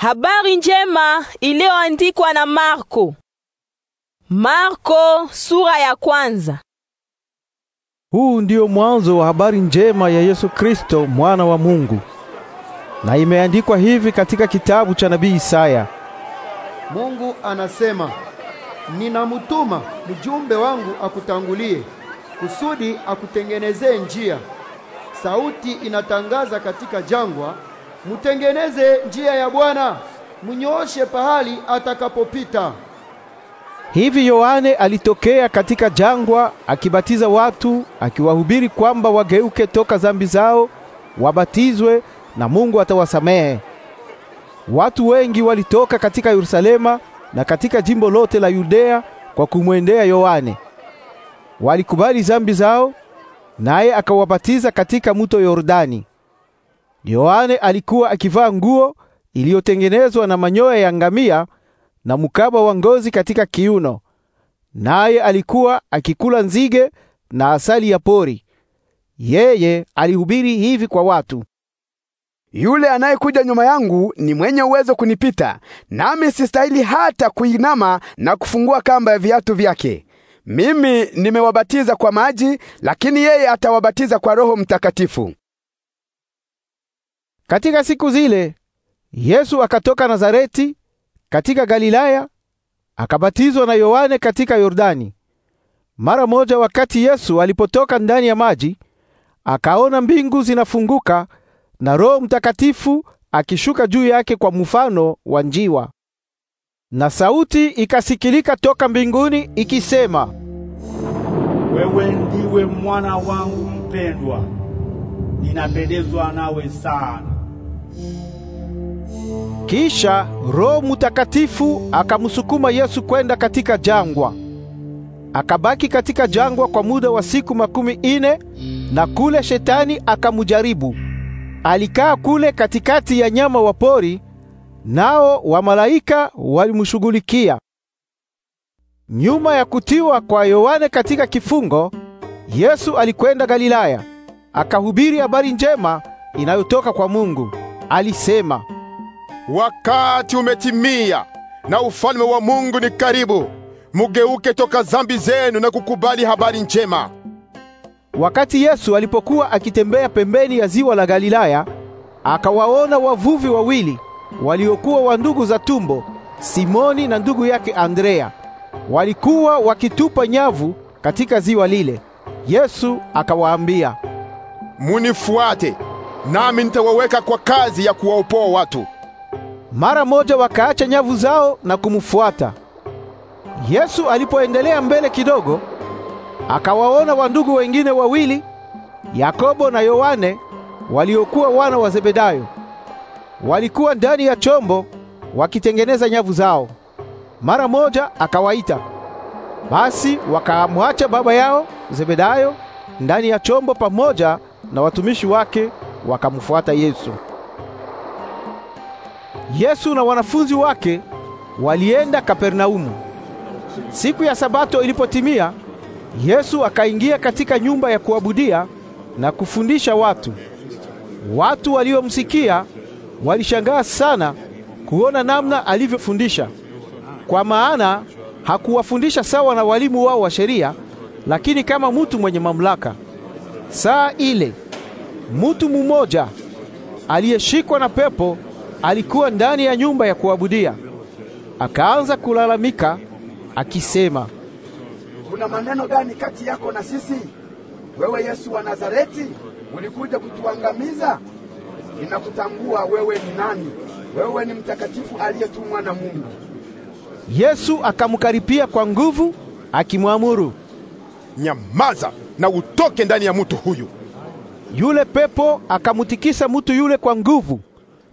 Habari njema iliyoandikwa na Marko. Marko sura ya kwanza. Huu ndio mwanzo wa habari njema ya Yesu Kristo mwana wa Mungu. Na imeandikwa hivi katika kitabu cha nabii Isaya. Mungu anasema, ninamutuma mjumbe wangu akutangulie kusudi akutengenezee njia. Sauti inatangaza katika jangwa mtengeneze njia ya Bwana, mnyooshe pahali atakapopita. Hivi Yohane alitokea katika jangwa akibatiza watu, akiwahubiri kwamba wageuke toka zambi zao, wabatizwe na Mungu atawasamehe. Watu wengi walitoka katika Yerusalema na katika jimbo lote la Yudea kwa kumwendea Yohane. Walikubali zambi zao, naye akawabatiza katika muto Yordani. Yohane alikuwa akivaa nguo iliyotengenezwa na manyoya ya ngamia na mkaba wa ngozi katika kiuno, naye alikuwa akikula nzige na asali ya pori. Yeye alihubiri hivi kwa watu: yule anayekuja nyuma yangu ni mwenye uwezo kunipita, nami sistahili hata kuinama na kufungua kamba ya viatu vyake. Mimi nimewabatiza kwa maji, lakini yeye atawabatiza kwa Roho Mtakatifu. Katika siku zile Yesu akatoka Nazareti katika Galilaya akabatizwa na Yohane katika Yordani. Mara moja wakati Yesu alipotoka ndani ya maji, akaona mbingu zinafunguka na Roho Mtakatifu akishuka juu yake kwa mfano wa njiwa. Na sauti ikasikilika toka mbinguni ikisema, wewe ndiwe mwana wangu mpendwa, ninapendezwa nawe sana. Kisha Roho Mutakatifu akamsukuma Yesu kwenda katika jangwa. Akabaki katika jangwa kwa muda wa siku makumi ine na kule shetani akamujaribu. Alikaa kule katikati ya nyama wa pori, nao wamalaika walimshughulikia. Nyuma ya kutiwa kwa Yohane katika kifungo, Yesu alikwenda Galilaya, akahubiri habari njema inayotoka kwa Mungu. Alisema, wakati umetimia na ufalme wa Mungu ni karibu. Mugeuke toka zambi zenu na kukubali habari njema. Wakati Yesu alipokuwa akitembea pembeni ya ziwa la Galilaya, akawaona wavuvi wawili waliokuwa wa ndugu za tumbo, Simoni na ndugu yake Andrea. Walikuwa wakitupa nyavu katika ziwa lile. Yesu akawaambia, "Munifuate, nami nitawaweka kwa kazi ya kuwaopoa watu." Mara moja wakaacha nyavu zao na kumfuata. Yesu alipoendelea mbele kidogo, akawaona wandugu wengine wawili, Yakobo na Yohane waliokuwa wana wa Zebedayo. Walikuwa ndani ya chombo wakitengeneza nyavu zao. Mara moja akawaita. Basi wakamwacha baba yao Zebedayo ndani ya chombo pamoja na watumishi wake wakamfuata Yesu. Yesu na wanafunzi wake walienda Kapernaumu. Siku ya Sabato ilipotimia, Yesu akaingia katika nyumba ya kuabudia na kufundisha watu. Watu waliomsikia walishangaa sana kuona namna alivyofundisha, kwa maana hakuwafundisha sawa na walimu wao wa sheria, lakini kama mutu mwenye mamlaka. Saa ile mutu mmoja aliyeshikwa na pepo alikuwa ndani ya nyumba ya kuabudia, akaanza kulalamika akisema, kuna maneno gani kati yako na sisi? Wewe Yesu wa Nazareti, ulikuja kutuangamiza? Ninakutambua wewe ni nani. Wewe ni mtakatifu aliyetumwa na Mungu. Yesu akamkaripia kwa nguvu akimwamuru, nyamaza na utoke ndani ya mutu huyu. Yule pepo akamutikisa mutu yule kwa nguvu,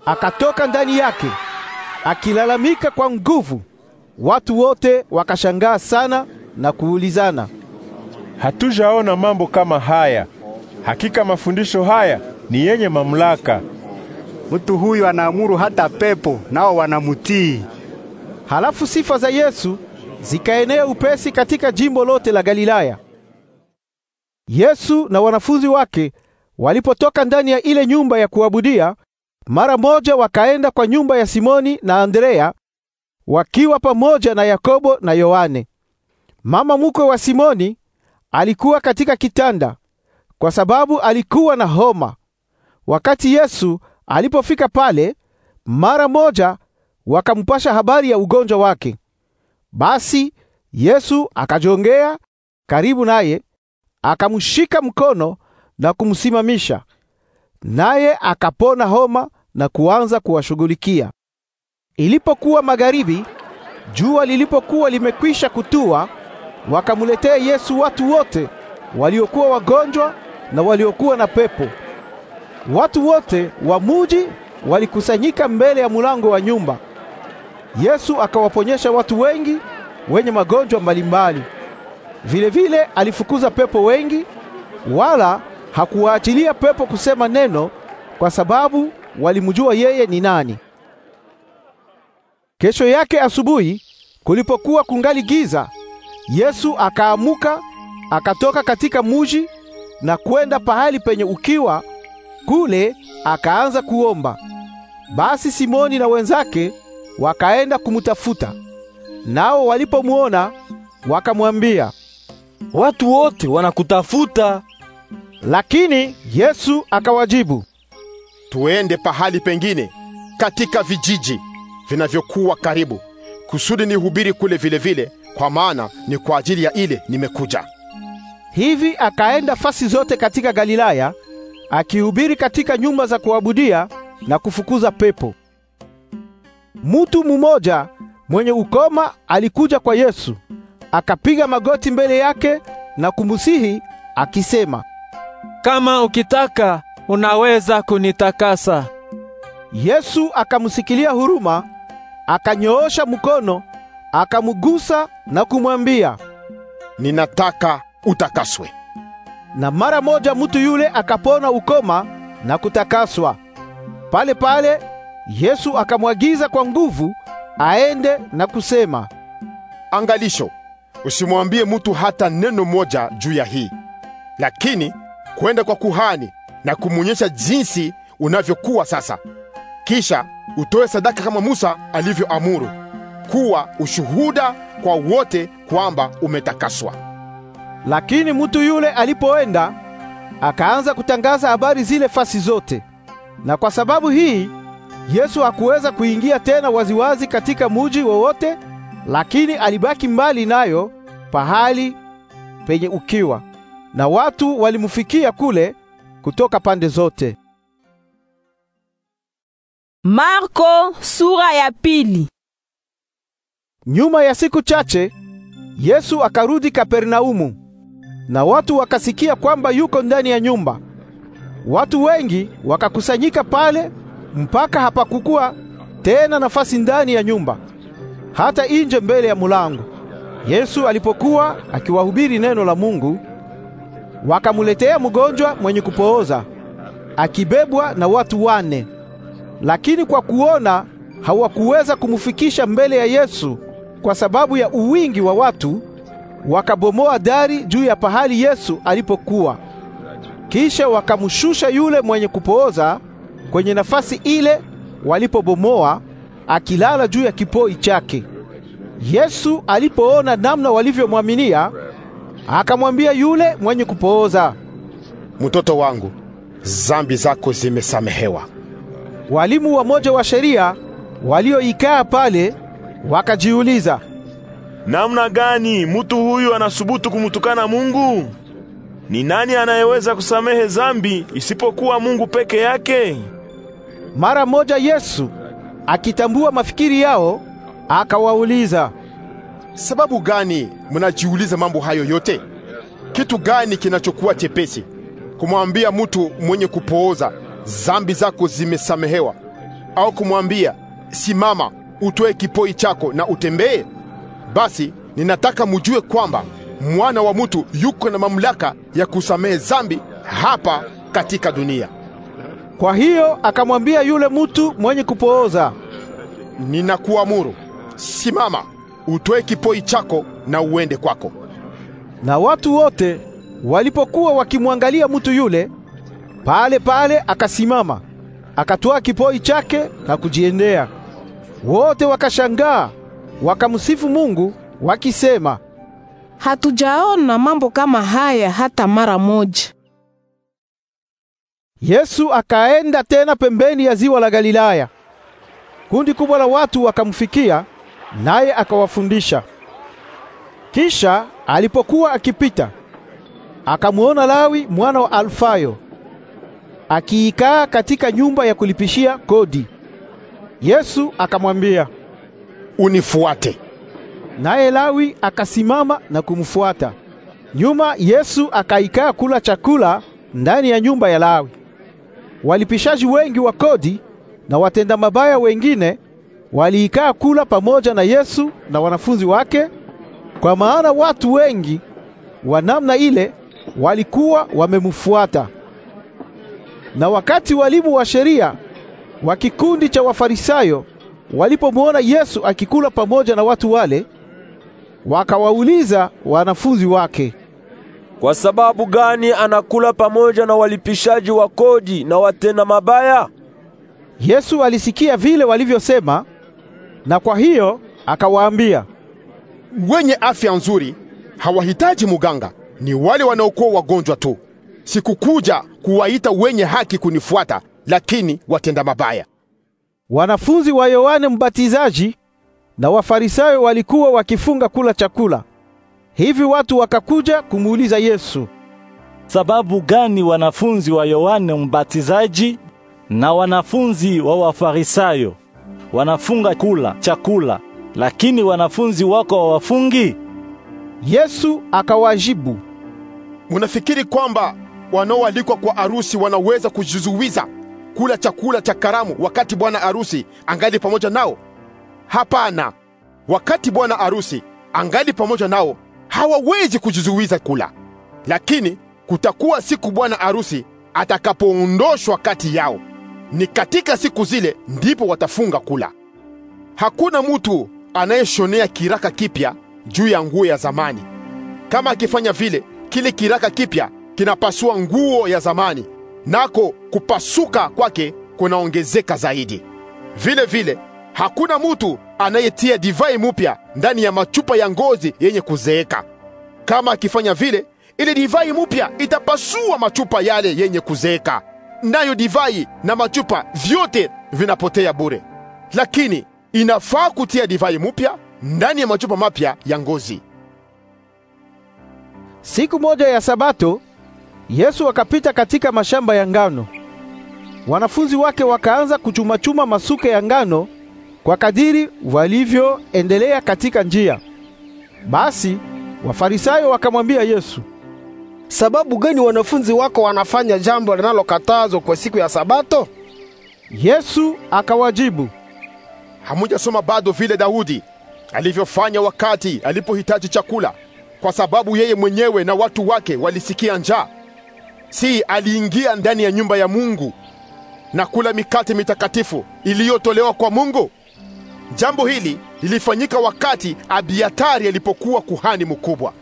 akatoka ndani yake akilalamika kwa nguvu. Watu wote wakashangaa sana na kuulizana, hatujaona mambo kama haya. Hakika mafundisho haya ni yenye mamlaka. Mtu huyu anaamuru hata pepo nao wanamutii. Halafu sifa za Yesu zikaenea upesi katika jimbo lote la Galilaya. Yesu na wanafunzi wake walipotoka ndani ya ile nyumba ya kuabudia, mara moja wakaenda kwa nyumba ya Simoni na Andrea wakiwa pamoja na Yakobo na Yohane. Mama mkwe wa Simoni alikuwa katika kitanda kwa sababu alikuwa na homa. Wakati Yesu alipofika pale, mara moja wakampasha habari ya ugonjwa wake. Basi Yesu akajongea karibu naye, akamshika mkono na kumsimamisha. Naye akapona homa na kuanza kuwashughulikia. Ilipokuwa magharibi, jua lilipokuwa limekwisha kutua, wakamletea Yesu watu wote waliokuwa wagonjwa na waliokuwa na pepo. Watu wote wa muji walikusanyika mbele ya mulango wa nyumba. Yesu akawaponyesha watu wengi wenye magonjwa mbalimbali. Vilevile alifukuza pepo wengi, wala hakuwaachilia pepo kusema neno, kwa sababu walimjua yeye ni nani. Kesho yake asubuhi, kulipokuwa kungali giza, Yesu akaamuka akatoka katika muji na kwenda pahali penye ukiwa, kule akaanza kuomba. Basi Simoni na wenzake wakaenda kumutafuta, nao walipomwona wakamwambia, watu wote wanakutafuta. Lakini Yesu akawajibu, tuende pahali pengine katika vijiji vinavyokuwa karibu, kusudi nihubiri kule vile vile, kwa maana ni kwa ajili ya ile nimekuja. Hivi akaenda fasi zote katika Galilaya akihubiri katika nyumba za kuabudia na kufukuza pepo. Mutu mmoja mwenye ukoma alikuja kwa Yesu, akapiga magoti mbele yake na kumusihi akisema, kama ukitaka unaweza kunitakasa. Yesu akamsikilia huruma, akanyoosha mkono, akamgusa na kumwambia, ninataka utakaswe. Na mara moja mtu yule akapona ukoma na kutakaswa. Pale pale Yesu akamwagiza kwa nguvu aende na kusema, angalisho, usimwambie mtu hata neno moja juu ya hii, lakini kwenda kwa kuhani na kumwonyesha jinsi unavyokuwa sasa. Kisha utoe sadaka kama Musa alivyoamuru, kuwa ushuhuda kwa wote kwamba umetakaswa. Lakini mtu yule alipoenda akaanza kutangaza habari zile fasi zote, na kwa sababu hii Yesu hakuweza kuingia tena waziwazi katika muji wowote, lakini alibaki mbali nayo, pahali penye ukiwa, na watu walimfikia kule kutoka pande zote. Marko sura ya pili. Nyuma ya siku chache Yesu akarudi Kapernaumu na watu wakasikia kwamba yuko ndani ya nyumba. Watu wengi wakakusanyika pale mpaka hapakukuwa tena nafasi ndani ya nyumba, hata inje mbele ya mulango. Yesu alipokuwa akiwahubiri neno la Mungu, Wakamuletea mgonjwa mwenye kupooza akibebwa na watu wane, lakini kwa kuona hawakuweza kumfikisha mbele ya Yesu kwa sababu ya uwingi wa watu, wakabomoa dari juu ya pahali Yesu alipokuwa. Kisha wakamshusha yule mwenye kupooza kwenye nafasi ile walipobomoa, akilala juu ya kipoi chake. Yesu alipoona namna walivyomwaminia Akamwambia yule mwenye kupooza, mtoto wangu, zambi zako zimesamehewa. Walimu wa moja wa sheria walioikaa pale wakajiuliza, namna gani mtu huyu anasubutu kumtukana Mungu? Ni nani anayeweza kusamehe zambi isipokuwa Mungu peke yake? Mara moja Yesu akitambua mafikiri yao akawauliza, Sababu gani mnajiuliza mambo hayo yote? Kitu gani kinachokuwa chepesi kumwambia mtu mwenye kupooza zambi zako zimesamehewa, au kumwambia simama, utoe kipoi chako na utembee? Basi ninataka mujue kwamba mwana wa mtu yuko na mamlaka ya kusamehe zambi hapa katika dunia. Kwa hiyo akamwambia yule mtu mwenye kupooza, ninakuamuru simama utoe kipoi chako na uende kwako. Na watu wote walipokuwa wakimwangalia mtu yule, pale pale akasimama, akatoa kipoi chake na kujiendea. Wote wakashangaa, wakamsifu Mungu wakisema, hatujaona mambo kama haya hata mara moja. Yesu akaenda tena pembeni ya ziwa la Galilaya. Kundi kubwa la watu wakamfikia naye akawafundisha. Kisha alipokuwa akipita, akamwona Lawi mwana wa Alfayo akiikaa katika nyumba ya kulipishia kodi. Yesu akamwambia, "Unifuate." Naye Lawi akasimama na kumfuata. Nyuma Yesu akaikaa kula chakula ndani ya nyumba ya Lawi. Walipishaji wengi wa kodi na watenda mabaya wengine waliikaa kula pamoja na Yesu na wanafunzi wake, kwa maana watu wengi wa namna ile walikuwa wamemfuata. Na wakati walimu wa sheria wa kikundi cha Wafarisayo walipomwona Yesu akikula pamoja na watu wale, wakawauliza wanafunzi wake, kwa sababu gani anakula pamoja na walipishaji wa kodi na watenda mabaya? Yesu alisikia vile walivyosema, na kwa hiyo akawaambia, wenye afya nzuri hawahitaji muganga, ni wale wanaokuwa wagonjwa tu. Sikukuja kuwaita wenye haki kunifuata, lakini watenda mabaya. Wanafunzi wa Yohane Mbatizaji na Wafarisayo walikuwa wakifunga kula chakula. Hivi watu wakakuja kumuuliza Yesu, sababu gani wanafunzi wa Yohane Mbatizaji na wanafunzi wa Wafarisayo wanafunga kula chakula, lakini wanafunzi wako hawafungi? Yesu akawajibu, munafikiri kwamba wanaoalikwa kwa arusi wanaweza kujizuiza kula chakula cha karamu wakati bwana arusi angali pamoja nao? Hapana, wakati bwana arusi angali pamoja nao hawawezi kujizuiza kula, lakini kutakuwa siku bwana arusi atakapoondoshwa kati yao, ni katika siku zile ndipo watafunga kula. Hakuna mutu anayeshonea kiraka kipya juu ya nguo ya zamani. Kama akifanya vile, kile kiraka kipya kinapasua nguo ya zamani, nako kupasuka kwake kunaongezeka zaidi. Vile vile hakuna mutu anayetia divai mupya ndani ya machupa ya ngozi yenye kuzeeka. Kama akifanya vile, ile divai mupya itapasua machupa yale yenye kuzeeka nayo divai na machupa vyote vinapotea bure, lakini inafaa kutia divai mupya ndani ya machupa mapya ya ngozi. Siku moja ya Sabato, Yesu akapita katika mashamba ya ngano. Wanafunzi wake wakaanza kuchuma-chuma masuke ya ngano kwa kadiri walivyoendelea katika njia. Basi Wafarisayo wakamwambia Yesu, sababu gani wanafunzi wako wanafanya jambo linalokatazwa kwa siku ya Sabato? Yesu akawajibu, hamujasoma bado vile Daudi alivyofanya wakati alipohitaji chakula, kwa sababu yeye mwenyewe na watu wake walisikia njaa? Si aliingia ndani ya nyumba ya Mungu na kula mikate mitakatifu iliyotolewa kwa Mungu? Jambo hili lilifanyika wakati Abiatari alipokuwa kuhani mkubwa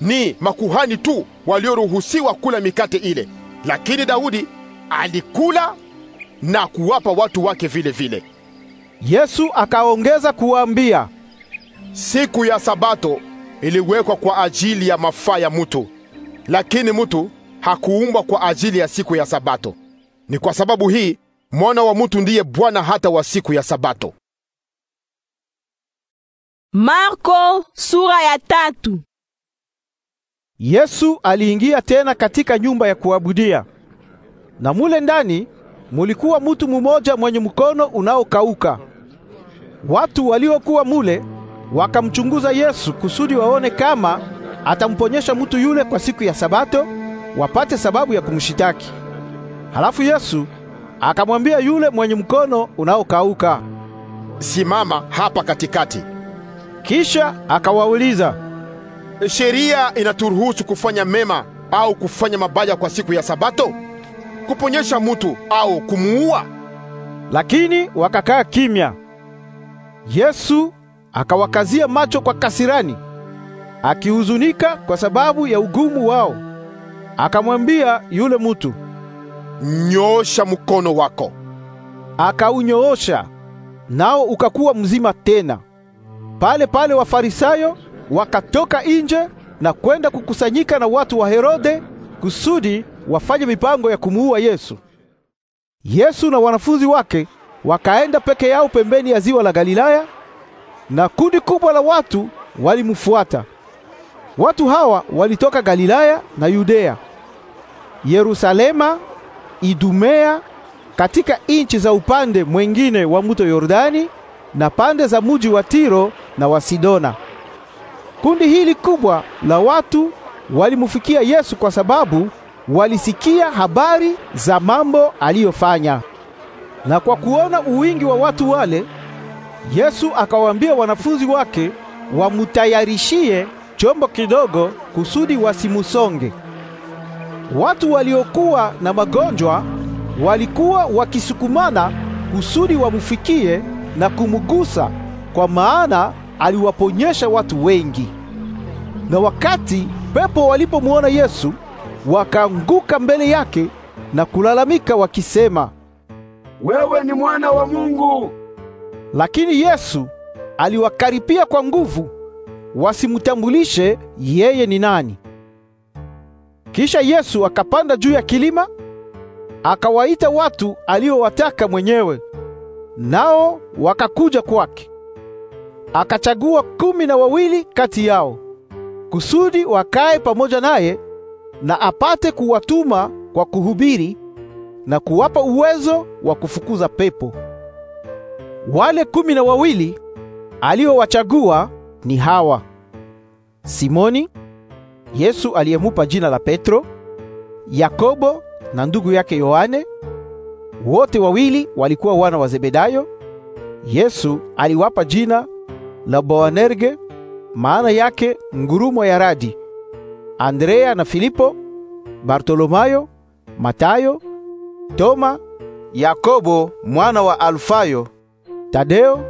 ni makuhani tu walioruhusiwa kula mikate ile, lakini Daudi alikula na kuwapa watu wake vile vile. Yesu akaongeza kuwaambia, siku ya Sabato iliwekwa kwa ajili ya mafaa ya mtu, lakini mtu hakuumbwa kwa ajili ya siku ya Sabato. Ni kwa sababu hii mwana wa mtu ndiye Bwana hata wa siku ya Sabato. Marko sura ya tatu. Yesu aliingia tena katika nyumba ya kuabudia, na mule ndani mulikuwa mutu mumoja mwenye mkono unaokauka. Watu waliokuwa mule wakamchunguza Yesu kusudi waone kama atamponyesha mutu yule kwa siku ya Sabato, wapate sababu ya kumshitaki. Halafu Yesu akamwambia yule mwenye mkono unaokauka, simama hapa katikati. Kisha akawauliza sheria inaturuhusu kufanya mema au kufanya mabaya kwa siku ya Sabato? Kuponyesha mutu au kumuua? Lakini wakakaa kimya. Yesu akawakazia macho kwa kasirani, akihuzunika kwa sababu ya ugumu wao. Akamwambia yule mutu, nyoosha mkono wako. Akaunyoosha, nao ukakuwa mzima tena. Pale pale Wafarisayo wakatoka nje na kwenda kukusanyika na watu wa Herode kusudi wafanye mipango ya kumuua Yesu. Yesu na wanafunzi wake wakaenda peke yao pembeni ya ziwa la Galilaya, na kundi kubwa la watu walimfuata. Watu hawa walitoka Galilaya na Yudea, Yerusalema, Idumea, katika nchi za upande mwengine wa mto Yordani na pande za muji wa Tiro na wa Sidona. Kundi hili kubwa la watu walimufikia Yesu kwa sababu walisikia habari za mambo aliyofanya. Na kwa kuona uwingi wa watu wale, Yesu akawaambia wanafunzi wake wamutayarishie chombo kidogo kusudi wasimusonge. Watu waliokuwa na magonjwa walikuwa wakisukumana kusudi wamufikie na kumugusa, kwa maana aliwaponyesha watu wengi. Na wakati pepo walipomwona Yesu, wakaanguka mbele yake na kulalamika wakisema, wewe ni mwana wa Mungu. Lakini Yesu aliwakaripia kwa nguvu wasimtambulishe yeye ni nani. Kisha Yesu akapanda juu ya kilima akawaita watu aliowataka mwenyewe, nao wakakuja kwake. Akachagua kumi na wawili kati yao kusudi wakae pamoja naye na apate kuwatuma kwa kuhubiri na kuwapa uwezo wa kufukuza pepo. Wale kumi na wawili aliowachagua ni hawa: Simoni, Yesu aliyemupa jina la Petro, Yakobo na ndugu yake Yohane. Wote wawili walikuwa wana wa Zebedayo. Yesu aliwapa jina la Boanerge maana yake ngurumo ya radi. Andrea na Filipo, Bartolomayo, Matayo, Toma, Yakobo mwana wa Alfayo, Tadeo,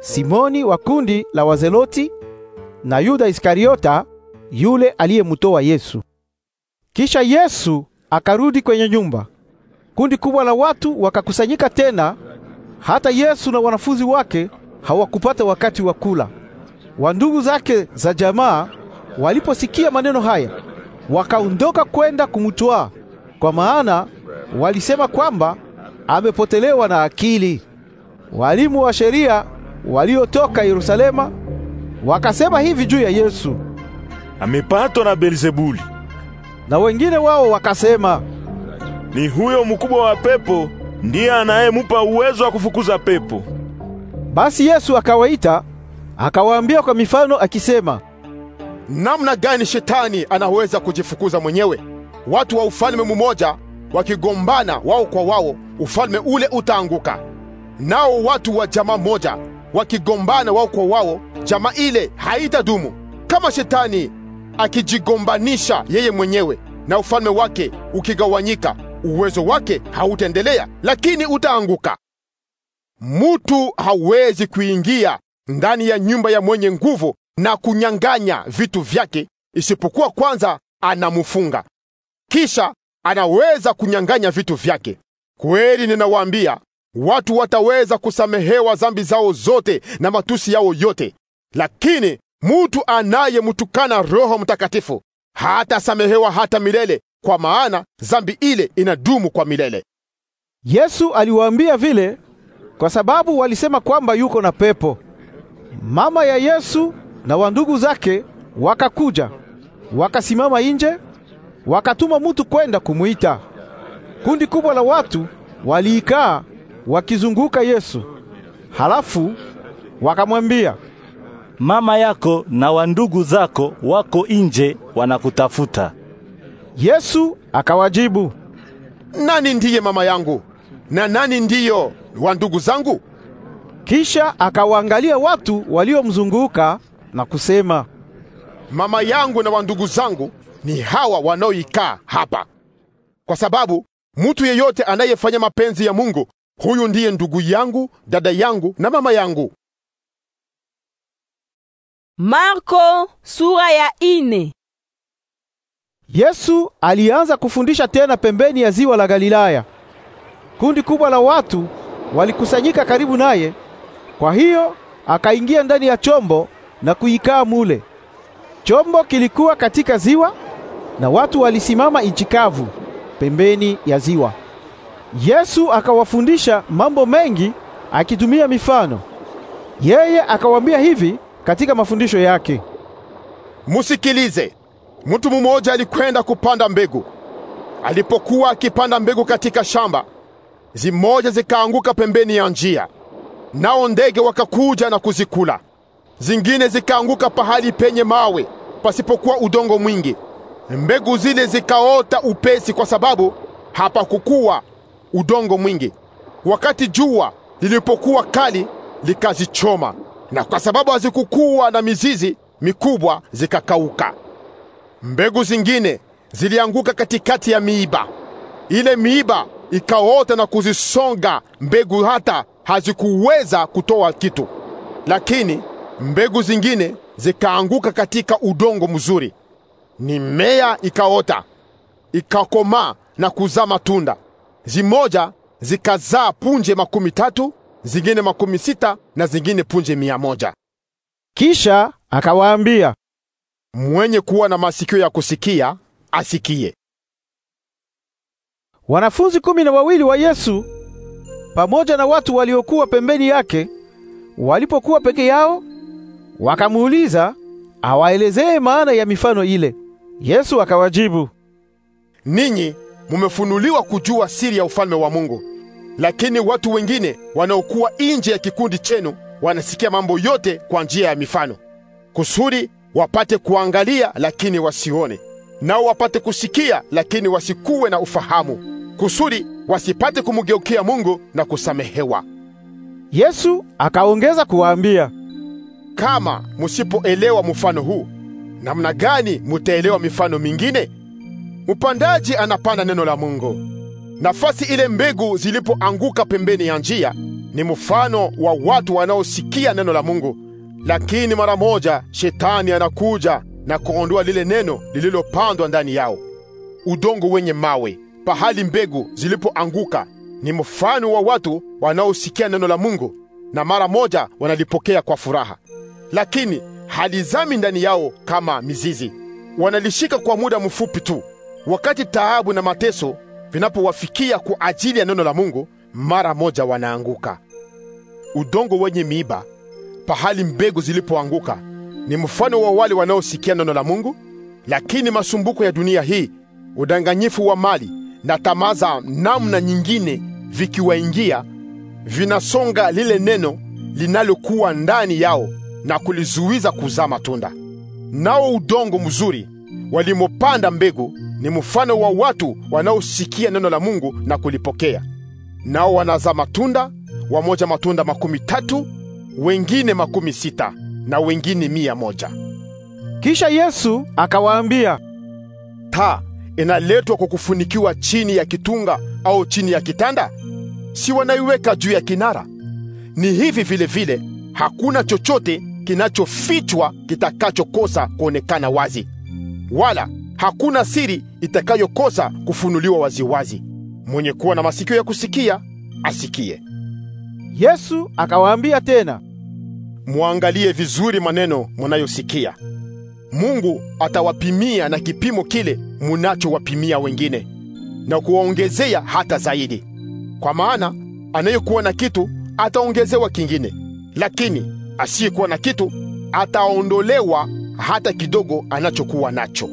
Simoni wa kundi la Wazeloti na Yuda Iskariota yule aliyemtoa Yesu. Kisha Yesu akarudi kwenye nyumba. Kundi kubwa la watu wakakusanyika tena, hata Yesu na wanafunzi wake hawakupata wakati wa kula wa ndugu zake za jamaa waliposikia maneno haya wakaondoka kwenda kumtwaa, kwa maana walisema kwamba amepotelewa na akili. Walimu wa sheria waliotoka Yerusalema wakasema hivi juu ya Yesu, amepatwa na Belzebuli. Na wengine wao wakasema ni huyo mkubwa wa pepo ndiye anayemupa uwezo wa kufukuza pepo. Basi Yesu akawaita Akawaambia kwa mifano akisema, namna gani shetani anaweza kujifukuza mwenyewe? Watu wa ufalme mmoja wakigombana wao kwa wao, ufalme ule utaanguka. Nao watu wa jamaa moja wakigombana wao kwa wao, jamaa ile haitadumu. Kama shetani akijigombanisha yeye mwenyewe na ufalme wake ukigawanyika, uwezo wake hautaendelea, lakini utaanguka. Mutu hawezi kuingia ndani ya nyumba ya mwenye nguvu na kunyang'anya vitu vyake, isipokuwa kwanza anamfunga, kisha anaweza kunyang'anya vitu vyake. Kweli ninawaambia, watu wataweza kusamehewa dhambi zao zote na matusi yao yote, lakini mtu anayemtukana Roho Mtakatifu hatasamehewa hata milele, kwa maana dhambi ile inadumu kwa milele. Yesu aliwaambia vile kwa sababu walisema kwamba yuko na pepo. Mama ya Yesu na wandugu zake wakakuja, wakasimama nje, wakatuma mutu kwenda kumuita. Kundi kubwa la watu waliikaa wakizunguka Yesu. Halafu wakamwambia, mama yako na wandugu zako wako nje wanakutafuta. Yesu akawajibu, nani ndiye mama yangu na nani ndiyo wandugu zangu? Kisha akawaangalia watu waliomzunguka na kusema, mama yangu na wandugu zangu ni hawa wanaoikaa hapa, kwa sababu mtu yeyote anayefanya mapenzi ya Mungu, huyu ndiye ndugu yangu, dada yangu na mama yangu. Marko sura ya ine. Yesu alianza kufundisha tena pembeni ya ziwa la Galilaya. Kundi kubwa la watu walikusanyika karibu naye kwa hiyo akaingia ndani ya chombo na kuikaa mule. Chombo kilikuwa katika ziwa na watu walisimama nchi kavu pembeni ya ziwa. Yesu akawafundisha mambo mengi akitumia mifano. Yeye akawaambia hivi katika mafundisho yake: Musikilize. Mtu mmoja alikwenda kupanda mbegu. Alipokuwa akipanda mbegu katika shamba, zimoja zikaanguka pembeni ya njia nao ndege wakakuja na kuzikula. Zingine zikaanguka pahali penye mawe pasipokuwa udongo mwingi, mbegu zile zikaota upesi, kwa sababu hapakukuwa udongo mwingi. Wakati jua lilipokuwa kali, likazichoma, na kwa sababu hazikukuwa na mizizi mikubwa, zikakauka. Mbegu zingine zilianguka katikati ya miiba, ile miiba ikaota na kuzisonga mbegu, hata hazikuweza kutoa kitu. Lakini mbegu zingine zikaanguka katika udongo mzuri, mimea ikaota, ikakomaa na kuzaa matunda. Zimoja zikazaa punje makumi tatu, zingine makumi sita na zingine punje mia moja. Kisha akawaambia, mwenye kuwa na masikio ya kusikia asikie. Wanafunzi kumi na wawili wa Yesu pamoja na watu waliokuwa pembeni yake walipokuwa peke yao, wakamuuliza awaelezee maana ya mifano ile. Yesu akawajibu, ninyi mumefunuliwa kujua siri ya ufalme wa Mungu, lakini watu wengine wanaokuwa nje ya kikundi chenu wanasikia mambo yote kwa njia ya mifano, kusudi wapate kuangalia lakini wasione, nao wapate kusikia lakini wasikuwe na ufahamu kusudi wasipate kumgeukia Mungu na kusamehewa. Yesu akaongeza kuwaambia, kama musipoelewa mfano huu, namna gani mutaelewa mifano mingine? Mpandaji anapanda neno la Mungu. Nafasi ile mbegu zilipoanguka pembeni ya njia ni mfano wa watu wanaosikia neno la Mungu, lakini mara moja shetani anakuja na kuondoa lile neno lililopandwa ndani yao, udongo wenye mawe pahali mbegu zilipoanguka ni mfano wa watu wanaosikia neno la Mungu na mara moja wanalipokea kwa furaha, lakini halizami ndani yao kama mizizi. Wanalishika kwa muda mfupi tu. Wakati taabu na mateso vinapowafikia kwa ajili ya neno la Mungu, mara moja wanaanguka. Udongo wenye miiba, pahali mbegu zilipoanguka, ni mfano wa wale wanaosikia neno la Mungu, lakini masumbuko ya dunia hii, udanganyifu wa mali na tamaa za namna nyingine vikiwaingia, vinasonga lile neno linalokuwa ndani yao na kulizuiza kuzaa matunda. Nao udongo mzuri walimopanda mbegu ni mfano wa watu wanaosikia neno la Mungu na kulipokea. Nao wanazaa matunda, wamoja matunda makumi tatu, wengine makumi sita na wengine mia moja. Kisha Yesu akawaambia, ta inaletwa kwa kufunikiwa chini ya kitunga au chini ya kitanda? Si wanaiweka juu ya kinara? Ni hivi vile vile, hakuna chochote kinachofichwa kitakachokosa kuonekana wazi, wala hakuna siri itakayokosa kufunuliwa waziwazi. Mwenye kuwa na masikio ya kusikia asikie. Yesu akawaambia tena, mwangalie vizuri maneno munayosikia. Mungu atawapimia na kipimo kile munachowapimia wengine na kuwaongezea hata zaidi. Kwa maana anayekuwa na kitu ataongezewa kingine, lakini asiyekuwa na kitu ataondolewa hata kidogo anachokuwa nacho.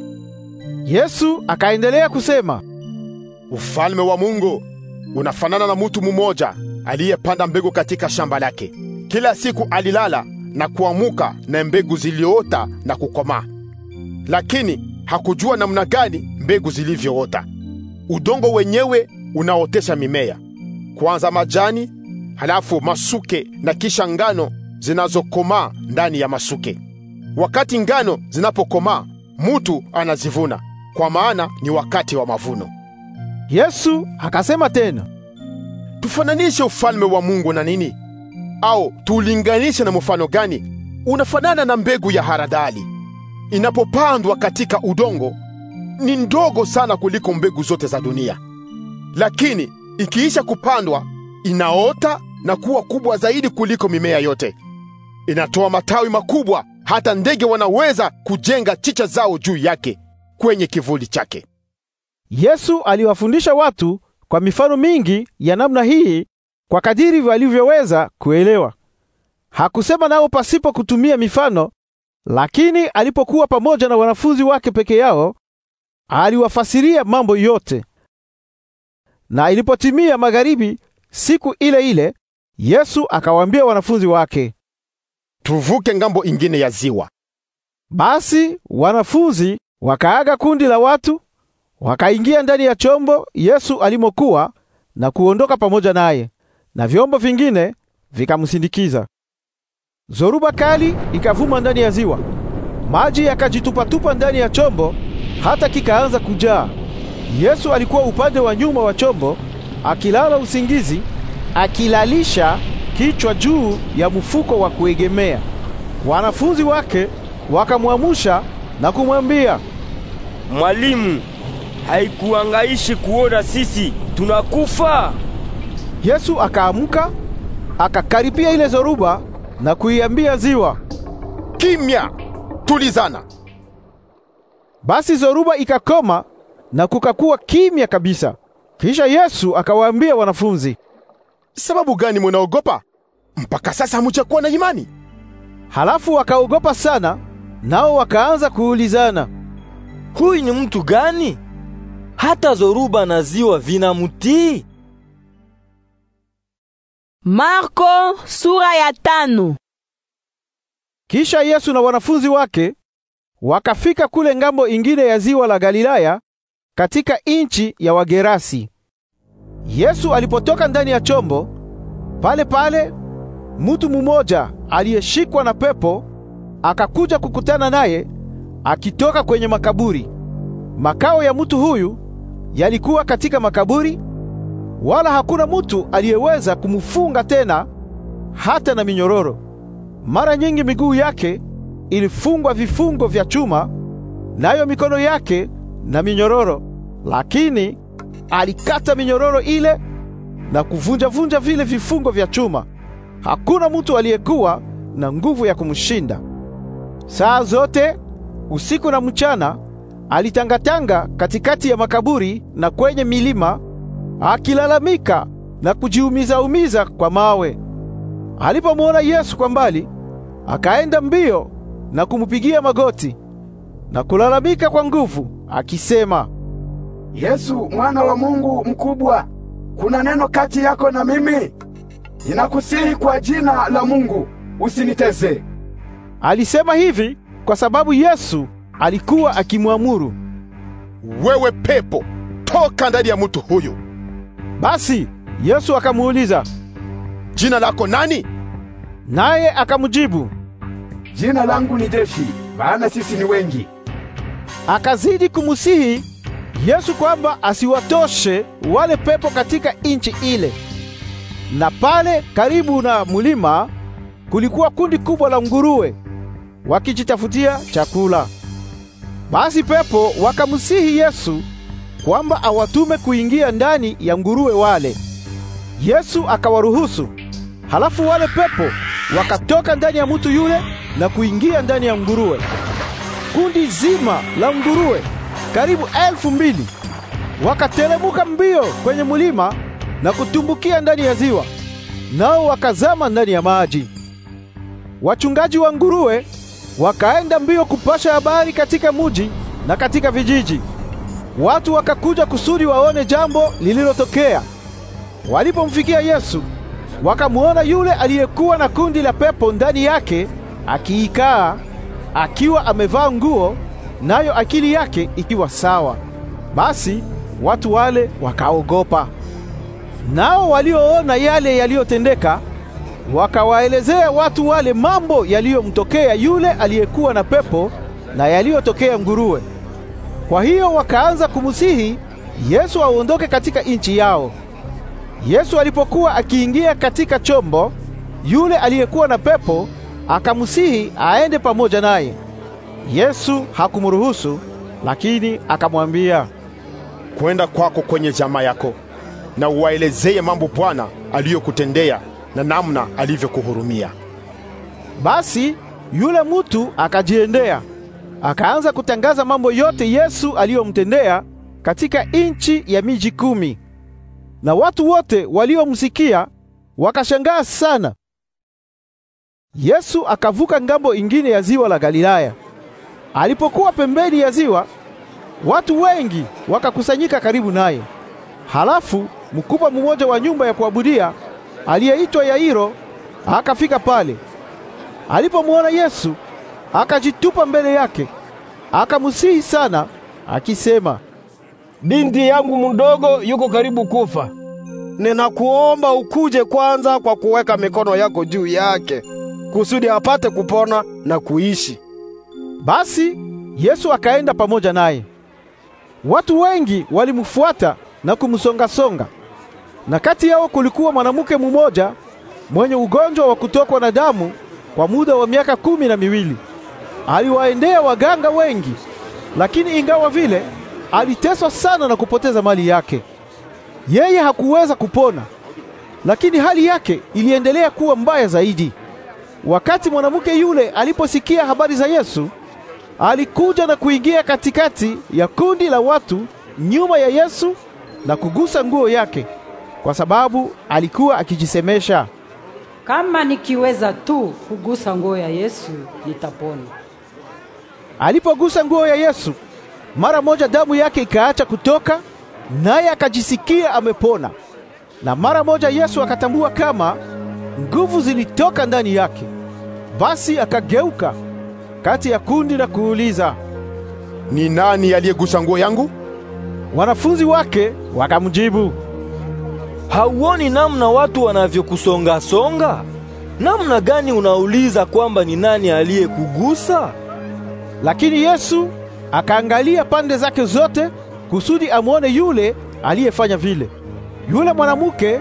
Yesu akaendelea kusema, ufalme wa Mungu unafanana na mutu mumoja aliyepanda mbegu katika shamba lake. Kila siku alilala na kuamuka na mbegu ziliota na kukomaa, lakini hakujua namna gani mbegu zilivyoota. Udongo wenyewe unaotesha mimea, kwanza majani, halafu masuke na kisha ngano zinazokomaa ndani ya masuke. Wakati ngano zinapokomaa, mutu anazivuna, kwa maana ni wakati wa mavuno. Yesu akasema tena, tufananishe ufalme wa Mungu na nini? Au tuulinganishe na mfano gani? Unafanana na mbegu ya haradali inapopandwa katika udongo ni ndogo sana kuliko mbegu zote za dunia, lakini ikiisha kupandwa inaota na kuwa kubwa zaidi kuliko mimea yote. Inatoa matawi makubwa, hata ndege wanaweza kujenga chicha zao juu yake kwenye kivuli chake. Yesu aliwafundisha watu kwa mifano mingi ya namna hii, kwa kadiri walivyoweza kuelewa. Hakusema nao pasipo kutumia mifano, lakini alipokuwa pamoja na wanafunzi wake peke yao, aliwafasiria mambo yote. Na ilipotimia magharibi siku ile ile, Yesu akawaambia wanafunzi wake, tuvuke ngambo ingine ya ziwa. Basi wanafunzi wakaaga kundi la watu, wakaingia ndani ya chombo Yesu alimokuwa na kuondoka pamoja naye, na vyombo vingine vikamsindikiza. Zoruba kali ikavuma ndani ya ziwa, maji yakajitupatupa ndani ya chombo hata kikaanza kujaa. Yesu alikuwa upande wa nyuma wa chombo akilala usingizi, akilalisha kichwa juu ya mfuko wa kuegemea. Wanafunzi wake wakamwamusha na kumwambia, Mwalimu, haikuangaishi kuona sisi tunakufa? Yesu akaamuka, akakaribia ile zoruba na kuiambia ziwa, kimya, tulizana. Basi zoruba ikakoma na kukakuwa kimya kabisa. Kisha Yesu akawaambia wanafunzi, sababu gani munaogopa? Mpaka sasa hamujakuwa na imani? Halafu wakaogopa sana, nao wakaanza kuulizana, huyu ni mtu gani? Hata zoruba na ziwa vinamtii? Marko sura ya tano. Kisha Yesu na wanafunzi wake wakafika kule ngambo ingine ya ziwa la Galilaya katika inchi ya Wagerasi. Yesu alipotoka ndani ya chombo, pale pale mutu mumoja aliyeshikwa na pepo akakuja kukutana naye akitoka kwenye makaburi. Makao ya mutu huyu yalikuwa katika makaburi wala hakuna mtu aliyeweza kumfunga tena hata na minyororo. Mara nyingi miguu yake ilifungwa vifungo vya chuma, nayo mikono yake na minyororo, lakini alikata minyororo ile na kuvunjavunja vile vifungo vya chuma. Hakuna mtu aliyekuwa na nguvu ya kumshinda. Saa zote usiku na mchana alitangatanga katikati ya makaburi na kwenye milima akilalamika na kujiumiza-umiza kwa mawe. Alipomwona Yesu kwa mbali, akaenda mbio na kumpigia magoti na kulalamika kwa nguvu akisema, Yesu mwana wa Mungu mkubwa, kuna neno kati yako na mimi? Ninakusihi kwa jina la Mungu usiniteze. Alisema hivi kwa sababu Yesu alikuwa akimwamuru, wewe pepo, toka ndani ya mtu huyu. Basi Yesu akamuuliza, jina lako nani? Naye akamjibu, jina langu ni Jeshi, maana sisi ni wengi. Akazidi kumusihi Yesu kwamba asiwatoshe wale pepo katika nchi ile. Na pale karibu na mulima kulikuwa kundi kubwa la nguruwe wakijitafutia chakula. Basi pepo wakamsihi Yesu kwamba awatume kuingia ndani ya nguruwe wale. Yesu akawaruhusu. Halafu wale pepo wakatoka ndani ya mtu yule na kuingia ndani ya nguruwe. Kundi zima la nguruwe karibu elfu mbili wakatelemuka mbio kwenye mulima na kutumbukia ndani ya ziwa, nao wakazama ndani ya maji. Wachungaji wa nguruwe wakaenda mbio kupasha habari katika muji na katika vijiji. Watu wakakuja kusudi waone jambo lililotokea. Walipomfikia Yesu, wakamwona yule aliyekuwa na kundi la pepo ndani yake akiikaa, akiwa amevaa nguo, nayo akili yake ikiwa sawa. Basi watu wale wakaogopa. Nao walioona yale yaliyotendeka wakawaelezea watu wale mambo yaliyomtokea yule aliyekuwa na pepo na yaliyotokea nguruwe. Kwa hiyo wakaanza kumusihi Yesu aondoke katika nchi yao. Yesu alipokuwa akiingia katika chombo, yule aliyekuwa na pepo akamusihi aende pamoja naye. Yesu hakumruhusu, lakini akamwambia, "Kwenda kwako kwenye jamaa yako na uwaelezee mambo Bwana aliyokutendea na namna alivyokuhurumia." Basi yule mutu akajiendea akaanza kutangaza mambo yote Yesu aliyomtendea katika nchi ya miji kumi, na watu wote waliomsikia wakashangaa sana. Yesu akavuka ngambo ingine ya ziwa la Galilaya. Alipokuwa pembeni ya ziwa, watu wengi wakakusanyika karibu naye. Halafu mkubwa mmoja wa nyumba ya kuabudia aliyeitwa Yairo akafika pale. Alipomwona Yesu akajitupa mbele yake, akamusihi sana akisema, binti yangu mdogo yuko karibu kufa, ninakuomba ukuje kwanza kwa kuweka mikono yako juu yake kusudi apate kupona na kuishi. Basi Yesu akaenda pamoja naye. Watu wengi walimfuata na kumsonga-songa na kati yao kulikuwa mwanamke mmoja mwenye ugonjwa wa kutokwa na damu kwa muda wa miaka kumi na miwili aliwaendea waganga wengi, lakini ingawa vile aliteswa sana na kupoteza mali yake. Yeye hakuweza kupona, lakini hali yake iliendelea kuwa mbaya zaidi. Wakati mwanamke yule aliposikia habari za Yesu, alikuja na kuingia katikati ya kundi la watu nyuma ya Yesu na kugusa nguo yake, kwa sababu alikuwa akijisemesha, kama nikiweza tu kugusa nguo ya Yesu nitapona. Alipogusa nguo ya Yesu, mara moja damu yake ikaacha kutoka, naye akajisikia amepona. Na mara moja Yesu akatambua kama nguvu zilitoka ndani yake. Basi akageuka kati ya kundi na kuuliza, ni nani aliyegusa nguo yangu? Wanafunzi wake wakamjibu, hauoni namna watu wanavyokusonga songa? Namna gani unauliza kwamba ni nani aliyekugusa? Lakini Yesu akaangalia pande zake zote kusudi amwone yule aliyefanya vile. Yule mwanamke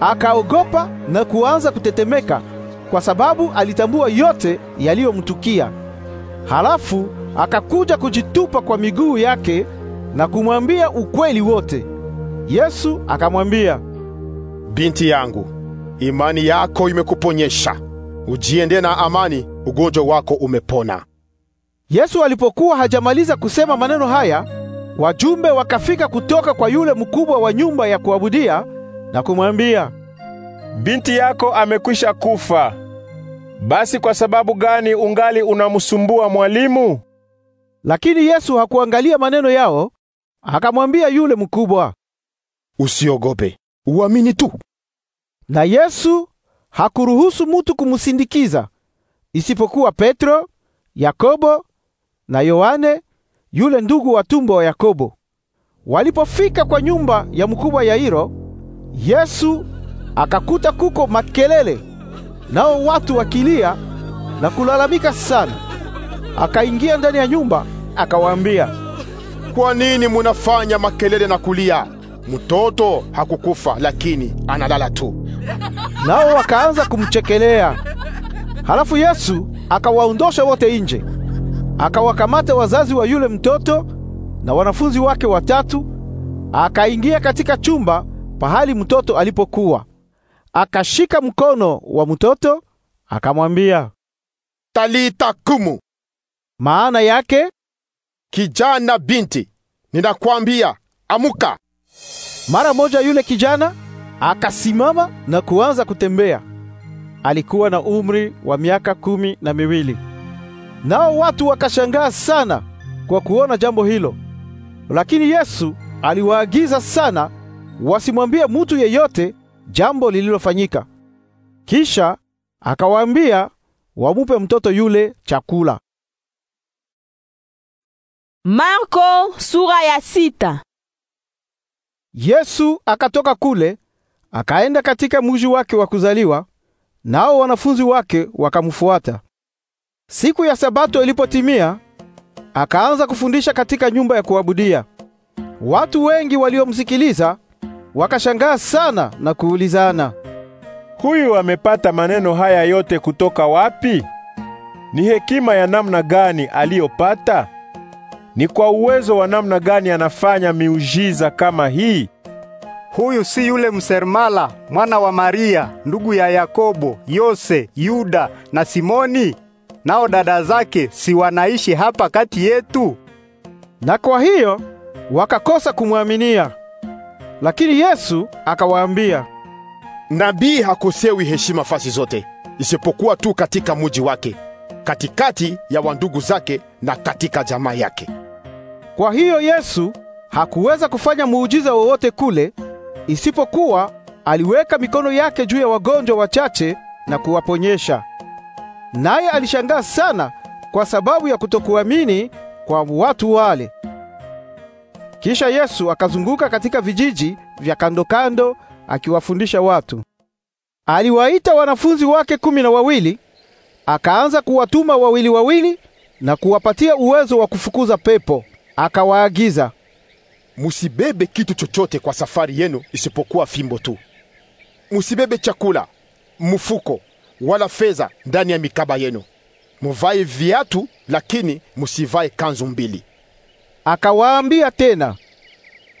akaogopa na kuanza kutetemeka kwa sababu alitambua yote yaliyomtukia. Halafu akakuja kujitupa kwa miguu yake na kumwambia ukweli wote. Yesu akamwambia, binti yangu, imani yako imekuponyesha. Ujiende na amani, ugonjwa wako umepona. Yesu alipokuwa hajamaliza kusema maneno haya, wajumbe wakafika kutoka kwa yule mkubwa wa nyumba ya kuabudia na kumwambia, binti yako amekwisha kufa. Basi kwa sababu gani ungali unamsumbua mwalimu? Lakini Yesu hakuangalia maneno yao, akamwambia yule mkubwa, usiogope, uamini tu. Na Yesu hakuruhusu mutu kumsindikiza isipokuwa Petro, Yakobo na Yohane yule ndugu wa tumbo wa Yakobo. Walipofika kwa nyumba ya mkubwa Yairo, Yesu akakuta kuko makelele, nao watu wakilia na kulalamika sana. Akaingia ndani ya nyumba akawaambia, kwa nini munafanya makelele na kulia? Mtoto hakukufa, lakini analala tu. Nao wakaanza kumchekelea. Halafu Yesu akawaondosha wote nje akawakamata wazazi wa yule mtoto na wanafunzi wake watatu, akaingia katika chumba pahali mtoto alipokuwa, akashika mkono wa mtoto akamwambia, Talita kumu, maana yake kijana binti, ninakwambia amuka. Mara moja yule kijana akasimama na kuanza kutembea. Alikuwa na umri wa miaka kumi na miwili. Nao watu wakashangaa sana kwa kuona jambo hilo. Lakini Yesu aliwaagiza sana wasimwambie mutu yeyote jambo lililofanyika. Kisha akawaambia wamupe mtoto yule chakula. Marko sura ya sita. Yesu akatoka kule akaenda katika mji wake wa kuzaliwa, nao wanafunzi wake wakamfuata. Siku ya Sabato ilipotimia, akaanza kufundisha katika nyumba ya kuabudia. Watu wengi waliomsikiliza wakashangaa sana na kuulizana, huyu amepata maneno haya yote kutoka wapi? Ni hekima ya namna gani aliyopata? Ni kwa uwezo wa namna gani anafanya miujiza kama hii? Huyu si yule msermala, mwana wa Maria, ndugu ya Yakobo, Yose, Yuda na Simoni? nao dada zake si wanaishi hapa kati yetu? Na kwa hiyo wakakosa kumwaminia. Lakini Yesu akawaambia, nabii hakosewi heshima fasi zote, isipokuwa tu katika muji wake, katikati ya wandugu zake na katika jamaa yake. Kwa hiyo Yesu hakuweza kufanya muujiza wowote kule, isipokuwa aliweka mikono yake juu ya wagonjwa wachache na kuwaponyesha naye alishangaa sana kwa sababu ya kutokuamini kwa watu wale. Kisha Yesu akazunguka katika vijiji vya kandokando akiwafundisha watu. Aliwaita wanafunzi wake kumi na wawili, akaanza kuwatuma wawili wawili na kuwapatia uwezo wa kufukuza pepo. Akawaagiza, musibebe kitu chochote kwa safari yenu isipokuwa fimbo tu. Musibebe chakula, mfuko wala fedha ndani ya mikaba yenu. Muvae viatu, lakini musivae kanzu mbili. Akawaambia tena,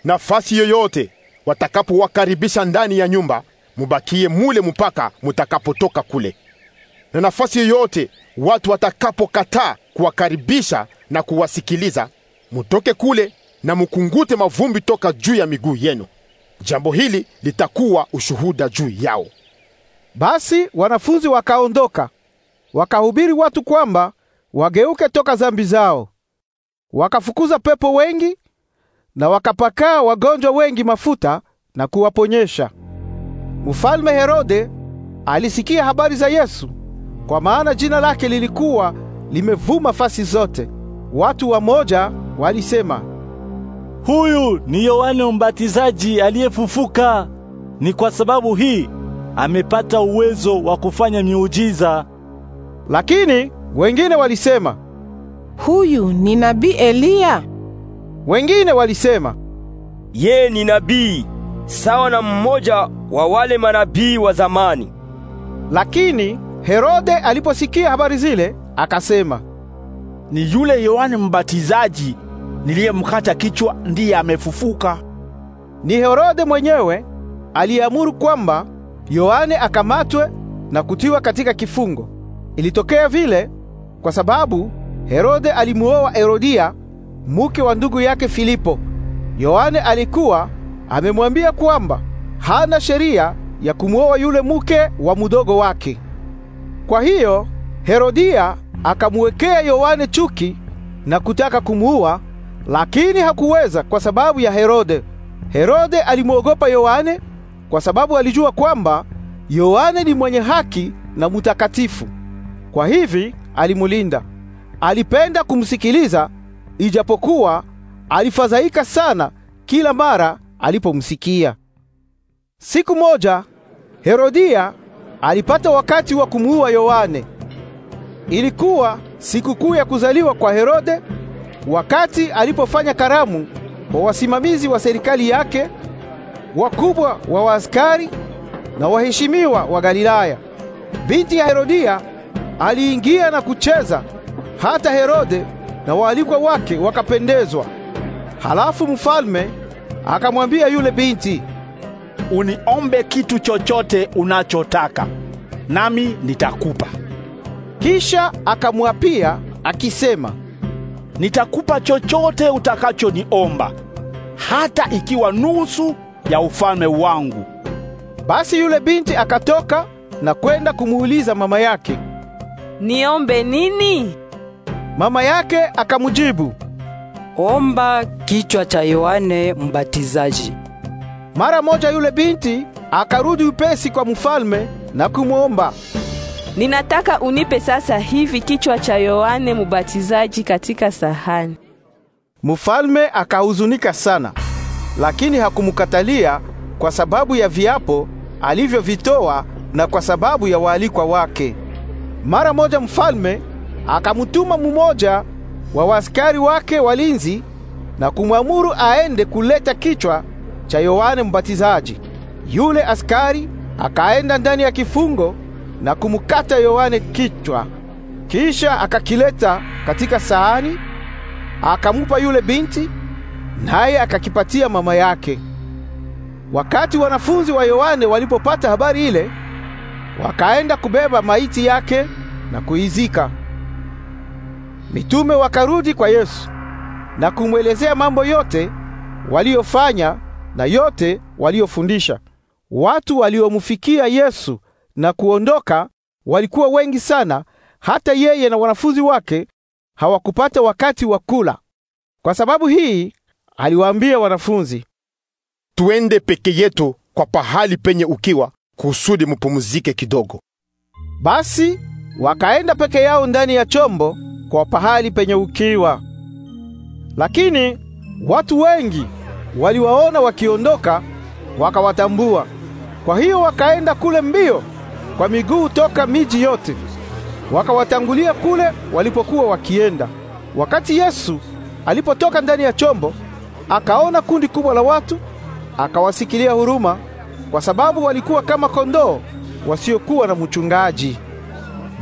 nafasi yoyote watakapowakaribisha ndani ya nyumba, mubakie mule mpaka mutakapotoka kule. Na nafasi yoyote watu watakapokataa kuwakaribisha na kuwasikiliza, mutoke kule na mukungute mavumbi toka juu ya miguu yenu. Jambo hili litakuwa ushuhuda juu yao. Basi wanafunzi wakaondoka wakahubiri watu kwamba wageuke toka dhambi zao. Wakafukuza pepo wengi na wakapakaa wagonjwa wengi mafuta na kuwaponyesha. Mfalme Herode alisikia habari za Yesu, kwa maana jina lake lilikuwa limevuma fasi zote. Watu wamoja walisema, huyu ni Yohane Mbatizaji aliyefufuka. Ni kwa sababu hii amepata uwezo wa kufanya miujiza. Lakini wengine walisema, huyu ni nabii Eliya. Wengine walisema, yeye ni nabii sawa na mmoja wa wale manabii wa zamani. Lakini Herode aliposikia habari zile, akasema, ni yule Yohane Mbatizaji niliyemkata kichwa ndiye amefufuka. Ni Herode mwenyewe aliamuru kwamba Yohane akamatwe na kutiwa katika kifungo. Ilitokea vile kwa sababu Herode alimuoa Herodia, mke wa ndugu yake Filipo. Yohane alikuwa amemwambia kwamba hana sheria ya kumuoa yule mke wa mudogo wake. Kwa hiyo Herodia akamuwekea Yohane chuki na kutaka kumuua, lakini hakuweza kwa sababu ya Herode. Herode alimwogopa Yohane kwa sababu alijua kwamba Yohane ni mwenye haki na mtakatifu. Kwa hivi alimulinda. Alipenda kumsikiliza ijapokuwa alifadhaika sana kila mara alipomsikia. Siku moja Herodia alipata wakati wa kumuua Yohane. Ilikuwa sikukuu ya kuzaliwa kwa Herode, wakati alipofanya karamu kwa wasimamizi wa serikali yake wakubwa wa waaskari na waheshimiwa wa Galilaya. Binti ya Herodia aliingia na kucheza, hata Herode na waalikwa wake wakapendezwa. Halafu mfalme akamwambia yule binti, uniombe kitu chochote unachotaka nami nitakupa. Kisha akamwapia akisema, nitakupa chochote utakachoniomba, hata ikiwa nusu ya ufalme wangu. Basi yule binti akatoka na kwenda kumuuliza mama yake, niombe nini? Mama yake akamjibu, omba kichwa cha Yohane Mbatizaji. Mara moja yule binti akarudi upesi kwa mfalme na kumwomba, ninataka unipe sasa hivi kichwa cha Yohane Mbatizaji katika sahani. Mfalme akahuzunika sana lakini hakumkatalia kwa sababu ya viapo alivyovitoa na kwa sababu ya waalikwa wake. Mara moja mfalme akamtuma mmoja wa waskari wake walinzi na kumwamuru aende kuleta kichwa cha Yohane Mbatizaji. Yule askari akaenda ndani ya kifungo na kumkata Yohane kichwa, kisha akakileta katika sahani, akamupa yule binti naye akakipatia mama yake. Wakati wanafunzi wa Yohane walipopata habari ile, wakaenda kubeba maiti yake na kuizika. Mitume wakarudi kwa Yesu na kumwelezea mambo yote waliyofanya na yote waliofundisha Watu waliomfikia Yesu na kuondoka walikuwa wengi sana, hata yeye na wanafunzi wake hawakupata wakati wa kula. Kwa sababu hii aliwaambia wanafunzi, tuende peke yetu kwa pahali penye ukiwa kusudi mupumuzike kidogo. Basi wakaenda peke yao ndani ya chombo kwa pahali penye ukiwa, lakini watu wengi waliwaona wakiondoka, wakawatambua. Kwa hiyo wakaenda kule mbio kwa miguu toka miji yote, wakawatangulia kule walipokuwa wakienda. Wakati Yesu alipotoka ndani ya chombo, akaona kundi kubwa la watu, akawasikilia huruma, kwa sababu walikuwa kama kondoo wasiokuwa na mchungaji.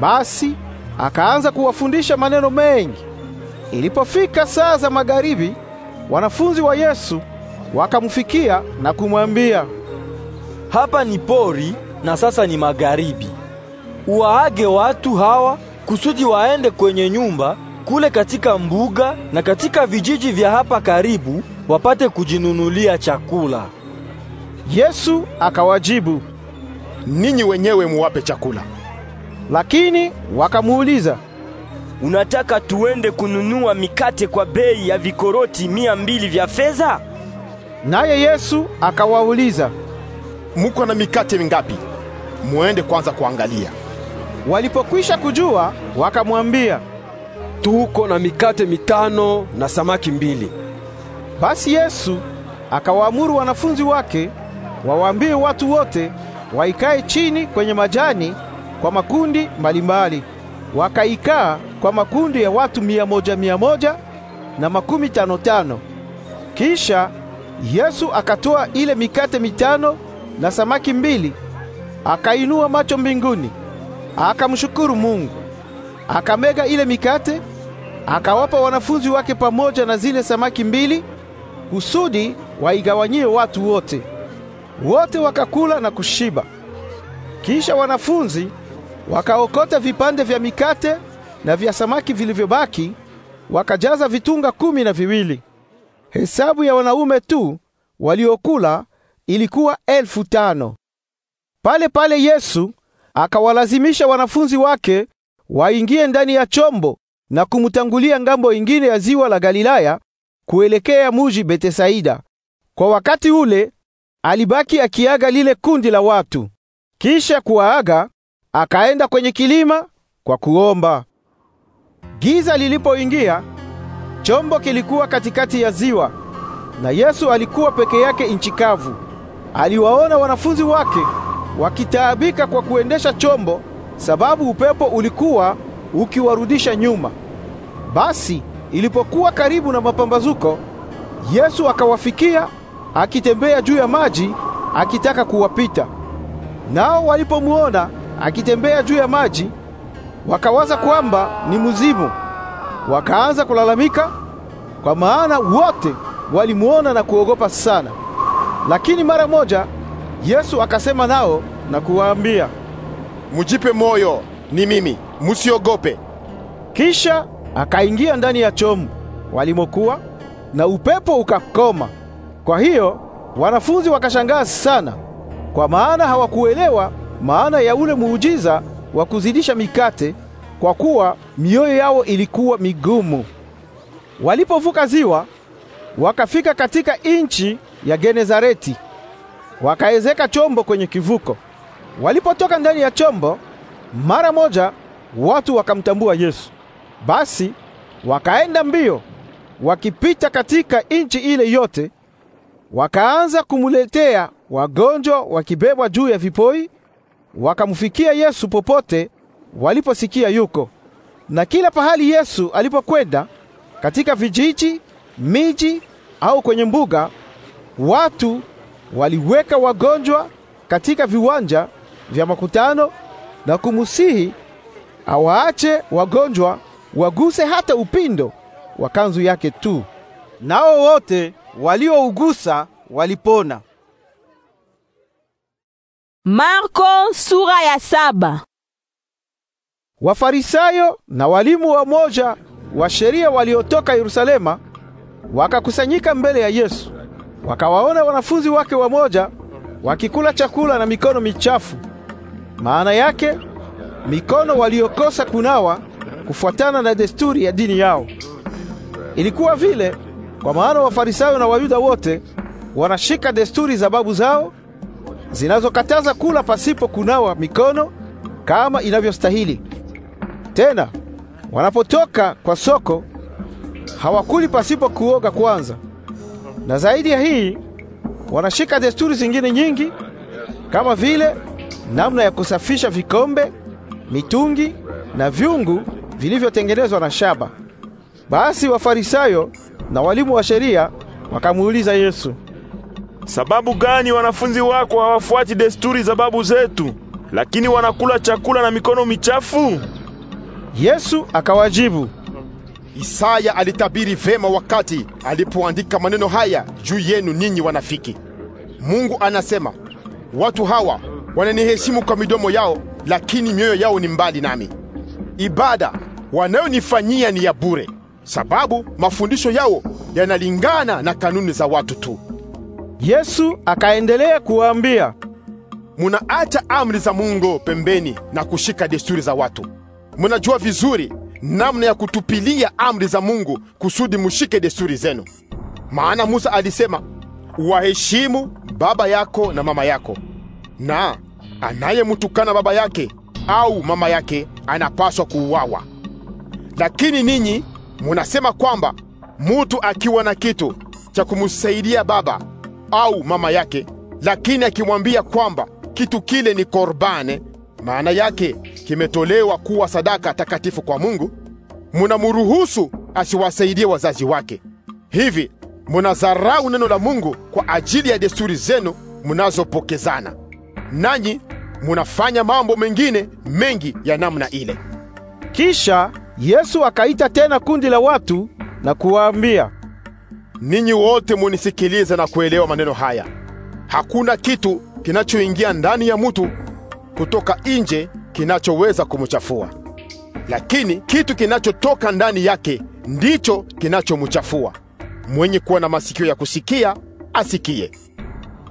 Basi akaanza kuwafundisha maneno mengi. Ilipofika saa za magharibi, wanafunzi wa Yesu wakamfikia na kumwambia, hapa ni pori na sasa ni magharibi. Uwaage watu hawa kusudi waende kwenye nyumba kule katika mbuga na katika vijiji vya hapa karibu wapate kujinunulia chakula. Yesu akawajibu, ninyi wenyewe muwape chakula. Lakini wakamuuliza, unataka tuende kununua mikate kwa bei ya vikoroti mia mbili vya fedha? Naye Yesu akawauliza, muko na mikate mingapi? Muende kwanza kuangalia. Walipokwisha kujua, wakamwambia, tuko na mikate mitano na samaki mbili. Basi Yesu akawaamuru wanafunzi wake wawaambie watu wote waikae chini kwenye majani kwa makundi mbalimbali. Wakaikaa kwa makundi ya watu mia moja mia moja na makumi tano tano. Kisha Yesu akatoa ile mikate mitano na samaki mbili, akainua macho mbinguni, akamshukuru Mungu, akamega ile mikate, akawapa wanafunzi wake pamoja na zile samaki mbili kusudi waigawanyie watu wote. Wote wakakula na kushiba. Kisha wanafunzi wakaokota vipande vya mikate na vya samaki vilivyobaki, wakajaza vitunga kumi na viwili. Hesabu ya wanaume tu waliokula ilikuwa elfu tano. Pale pale Yesu akawalazimisha wanafunzi wake waingie ndani ya chombo na kumtangulia ngambo ingine ya ziwa la Galilaya kuelekea muji Betesaida. Kwa wakati ule alibaki akiaga lile kundi la watu. Kisha kuwaaga akaenda kwenye kilima kwa kuomba. Giza lilipoingia, chombo kilikuwa katikati ya ziwa, na Yesu alikuwa peke yake inchi kavu. Aliwaona wanafunzi wake wakitaabika kwa kuendesha chombo, sababu upepo ulikuwa ukiwarudisha nyuma. Basi Ilipokuwa karibu na mapambazuko, Yesu akawafikia akitembea juu ya maji akitaka kuwapita. Nao walipomuona akitembea juu ya maji, wakawaza kwamba ni mzimu. Wakaanza kulalamika kwa maana wote walimuona na kuogopa sana. Lakini mara moja Yesu akasema nao na kuwaambia, Mujipe moyo, ni mimi, musiogope. Kisha Akaingia ndani ya chombo walimokuwa na upepo ukakoma. Kwa hiyo wanafunzi wakashangaa sana, kwa maana hawakuelewa maana ya ule muujiza wa kuzidisha mikate, kwa kuwa mioyo yao ilikuwa migumu. Walipovuka ziwa, wakafika katika nchi ya Genezareti, wakaezeka chombo kwenye kivuko. Walipotoka ndani ya chombo, mara moja watu wakamtambua Yesu. Basi wakaenda mbio wakipita katika nchi ile yote, wakaanza kumuletea wagonjwa wakibebwa juu ya vipoi, wakamfikia Yesu popote waliposikia yuko. Na kila pahali Yesu alipokwenda, katika vijiji, miji au kwenye mbuga, watu waliweka wagonjwa katika viwanja vya makutano na kumusihi awaache wagonjwa waguse hata upindo wa kanzu yake tu. Nao wote waliougusa walipona. Marko sura ya saba. Wafarisayo na walimu wamoja wa sheria waliotoka Yerusalema wakakusanyika mbele ya Yesu. Wakawaona wanafunzi wake wamoja wakikula chakula na mikono michafu. Maana yake mikono waliokosa kunawa kufuatana na desturi ya dini yao. Ilikuwa vile kwa maana Wafarisayo na Wayuda wote wanashika desturi za babu zao zinazokataza kula pasipo kunawa mikono kama inavyostahili. Tena wanapotoka kwa soko hawakuli pasipo kuoga kwanza. Na zaidi ya hii, wanashika desturi zingine nyingi kama vile namna ya kusafisha vikombe, mitungi na vyungu vilivyotengenezwa na shaba. Basi Wafarisayo na walimu wa sheria wakamuuliza Yesu, sababu gani wanafunzi wako hawafuati desturi za babu zetu, lakini wanakula chakula na mikono michafu? Yesu akawajibu, Isaya alitabiri vema wakati alipoandika maneno haya juu yenu ninyi wanafiki. Mungu anasema, watu hawa wananiheshimu kwa midomo yao, lakini mioyo yao ni mbali nami. Ibada wanayonifanyia ni ya bure, sababu mafundisho yao yanalingana na kanuni za watu tu. Yesu akaendelea kuwaambia, munaacha amri za Mungu pembeni na kushika desturi za watu. Munajua vizuri namna ya kutupilia amri za Mungu kusudi mushike desturi zenu. Maana Musa alisema, waheshimu baba yako na mama yako, na anayemtukana baba yake au mama yake anapaswa kuuawa. Lakini ninyi munasema kwamba mutu akiwa na kitu cha kumsaidia baba au mama yake, lakini akimwambia kwamba kitu kile ni korbane, maana yake kimetolewa kuwa sadaka takatifu kwa Mungu, munamruhusu asiwasaidie wazazi wake. Hivi munadharau neno la Mungu kwa ajili ya desturi zenu munazopokezana, nanyi munafanya mambo mengine mengi ya namna ile. Kisha Yesu akaita tena kundi la watu na kuwaambia, ninyi wote munisikilize na kuelewa maneno haya. Hakuna kitu kinachoingia ndani ya mtu kutoka nje kinachoweza kumchafua, lakini kitu kinachotoka ndani yake ndicho kinachomchafua. Mwenye kuwa na masikio ya kusikia asikie.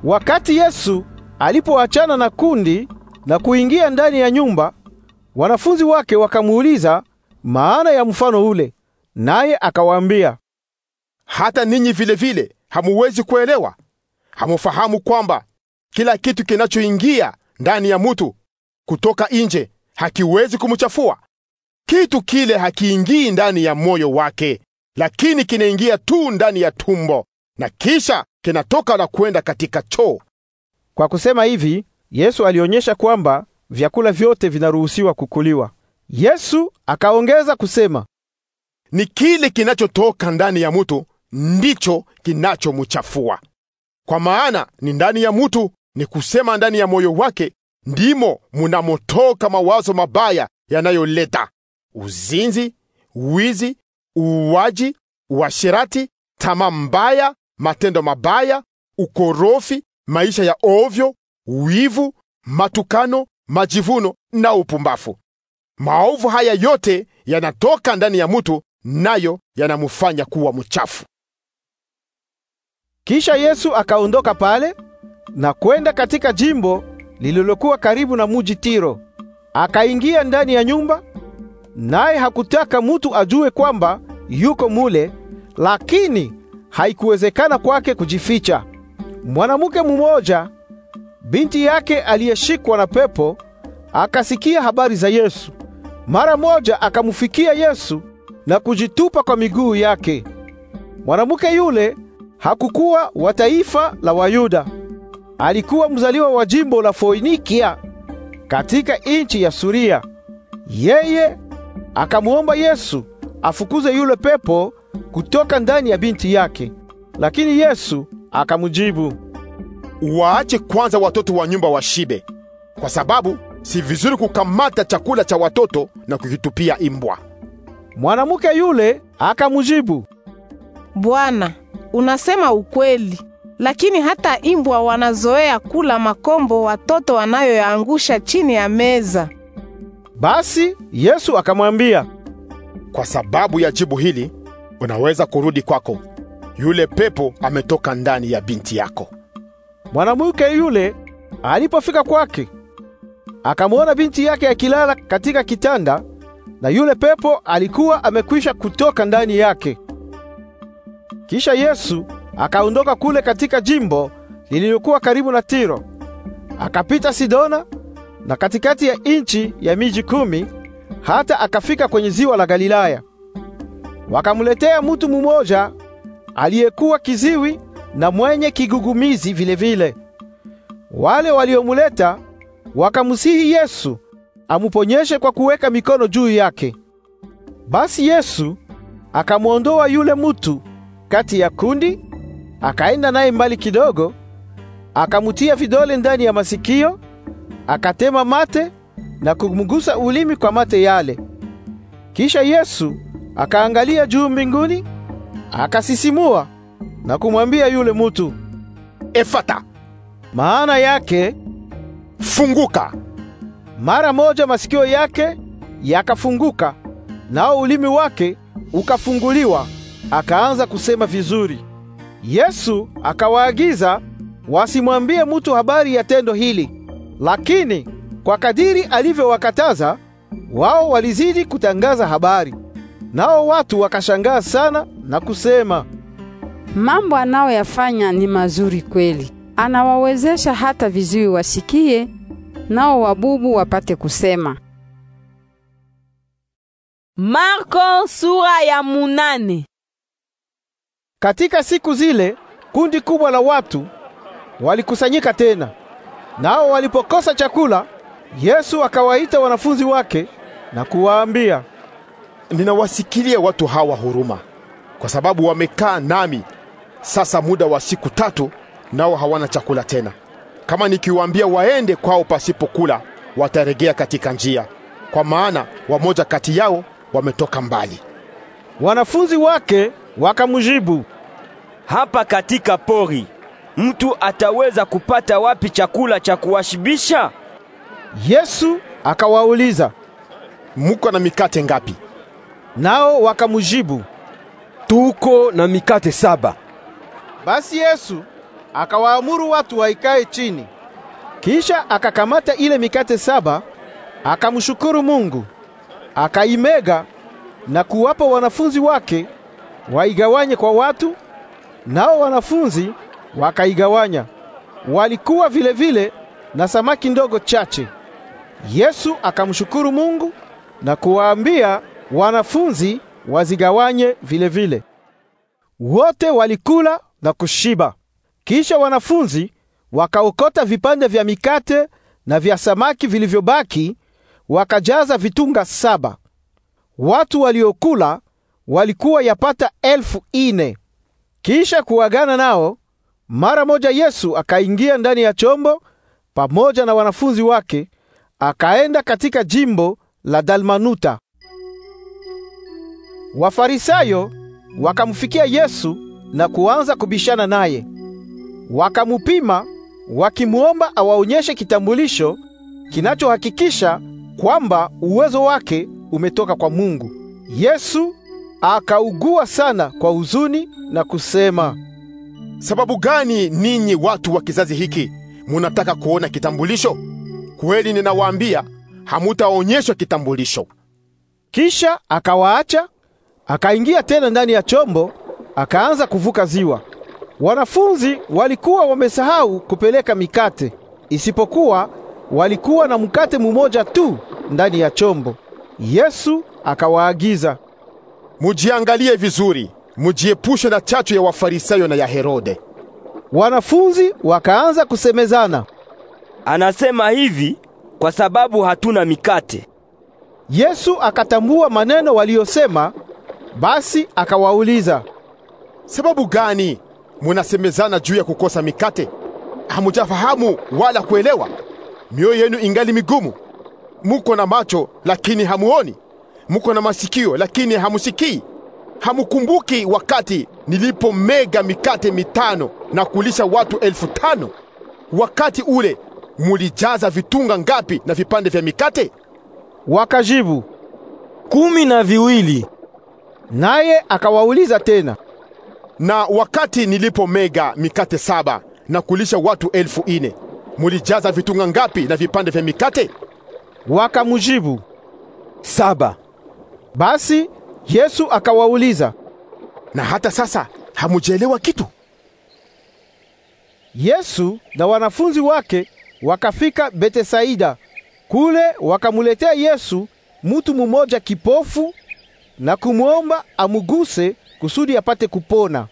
Wakati Yesu alipoachana na kundi na kuingia ndani ya nyumba, wanafunzi wake wakamuuliza maana ya mfano ule, naye akawaambia, hata ninyi vile vile hamuwezi kuelewa? Hamufahamu kwamba kila kitu kinachoingia ndani ya mutu kutoka nje hakiwezi kumchafua? Kitu kile hakiingii ndani ya moyo wake, lakini kinaingia tu ndani ya tumbo na kisha kinatoka na kwenda katika choo. Kwa kusema hivi, Yesu alionyesha kwamba vyakula vyote vinaruhusiwa kukuliwa, Yesu akaongeza kusema, ni kile kinachotoka ndani ya mtu ndicho kinachomchafua. Kwa maana ni ndani ya mtu, ni kusema ndani ya moyo wake ndimo munamotoka mawazo mabaya yanayoleta uzinzi, wizi, uuaji, uasherati, tamaa mbaya, matendo mabaya, ukorofi, maisha ya ovyo, wivu, matukano, majivuno na upumbafu. Maovu haya yote yanatoka ndani ya mtu, nayo yanamfanya kuwa mchafu. Kisha Yesu akaondoka pale na kwenda katika jimbo lililokuwa karibu na muji Tiro. Akaingia ndani ya nyumba, naye hakutaka mtu ajue kwamba yuko mule, lakini haikuwezekana kwake kujificha. Mwanamke mmoja, binti yake aliyeshikwa na pepo, akasikia habari za Yesu. Mara moja akamfikia Yesu na kujitupa kwa miguu yake. Mwanamke yule hakukuwa wa taifa la Wayuda, alikuwa mzaliwa wa jimbo la Foinikia katika nchi ya Suria. Yeye akamwomba Yesu afukuze yule pepo kutoka ndani ya binti yake, lakini Yesu akamjibu, waache kwanza watoto wa nyumba washibe, kwa sababu si vizuri kukamata chakula cha watoto na kukitupia imbwa. Mwanamke yule akamjibu, Bwana, unasema ukweli, lakini hata imbwa wanazoea kula makombo watoto wanayoyaangusha chini ya meza. Basi Yesu akamwambia, kwa sababu ya jibu hili unaweza kurudi kwako, yule pepo ametoka ndani ya binti yako. Mwanamke yule alipofika kwake akamwona binti yake akilala katika kitanda, na yule pepo alikuwa amekwisha kutoka ndani yake. Kisha Yesu akaondoka kule katika jimbo lililokuwa karibu na Tiro, akapita Sidona na katikati ya inchi ya miji kumi, hata akafika kwenye ziwa la Galilaya. Wakamletea mtu mumoja aliyekuwa kiziwi na mwenye kigugumizi vilevile vile. Wale waliomuleta wakamsihi Yesu amuponyeshe kwa kuweka mikono juu yake. Basi Yesu akamwondoa yule mutu kati ya kundi, akaenda naye mbali kidogo, akamutia vidole ndani ya masikio, akatema mate na kumgusa ulimi kwa mate yale. Kisha Yesu akaangalia juu mbinguni, akasisimua na kumwambia yule mutu, Efata, maana yake funguka! Mara moja masikio yake yakafunguka, nao ulimi wake ukafunguliwa, akaanza kusema vizuri. Yesu akawaagiza wasimwambie mtu habari ya tendo hili, lakini kwa kadiri alivyowakataza wao walizidi kutangaza habari, nao watu wakashangaa sana na kusema, mambo anayoyafanya ni mazuri kweli. Anawawezesha hata viziwi wasikie, nao wabubu wapate kusema. Marko sura ya munane. Katika siku zile kundi kubwa la watu walikusanyika tena, nao walipokosa chakula, Yesu akawaita wanafunzi wake na kuwaambia, ninawasikilia watu hawa huruma, kwa sababu wamekaa nami sasa muda wa siku tatu nao hawana chakula tena. Kama nikiwaambia waende kwao pasipo kula wataregea katika njia, kwa maana wamoja kati yao wametoka mbali. Wanafunzi wake wakamjibu, hapa katika pori mtu ataweza kupata wapi chakula cha kuwashibisha? Yesu akawauliza, muko na mikate ngapi? Nao wakamjibu, tuko na mikate saba. Basi Yesu akawaamuru watu waikae chini. Kisha akakamata ile mikate saba, akamshukuru Mungu, akaimega na kuwapa wanafunzi wake waigawanye kwa watu, nao wanafunzi wakaigawanya. Walikuwa vile vile na samaki ndogo chache. Yesu akamshukuru Mungu na kuwaambia wanafunzi wazigawanye vile vile. Wote walikula na kushiba. Kisha wanafunzi wakaokota vipande vya mikate na vya samaki vilivyobaki, wakajaza vitunga saba. Watu waliokula walikuwa yapata elfu ine. Kisha kuagana nao, mara moja Yesu akaingia ndani ya chombo pamoja na wanafunzi wake, akaenda katika jimbo la Dalmanuta. Wafarisayo wakamfikia Yesu na kuanza kubishana naye wakamupima wakimwomba awaonyeshe kitambulisho kinachohakikisha kwamba uwezo wake umetoka kwa Mungu. Yesu akaugua sana kwa huzuni na kusema, sababu gani ninyi watu wa kizazi hiki munataka kuona kitambulisho? Kweli ninawaambia, hamutaonyeshwa kitambulisho. Kisha akawaacha, akaingia tena ndani ya chombo, akaanza kuvuka ziwa. Wanafunzi walikuwa wamesahau kupeleka mikate, isipokuwa walikuwa na mkate mmoja tu ndani ya chombo. Yesu akawaagiza, mujiangalie vizuri, mujiepushe na chachu ya Wafarisayo na ya Herode. Wanafunzi wakaanza kusemezana, anasema hivi kwa sababu hatuna mikate. Yesu akatambua maneno waliyosema, basi akawauliza, sababu gani munasemezana juu ya kukosa mikate? Hamujafahamu wala kuelewa? Mioyo yenu ingali migumu. Muko na macho lakini hamuoni, muko na masikio lakini hamusikii. Hamukumbuki wakati nilipomega mikate mitano na kulisha watu elfu tano? Wakati ule mulijaza vitunga ngapi na vipande vya mikate? Wakajibu, kumi na viwili. Naye akawauliza tena, na wakati nilipomega mikate saba na kulisha watu elfu ine mulijaza vitunga ngapi na vipande vya mikate? Wakamjibu saba. Basi Yesu akawauliza, na hata sasa hamujaelewa kitu? Yesu na wanafunzi wake wakafika Betesaida. Kule wakamuletea Yesu mutu mumoja kipofu na kumwomba amuguse kusudi apate kupona.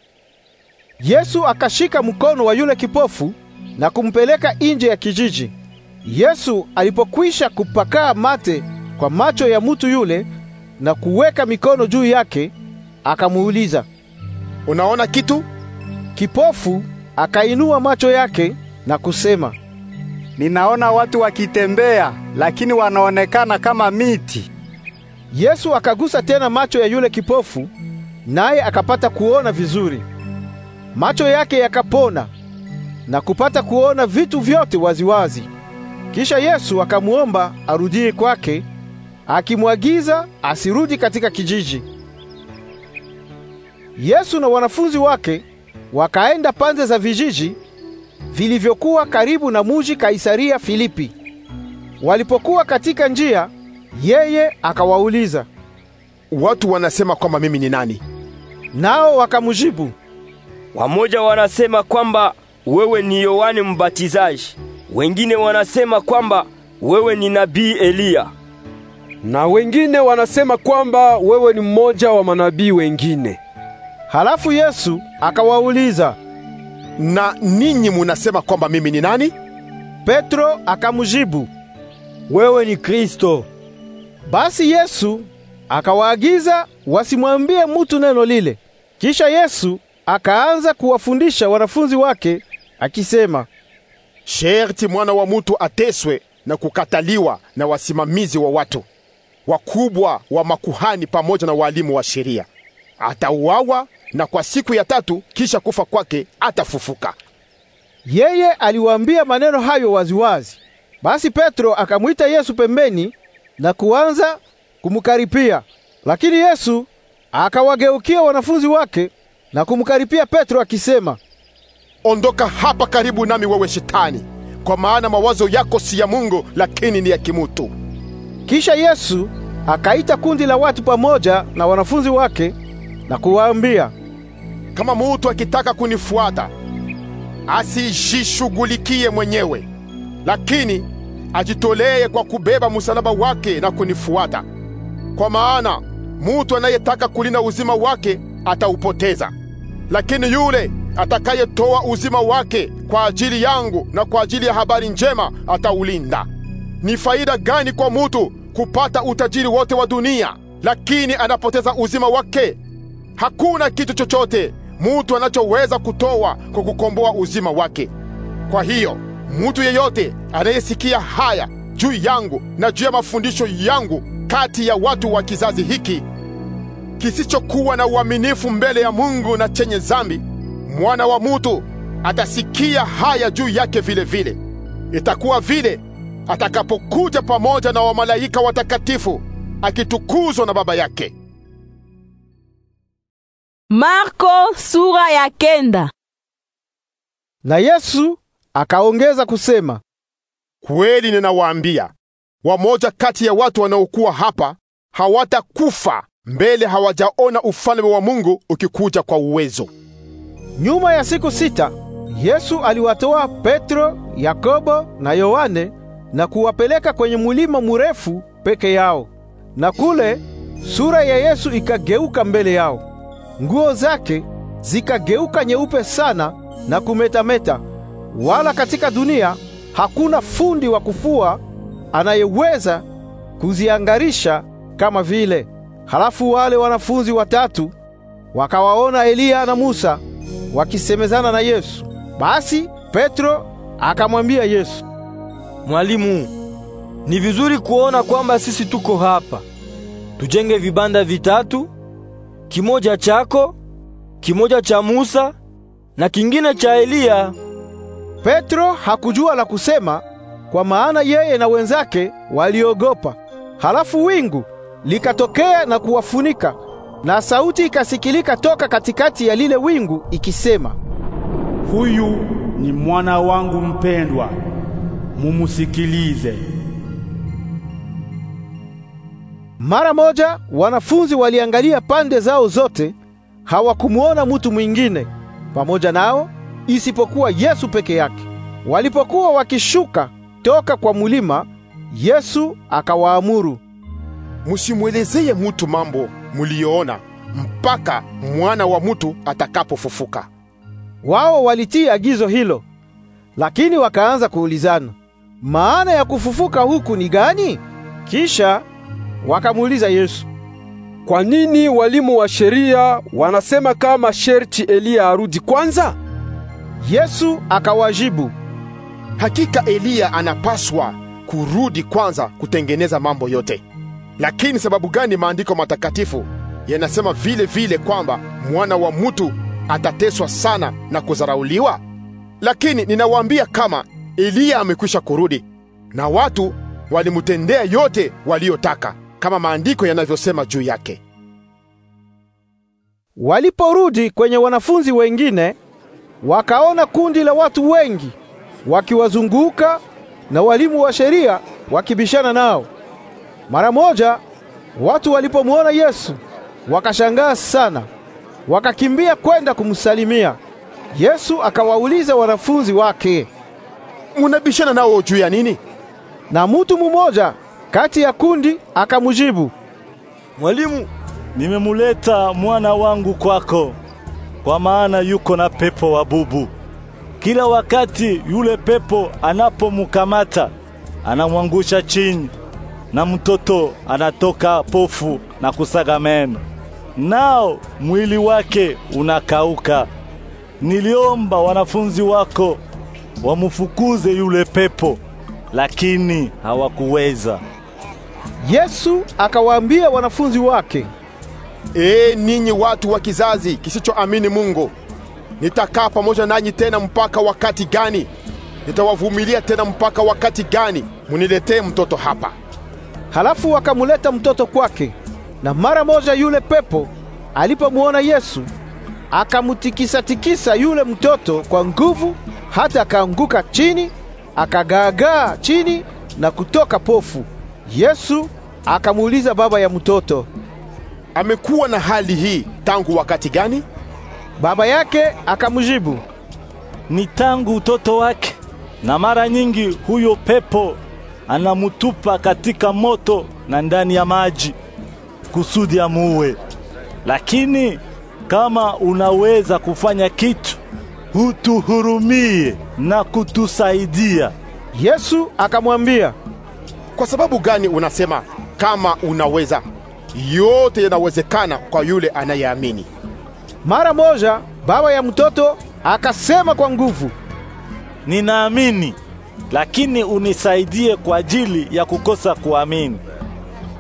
Yesu akashika mkono wa yule kipofu na kumpeleka nje ya kijiji. Yesu alipokwisha kupakaa mate kwa macho ya mutu yule na kuweka mikono juu yake, akamuuliza, unaona kitu? Kipofu akainua macho yake na kusema, ninaona watu wakitembea, lakini wanaonekana kama miti. Yesu akagusa tena macho ya yule kipofu naye akapata kuona vizuri. Macho yake yakapona na kupata kuona vitu vyote waziwazi. Kisha Yesu akamwomba arudie kwake, akimwagiza asirudi katika kijiji. Yesu na wanafunzi wake wakaenda pande za vijiji vilivyokuwa karibu na muji Kaisaria Filipi. Walipokuwa katika njia, yeye akawauliza, watu wanasema kwamba mimi ni nani? Nao wakamjibu, wamoja wanasema kwamba wewe ni Yohane Mbatizaji, wengine wanasema kwamba wewe ni nabii Eliya, na wengine wanasema kwamba wewe ni mmoja wa manabii wengine. Halafu Yesu akawauliza, na ninyi munasema kwamba mimi ni nani? Petro akamjibu, wewe ni Kristo. Basi Yesu akawaagiza wasimwambie mutu neno lile. Kisha Yesu akaanza kuwafundisha wanafunzi wake akisema, sherti mwana wa mutu ateswe na kukataliwa na wasimamizi wa watu wakubwa wa makuhani pamoja na walimu wa sheria, atauawa na kwa siku ya tatu kisha kufa kwake atafufuka. Yeye aliwaambia maneno hayo waziwazi. Basi Petro akamwita Yesu pembeni na kuanza kumkaripia, lakini Yesu akawageukia wanafunzi wake na kumkaripia Petro akisema, ondoka hapa karibu nami wewe Shetani, kwa maana mawazo yako si ya Mungu, lakini ni ya kimutu. Kisha Yesu akaita kundi la watu pamoja na wanafunzi wake na kuwaambia, kama mutu akitaka kunifuata asijishughulikie mwenyewe, lakini ajitolee kwa kubeba msalaba wake na kunifuata. Kwa maana mutu anayetaka kulinda uzima wake ataupoteza, lakini yule atakayetoa uzima wake kwa ajili yangu na kwa ajili ya habari njema ataulinda. Ni faida gani kwa mutu kupata utajiri wote wa dunia, lakini anapoteza uzima wake? Hakuna kitu chochote mutu anachoweza kutoa kwa kukomboa uzima wake. Kwa hiyo mutu yeyote anayesikia haya juu yangu na juu ya mafundisho yangu kati ya watu wa kizazi hiki kisichokuwa na uaminifu mbele ya Mungu na chenye zambi. Mwana wa mutu atasikia haya juu yake vilevile vile. Itakuwa vile atakapokuja pamoja na wamalaika watakatifu akitukuzwa na Baba yake. Marko sura ya kenda. Na Yesu akaongeza kusema, kweli ninawaambia wamoja kati ya watu wanaokuwa hapa hawatakufa mbele hawajaona ufalme wa Mungu ukikuja kwa uwezo. Nyuma ya siku sita Yesu aliwatoa Petro, Yakobo na Yohane na kuwapeleka kwenye mulima mrefu peke yao. Na kule sura ya Yesu ikageuka mbele yao. Nguo zake zikageuka nyeupe sana na kumetameta. Wala katika dunia hakuna fundi wa kufua anayeweza kuziangarisha kama vile. Halafu wale wanafunzi watatu wakawaona Eliya na Musa wakisemezana na Yesu. Basi Petro akamwambia Yesu, Mwalimu, ni vizuri kuona kwamba sisi tuko hapa. Tujenge vibanda vitatu, kimoja chako, kimoja cha Musa na kingine cha Eliya. Petro hakujua la kusema kwa maana yeye na wenzake waliogopa. Halafu wingu likatokea na kuwafunika, na sauti ikasikilika toka katikati ya lile wingu ikisema, huyu ni mwana wangu mpendwa, mumusikilize. Mara moja wanafunzi waliangalia pande zao zote, hawakumuona mutu mwingine pamoja nao isipokuwa Yesu peke yake. Walipokuwa wakishuka Toka kwa mulima, Yesu akawaamuru, musimwelezeye mutu mambo muliyoona mpaka mwana wa mutu atakapofufuka. Wao walitii agizo hilo, lakini wakaanza kuulizana, maana ya kufufuka huku ni gani? Kisha wakamuuliza Yesu, kwa nini walimu wa sheria wanasema kama sherti Eliya arudi kwanza? Yesu akawajibu, Hakika Eliya anapaswa kurudi kwanza kutengeneza mambo yote. Lakini sababu gani maandiko matakatifu yanasema vile vile kwamba mwana wa mtu atateswa sana na kudharauliwa? Lakini ninawaambia kama Eliya amekwisha kurudi na watu walimtendea yote waliyotaka kama maandiko yanavyosema juu yake. Waliporudi kwenye wanafunzi wengine, wakaona kundi la watu wengi wakiwazunguka na walimu wa sheria wakibishana nao. Mara moja watu walipomwona Yesu wakashangaa sana, wakakimbia kwenda kumsalimia. Yesu akawauliza wanafunzi wake, munabishana nao juu ya nini? Na mutu mumoja kati ya kundi akamujibu, Mwalimu, nimemuleta mwana wangu kwako, kwa maana yuko na pepo wa bubu kila wakati yule pepo anapomkamata anamwangusha chini, na mtoto anatoka pofu na kusaga meno, nao mwili wake unakauka. Niliomba wanafunzi wako wamfukuze yule pepo, lakini hawakuweza. Yesu akawaambia wanafunzi wake, ee, ninyi watu wa kizazi kisichoamini Mungu Nitakaa pamoja nanyi tena mpaka wakati gani? Nitawavumilia tena mpaka wakati gani? Muniletee mtoto hapa. Halafu wakamuleta mtoto kwake, na mara moja yule pepo alipomuona Yesu akamtikisa-tikisa yule mtoto kwa nguvu, hata akaanguka chini, akagaagaa chini na kutoka pofu. Yesu akamuuliza baba ya mtoto, amekuwa na hali hii tangu wakati gani? Baba yake akamjibu, ni tangu utoto wake, na mara nyingi huyo pepo anamutupa katika moto na ndani ya maji kusudi amuue. Lakini kama unaweza kufanya kitu, hutuhurumie na kutusaidia. Yesu akamwambia, kwa sababu gani unasema kama unaweza? Yote yanawezekana kwa yule anayeamini. Mara moja baba ya mtoto akasema kwa nguvu, ninaamini, lakini unisaidie kwa ajili ya kukosa kuamini.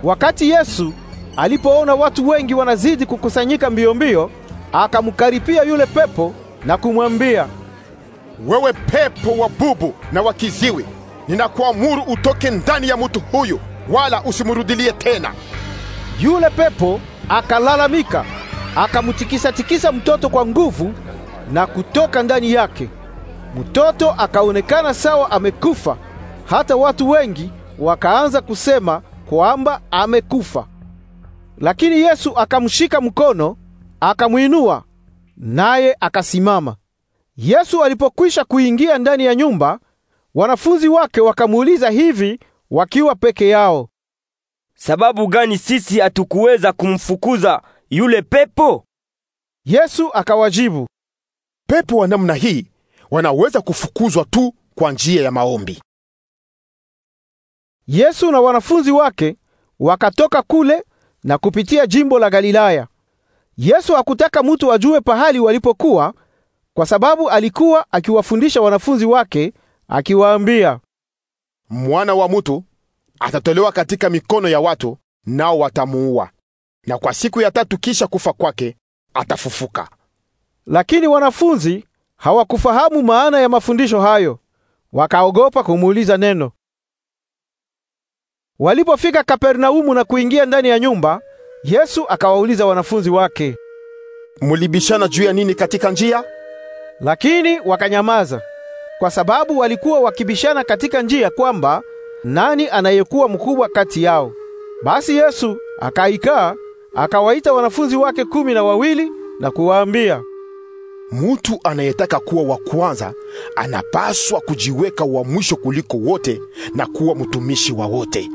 Wakati Yesu alipoona watu wengi wanazidi kukusanyika mbio mbio, akamkaripia yule pepo na kumwambia, wewe pepo wa bubu na wa kiziwi, ninakuamuru utoke ndani ya mtu huyu, wala usimurudilie tena. Yule pepo akalalamika akamtikisa-tikisa mtoto kwa nguvu na kutoka ndani yake. Mtoto akaonekana sawa amekufa, hata watu wengi wakaanza kusema kwamba amekufa. Lakini Yesu akamshika mkono, akamwinua naye akasimama. Yesu alipokwisha kuingia ndani ya nyumba, wanafunzi wake wakamuuliza hivi wakiwa peke yao, sababu gani sisi hatukuweza kumfukuza yule pepo? Yesu akawajibu, pepo wa namna hii wanaweza kufukuzwa tu kwa njia ya maombi. Yesu na wanafunzi wake wakatoka kule na kupitia jimbo la Galilaya. Yesu hakutaka mtu ajue pahali walipokuwa, kwa sababu alikuwa akiwafundisha wanafunzi wake akiwaambia, mwana wa mtu atatolewa katika mikono ya watu, nao watamuua, na kwa siku ya tatu kisha kufa kwake atafufuka. Lakini wanafunzi hawakufahamu maana ya mafundisho hayo, wakaogopa kumuuliza neno. Walipofika Kapernaumu na kuingia ndani ya nyumba, Yesu akawauliza wanafunzi wake, mulibishana juu ya nini katika njia? Lakini wakanyamaza, kwa sababu walikuwa wakibishana katika njia kwamba nani anayekuwa mkubwa kati yao. Basi Yesu akaikaa Akawaita wanafunzi wake kumi na wawili na kuwaambia, Mutu anayetaka kuwa wa kwanza anapaswa kujiweka wa mwisho kuliko wote na kuwa mtumishi wa wote.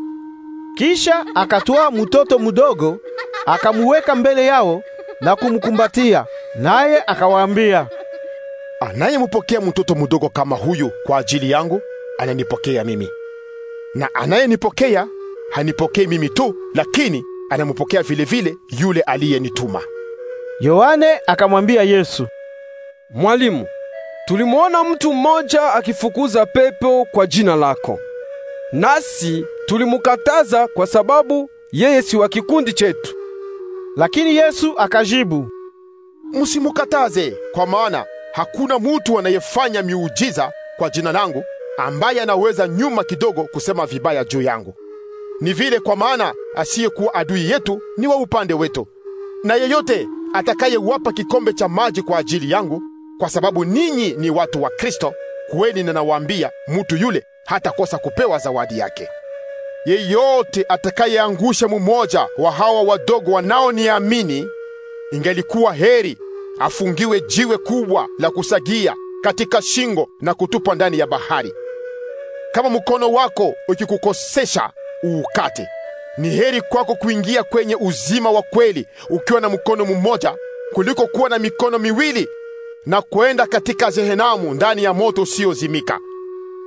Kisha akatoa mtoto mdogo akamuweka mbele yao na kumkumbatia, naye akawaambia, anayempokea mtoto mdogo kama huyu kwa ajili yangu ananipokea mimi, na anayenipokea hanipokei mimi tu, lakini anamupokea vile vile yule aliyenituma. Yohane akamwambia Yesu, Mwalimu, tulimwona mtu mmoja akifukuza pepo kwa jina lako, nasi tulimukataza kwa sababu yeye si wa kikundi chetu. Lakini Yesu akajibu, msimukataze, kwa maana hakuna mutu anayefanya miujiza kwa jina langu ambaye anaweza nyuma kidogo kusema vibaya juu yangu. Ni vile kwa maana asiyekuwa adui yetu ni wa upande wetu. Na yeyote atakayewapa kikombe cha maji kwa ajili yangu, kwa sababu ninyi ni watu wa Kristo, kweli ninawaambia, mtu yule hatakosa kupewa zawadi yake. Yeyote atakayeangusha mmoja wa hawa wadogo wanaoniamini, ingelikuwa heri afungiwe jiwe kubwa la kusagia katika shingo na kutupwa ndani ya bahari. Kama mkono wako ukikukosesha uukate. Ni heri kwako kuingia kwenye uzima wa kweli ukiwa na mkono mmoja kuliko kuwa na mikono miwili na kwenda katika Jehenamu, ndani ya moto usiozimika.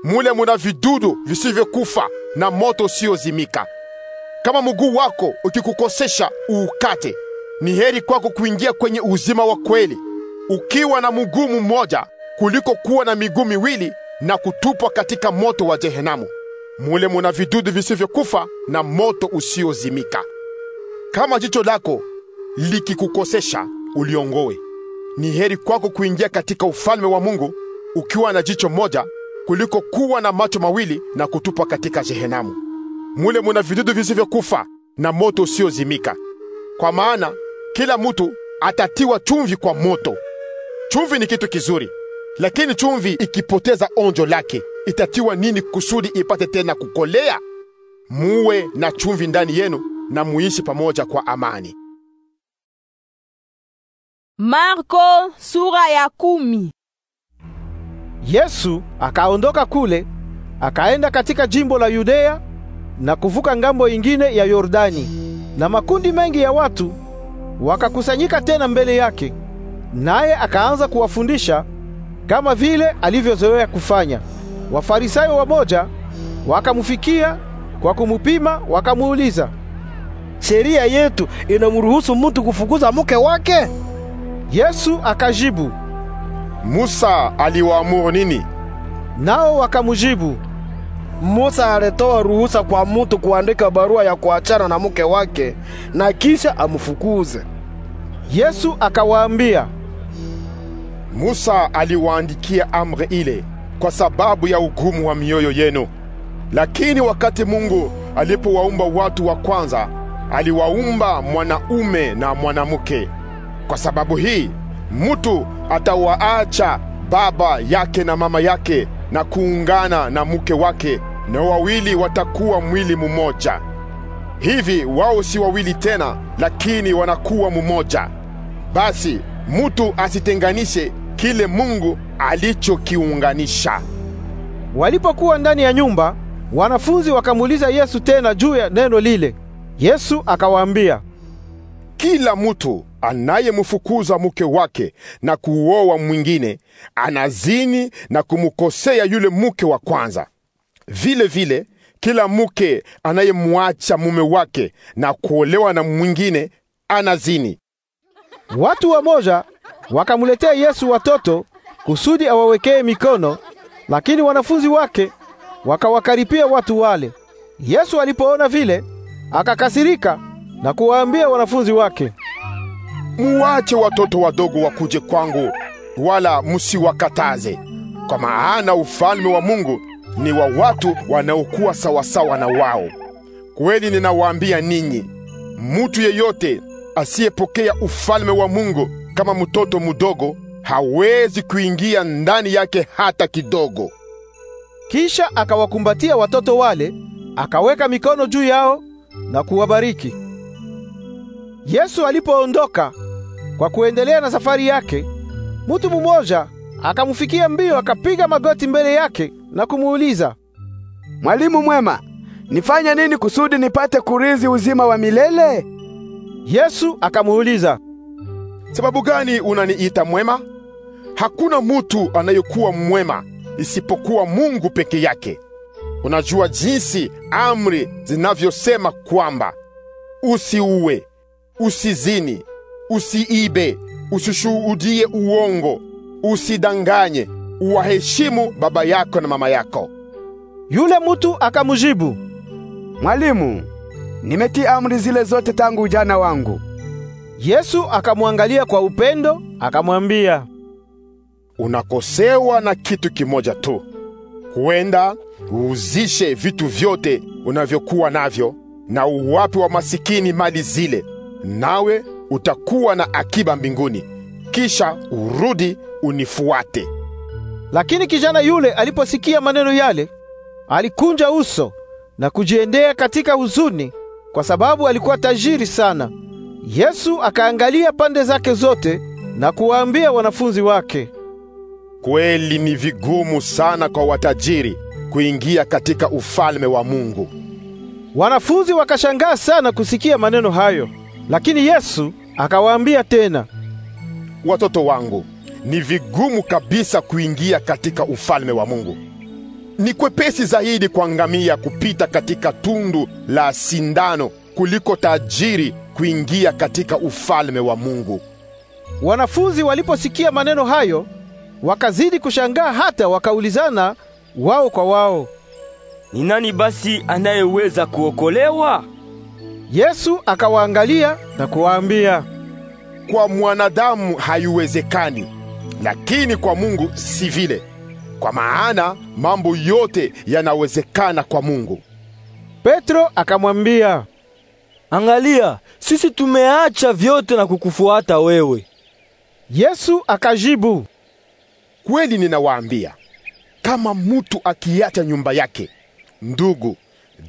Mule muna vidudu visivyokufa na moto usiozimika. Kama mguu wako ukikukosesha, uukate. Ni heri kwako kuingia kwenye uzima wa kweli ukiwa na mguu mmoja kuliko kuwa na miguu miwili na kutupwa katika moto wa Jehenamu mule muna vidudu visivyokufa na moto usiozimika. Kama jicho lako likikukosesha, uliongoe. Ni heri kwako kuingia katika ufalme wa Mungu ukiwa na jicho moja kuliko kuwa na macho mawili na kutupwa katika jehenamu. Mule muna vidudu visivyokufa na moto usiozimika. Kwa maana kila mtu atatiwa chumvi kwa moto. Chumvi ni kitu kizuri, lakini chumvi ikipoteza onjo lake, itatiwa nini kusudi ipate tena kukolea? Muwe na chumvi ndani yenu na muishi pamoja kwa amani. Marko sura ya kumi. Yesu akaondoka kule akaenda katika jimbo la Yudea na kuvuka ngambo ingine ya Yordani, na makundi mengi ya watu wakakusanyika tena mbele yake, naye akaanza kuwafundisha kama vile alivyozoea kufanya. Wafarisayo wamoja wakamufikia kwa kumupima, wakamuuliza, sheria yetu inamruhusu mtu kufukuza mke wake? Yesu akajibu, Musa aliwaamuru nini? Nao wakamjibu Musa alitoa ruhusa kwa mtu kuandika barua ya kuachana na mke wake na kisha amfukuze. Yesu akawaambia, Musa aliwaandikia amri ile kwa sababu ya ugumu wa mioyo yenu. Lakini wakati Mungu alipowaumba watu wa kwanza, aliwaumba mwanaume na mwanamke. Kwa sababu hii, mtu atawaacha baba yake na mama yake na kuungana na mke wake, na wawili watakuwa mwili mmoja. Hivi wao si wawili tena, lakini wanakuwa mmoja. Basi mtu asitenganishe kile Mungu alichokiunganisha. Walipokuwa ndani ya nyumba, wanafunzi wakamuuliza Yesu tena juu ya neno lile. Yesu akawaambia, kila mtu anayemfukuza mke wake na kuoa mwingine anazini na kumkosea yule mke wa kwanza. Vile vile kila mke anayemwacha mume wake na kuolewa na mwingine anazini. Watu wa moja Wakamuletea Yesu watoto kusudi awawekee mikono, lakini wanafunzi wake wakawakaripia watu wale. Yesu alipoona vile akakasirika na kuwaambia wanafunzi wake, muwache watoto wadogo wakuje kwangu, wala musiwakataze, kwa maana ufalme wa Mungu ni wa watu wanaokuwa sawasawa na wao. Kweli ninawaambia ninyi, mutu yeyote asiyepokea ufalme wa Mungu kama mtoto mdogo hawezi kuingia ndani yake hata kidogo. Kisha akawakumbatia watoto wale, akaweka mikono juu yao na kuwabariki. Yesu alipoondoka kwa kuendelea na safari yake, mtu mmoja akamfikia mbio, akapiga magoti mbele yake na kumuuliza, Mwalimu mwema, nifanye nini kusudi nipate kurizi uzima wa milele? Yesu akamuuliza, sababu gani unaniita mwema? Hakuna mutu anayekuwa mwema isipokuwa Mungu peke yake. Unajua jinsi amri zinavyosema kwamba usiue, usizini, usiibe, usishuhudie uongo, usidanganye, uwaheshimu baba yako na mama yako. Yule mutu akamjibu, Mwalimu, nimetii amri zile zote tangu ujana wangu Yesu akamwangalia kwa upendo, akamwambia, unakosewa na kitu kimoja tu. Huenda uuzishe vitu vyote unavyokuwa navyo na uwape wa masikini mali zile, nawe utakuwa na akiba mbinguni, kisha urudi unifuate. Lakini kijana yule aliposikia maneno yale, alikunja uso na kujiendea katika huzuni, kwa sababu alikuwa tajiri sana. Yesu akaangalia pande zake zote na kuwaambia wanafunzi wake, kweli ni vigumu sana kwa watajiri kuingia katika ufalme wa Mungu. Wanafunzi wakashangaa sana kusikia maneno hayo, lakini Yesu akawaambia tena, watoto wangu, ni vigumu kabisa kuingia katika ufalme wa Mungu. Ni kwepesi zaidi kwa ngamia kupita katika tundu la sindano kuliko tajiri kuingia katika ufalme wa Mungu. Wanafunzi waliposikia maneno hayo, wakazidi kushangaa hata wakaulizana wao kwa wao, ni nani basi anayeweza kuokolewa? Yesu akawaangalia na kuwaambia, kwa mwanadamu haiwezekani, lakini kwa Mungu si vile, kwa maana mambo yote yanawezekana kwa Mungu. Petro akamwambia, Angalia, sisi tumeacha vyote na kukufuata wewe. Yesu akajibu, kweli ninawaambia, kama mtu akiacha nyumba yake, ndugu,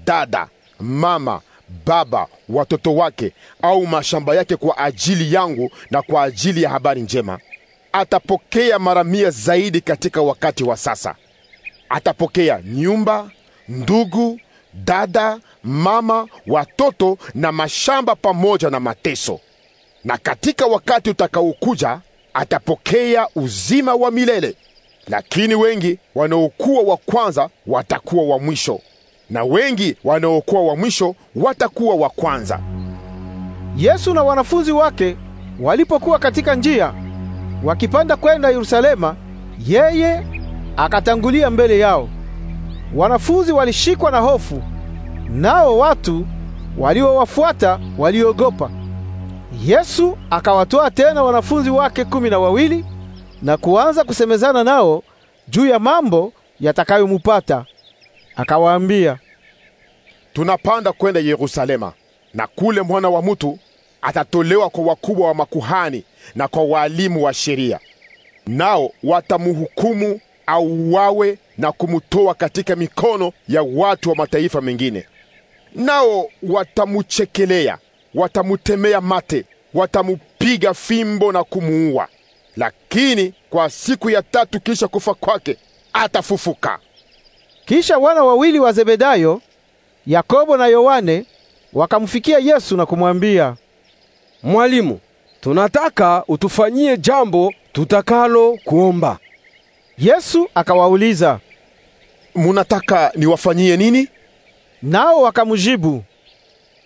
dada, mama, baba, watoto wake au mashamba yake kwa ajili yangu na kwa ajili ya habari njema, atapokea mara mia zaidi katika wakati wa sasa. Atapokea nyumba, ndugu, dada, mama, watoto na mashamba pamoja na mateso, na katika wakati utakaokuja atapokea uzima wa milele. Lakini wengi wanaokuwa wa kwanza watakuwa wa mwisho, na wengi wanaokuwa wa mwisho watakuwa wa kwanza. Yesu na wanafunzi wake walipokuwa katika njia wakipanda kwenda Yerusalema, yeye akatangulia mbele yao Wanafunzi walishikwa na hofu, nao watu waliowafuata waliogopa. Yesu akawatoa tena wanafunzi wake kumi na wawili na kuanza kusemezana nao juu ya mambo yatakayomupata. Akawaambia, tunapanda kwenda Yerusalema, na kule mwana wa mutu atatolewa kwa wakubwa wa makuhani na kwa walimu wa sheria, nao watamhukumu auawe na kumtoa katika mikono ya watu wa mataifa mengine. Nao watamuchekelea, watamutemea mate, watamupiga fimbo na kumuua, lakini kwa siku ya tatu kisha kufa kwake atafufuka. Kisha wana wawili wa Zebedayo, Yakobo na Yohane, wakamfikia Yesu na kumwambia, Mwalimu, tunataka utufanyie jambo tutakalo kuomba. Yesu akawauliza, munataka niwafanyie nini? Nao wakamjibu,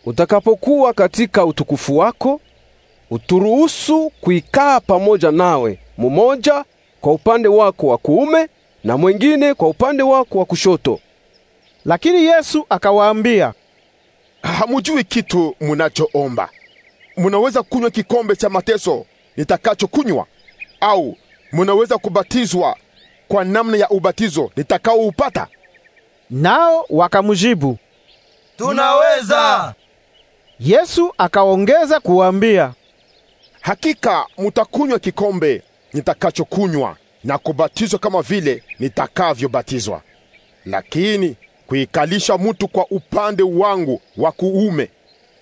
utakapokuwa katika utukufu wako, uturuhusu kuikaa pamoja nawe, mumoja kwa upande wako wa kuume na mwingine kwa upande wako wa kushoto. Lakini Yesu akawaambia, hamujui kitu munachoomba. Munaweza kunywa kikombe cha mateso nitakachokunywa, au munaweza kubatizwa kwa namna ya ubatizo nitakaoupata? Nao wakamjibu, tunaweza. Yesu akaongeza kuambia, hakika mutakunywa kikombe nitakachokunywa na kubatizwa kama vile nitakavyobatizwa, lakini kuikalisha mtu kwa upande wangu wa kuume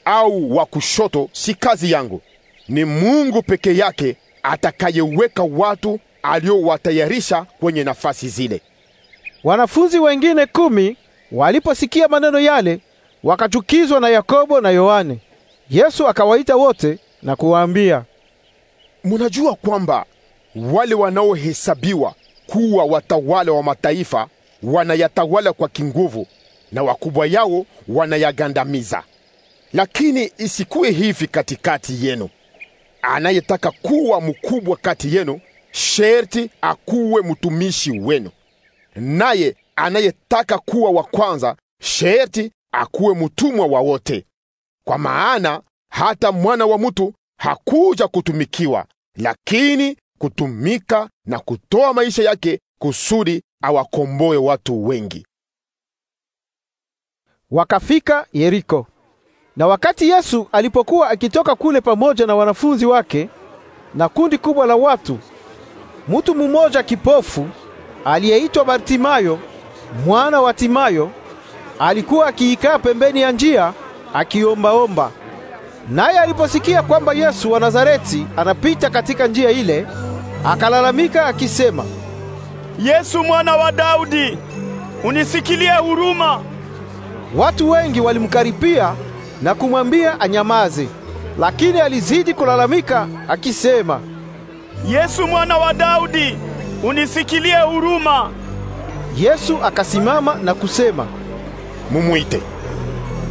au wa kushoto si kazi yangu. Ni Mungu peke yake atakayeweka watu aliyowatayarisha kwenye nafasi zile. Wanafunzi wengine kumi waliposikia maneno yale wakachukizwa na Yakobo na Yohane. Yesu akawaita wote na kuwaambia, munajua kwamba wale wanaohesabiwa kuwa watawala wa mataifa wanayatawala kwa kinguvu na wakubwa yao wanayagandamiza. Lakini isikuwe hivi katikati yenu. Anayetaka kuwa mkubwa kati yenu sherti akuwe mtumishi wenu, naye anayetaka kuwa wa kwanza sherti akuwe mtumwa wa wote. Kwa maana hata mwana wa mtu hakuja kutumikiwa, lakini kutumika na kutoa maisha yake kusudi awakomboe watu wengi. Wakafika Yeriko. Na wakati Yesu alipokuwa akitoka kule pamoja na wanafunzi wake na kundi kubwa la watu, mutu mumoja kipofu aliyeitwa Bartimayo mwana wa Timayo alikuwa akiikaa pembeni ya njia akiombaomba. Naye aliposikia kwamba Yesu wa Nazareti anapita katika njia ile, akalalamika akisema, Yesu mwana wa Daudi, unisikilie huruma. Watu wengi walimkaripia na kumwambia anyamaze, lakini alizidi kulalamika akisema, Yesu mwana wa Daudi, unisikilie huruma. Yesu akasimama na kusema, mumuite.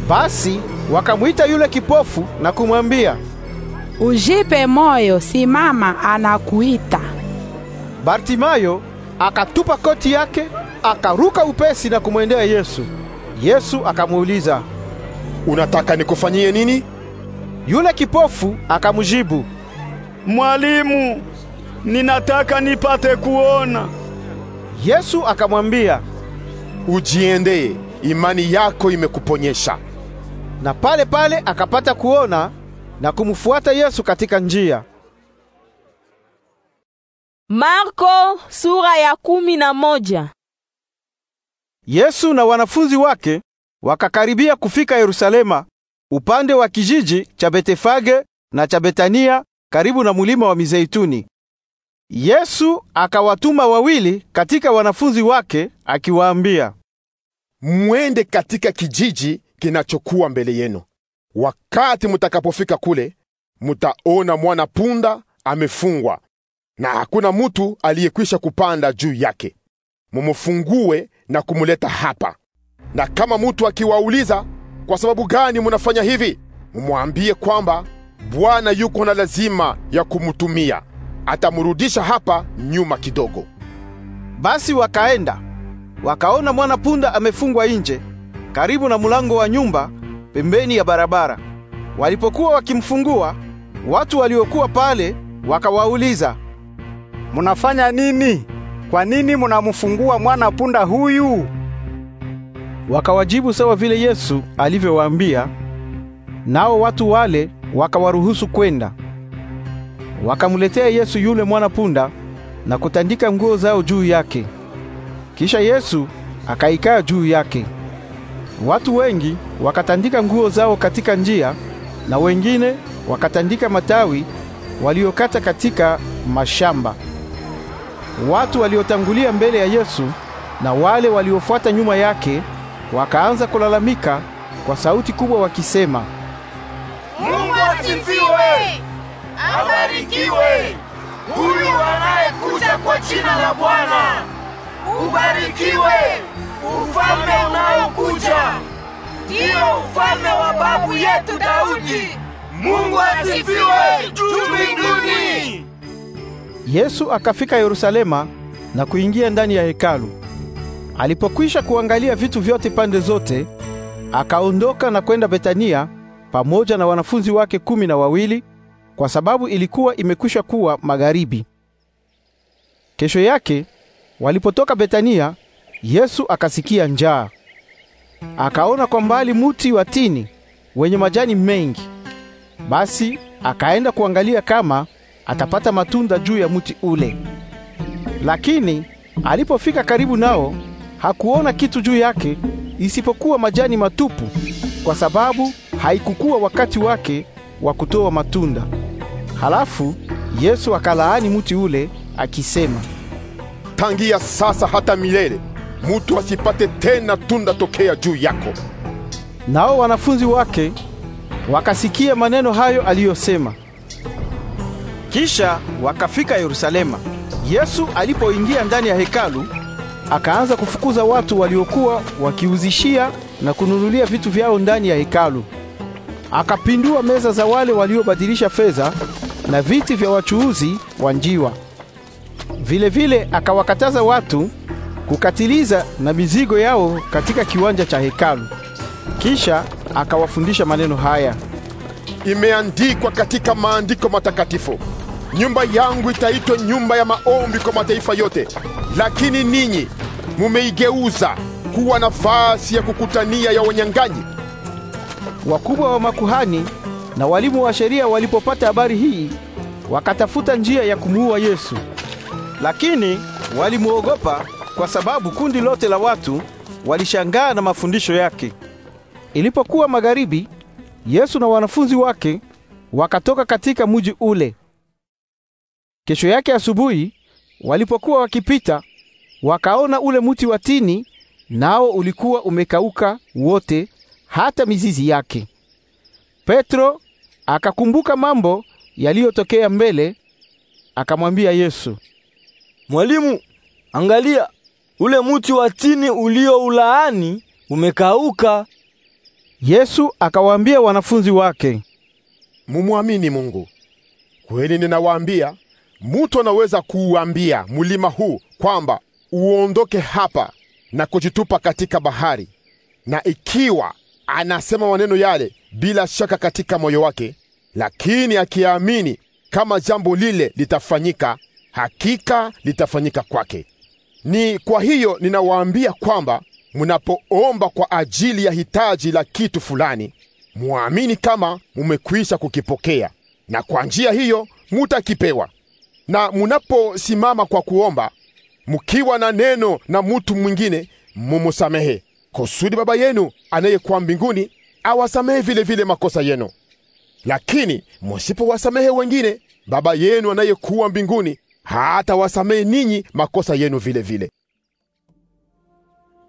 Basi wakamwita yule kipofu na kumwambia, ujipe moyo, simama, anakuita. Bartimayo akatupa koti yake, akaruka upesi na kumwendea Yesu. Yesu akamuuliza, unataka nikufanyie nini? Yule kipofu akamjibu, Mwalimu, ninataka nipate kuona. Yesu akamwambia, ujiendee, imani yako imekuponyesha. Na pale pale akapata kuona na kumfuata Yesu katika njia. Marko sura ya kumi na moja. Yesu na wanafunzi wake wakakaribia kufika Yerusalema upande wa kijiji cha Betefage na cha Betania karibu na mulima wa Mizeituni. Yesu akawatuma wawili katika wanafunzi wake akiwaambia, mwende katika kijiji kinachokuwa mbele yenu. Wakati mutakapofika kule, mutaona mwana punda amefungwa na hakuna mutu aliyekwisha kupanda juu yake. Mumufungue na kumuleta hapa. Na kama mutu akiwauliza kwa sababu gani munafanya hivi, mumwambie kwamba Bwana yuko na lazima ya kumutumia atamurudisha hapa nyuma kidogo. Basi wakaenda wakaona mwana punda amefungwa nje karibu na mulango wa nyumba pembeni ya barabara. Walipokuwa wakimfungua, watu waliokuwa pale wakawauliza, munafanya nini? Kwa nini munamfungua mwana punda huyu? Wakawajibu sawa vile Yesu alivyowaambia, nao watu wale wakawaruhusu kwenda. Wakamletea Yesu yule mwana punda na kutandika nguo zao juu yake. Kisha Yesu akaikaa juu yake. Watu wengi wakatandika nguo zao katika njia na wengine wakatandika matawi waliokata katika mashamba. Watu waliotangulia mbele ya Yesu na wale waliofuata nyuma yake wakaanza kulalamika kwa sauti kubwa wakisema, Mungu asifiwe! abarikiwe huyu anayekuja kwa jina la Bwana. Ubarikiwe ufalme unaokuja, ndiyo ufalme wa babu yetu Daudi. Mungu asifiwe juu mbinguni. Yesu akafika Yerusalema na kuingia ndani ya hekalu. Alipokwisha kuangalia vitu vyote pande zote, akaondoka na kwenda Betania pamoja na wanafunzi wake kumi na wawili kwa sababu ilikuwa imekwisha kuwa magharibi. Kesho yake walipotoka Betania, Yesu akasikia njaa. Akaona kwa mbali muti wa tini wenye majani mengi, basi akaenda kuangalia kama atapata matunda juu ya muti ule. Lakini alipofika karibu nao, hakuona kitu juu yake isipokuwa majani matupu, kwa sababu haikukuwa wakati wake wa kutoa matunda. Halafu Yesu akalaani muti ule akisema, tangia sasa hata milele mutu asipate tena tunda tokea juu yako. Nao wanafunzi wake wakasikia maneno hayo aliyosema. Kisha wakafika Yerusalema. Yesu alipoingia ndani ya hekalu, akaanza kufukuza watu waliokuwa wakiuzishia na kununulia vitu vyao ndani ya hekalu akapindua meza za wale waliobadilisha fedha na viti vya wachuuzi wa njiwa. Vilevile akawakataza watu kukatiliza na mizigo yao katika kiwanja cha hekalu. Kisha akawafundisha maneno haya: imeandikwa katika maandiko matakatifu, nyumba yangu itaitwa nyumba ya maombi kwa mataifa yote, lakini ninyi mumeigeuza kuwa nafasi ya kukutania ya wanyang'anyi. Wakubwa wa makuhani na walimu wa sheria walipopata habari hii, wakatafuta njia ya kumuua Yesu, lakini walimwogopa kwa sababu kundi lote la watu walishangaa na mafundisho yake. Ilipokuwa magharibi, Yesu na wanafunzi wake wakatoka katika mji ule. Kesho yake asubuhi, walipokuwa wakipita, wakaona ule mti wa tini nao ulikuwa umekauka wote hata mizizi yake. Petro akakumbuka mambo yaliyotokea mbele, akamwambia Yesu, Mwalimu, angalia ule muti wa tini ulioulaani umekauka. Yesu akawaambia wanafunzi wake, mumwamini Mungu. Kweli ninawaambia, mutu anaweza kuuambia mulima huu kwamba uondoke hapa na kujitupa katika bahari, na ikiwa anasema maneno yale bila shaka katika moyo wake, lakini akiamini kama jambo lile litafanyika, hakika litafanyika kwake. Ni kwa hiyo ninawaambia kwamba munapoomba kwa ajili ya hitaji la kitu fulani, muamini kama mumekwisha kukipokea, na kwa njia hiyo mutakipewa. Na munaposimama kwa kuomba, mkiwa na neno na mutu mwingine, mumusamehe kusudi Baba yenu anayekuwa mbinguni awasamehe vile vile makosa yenu. Lakini musipowasamehe wengine, Baba yenu anayekuwa mbinguni hata wasamehe ninyi makosa yenu vile vile.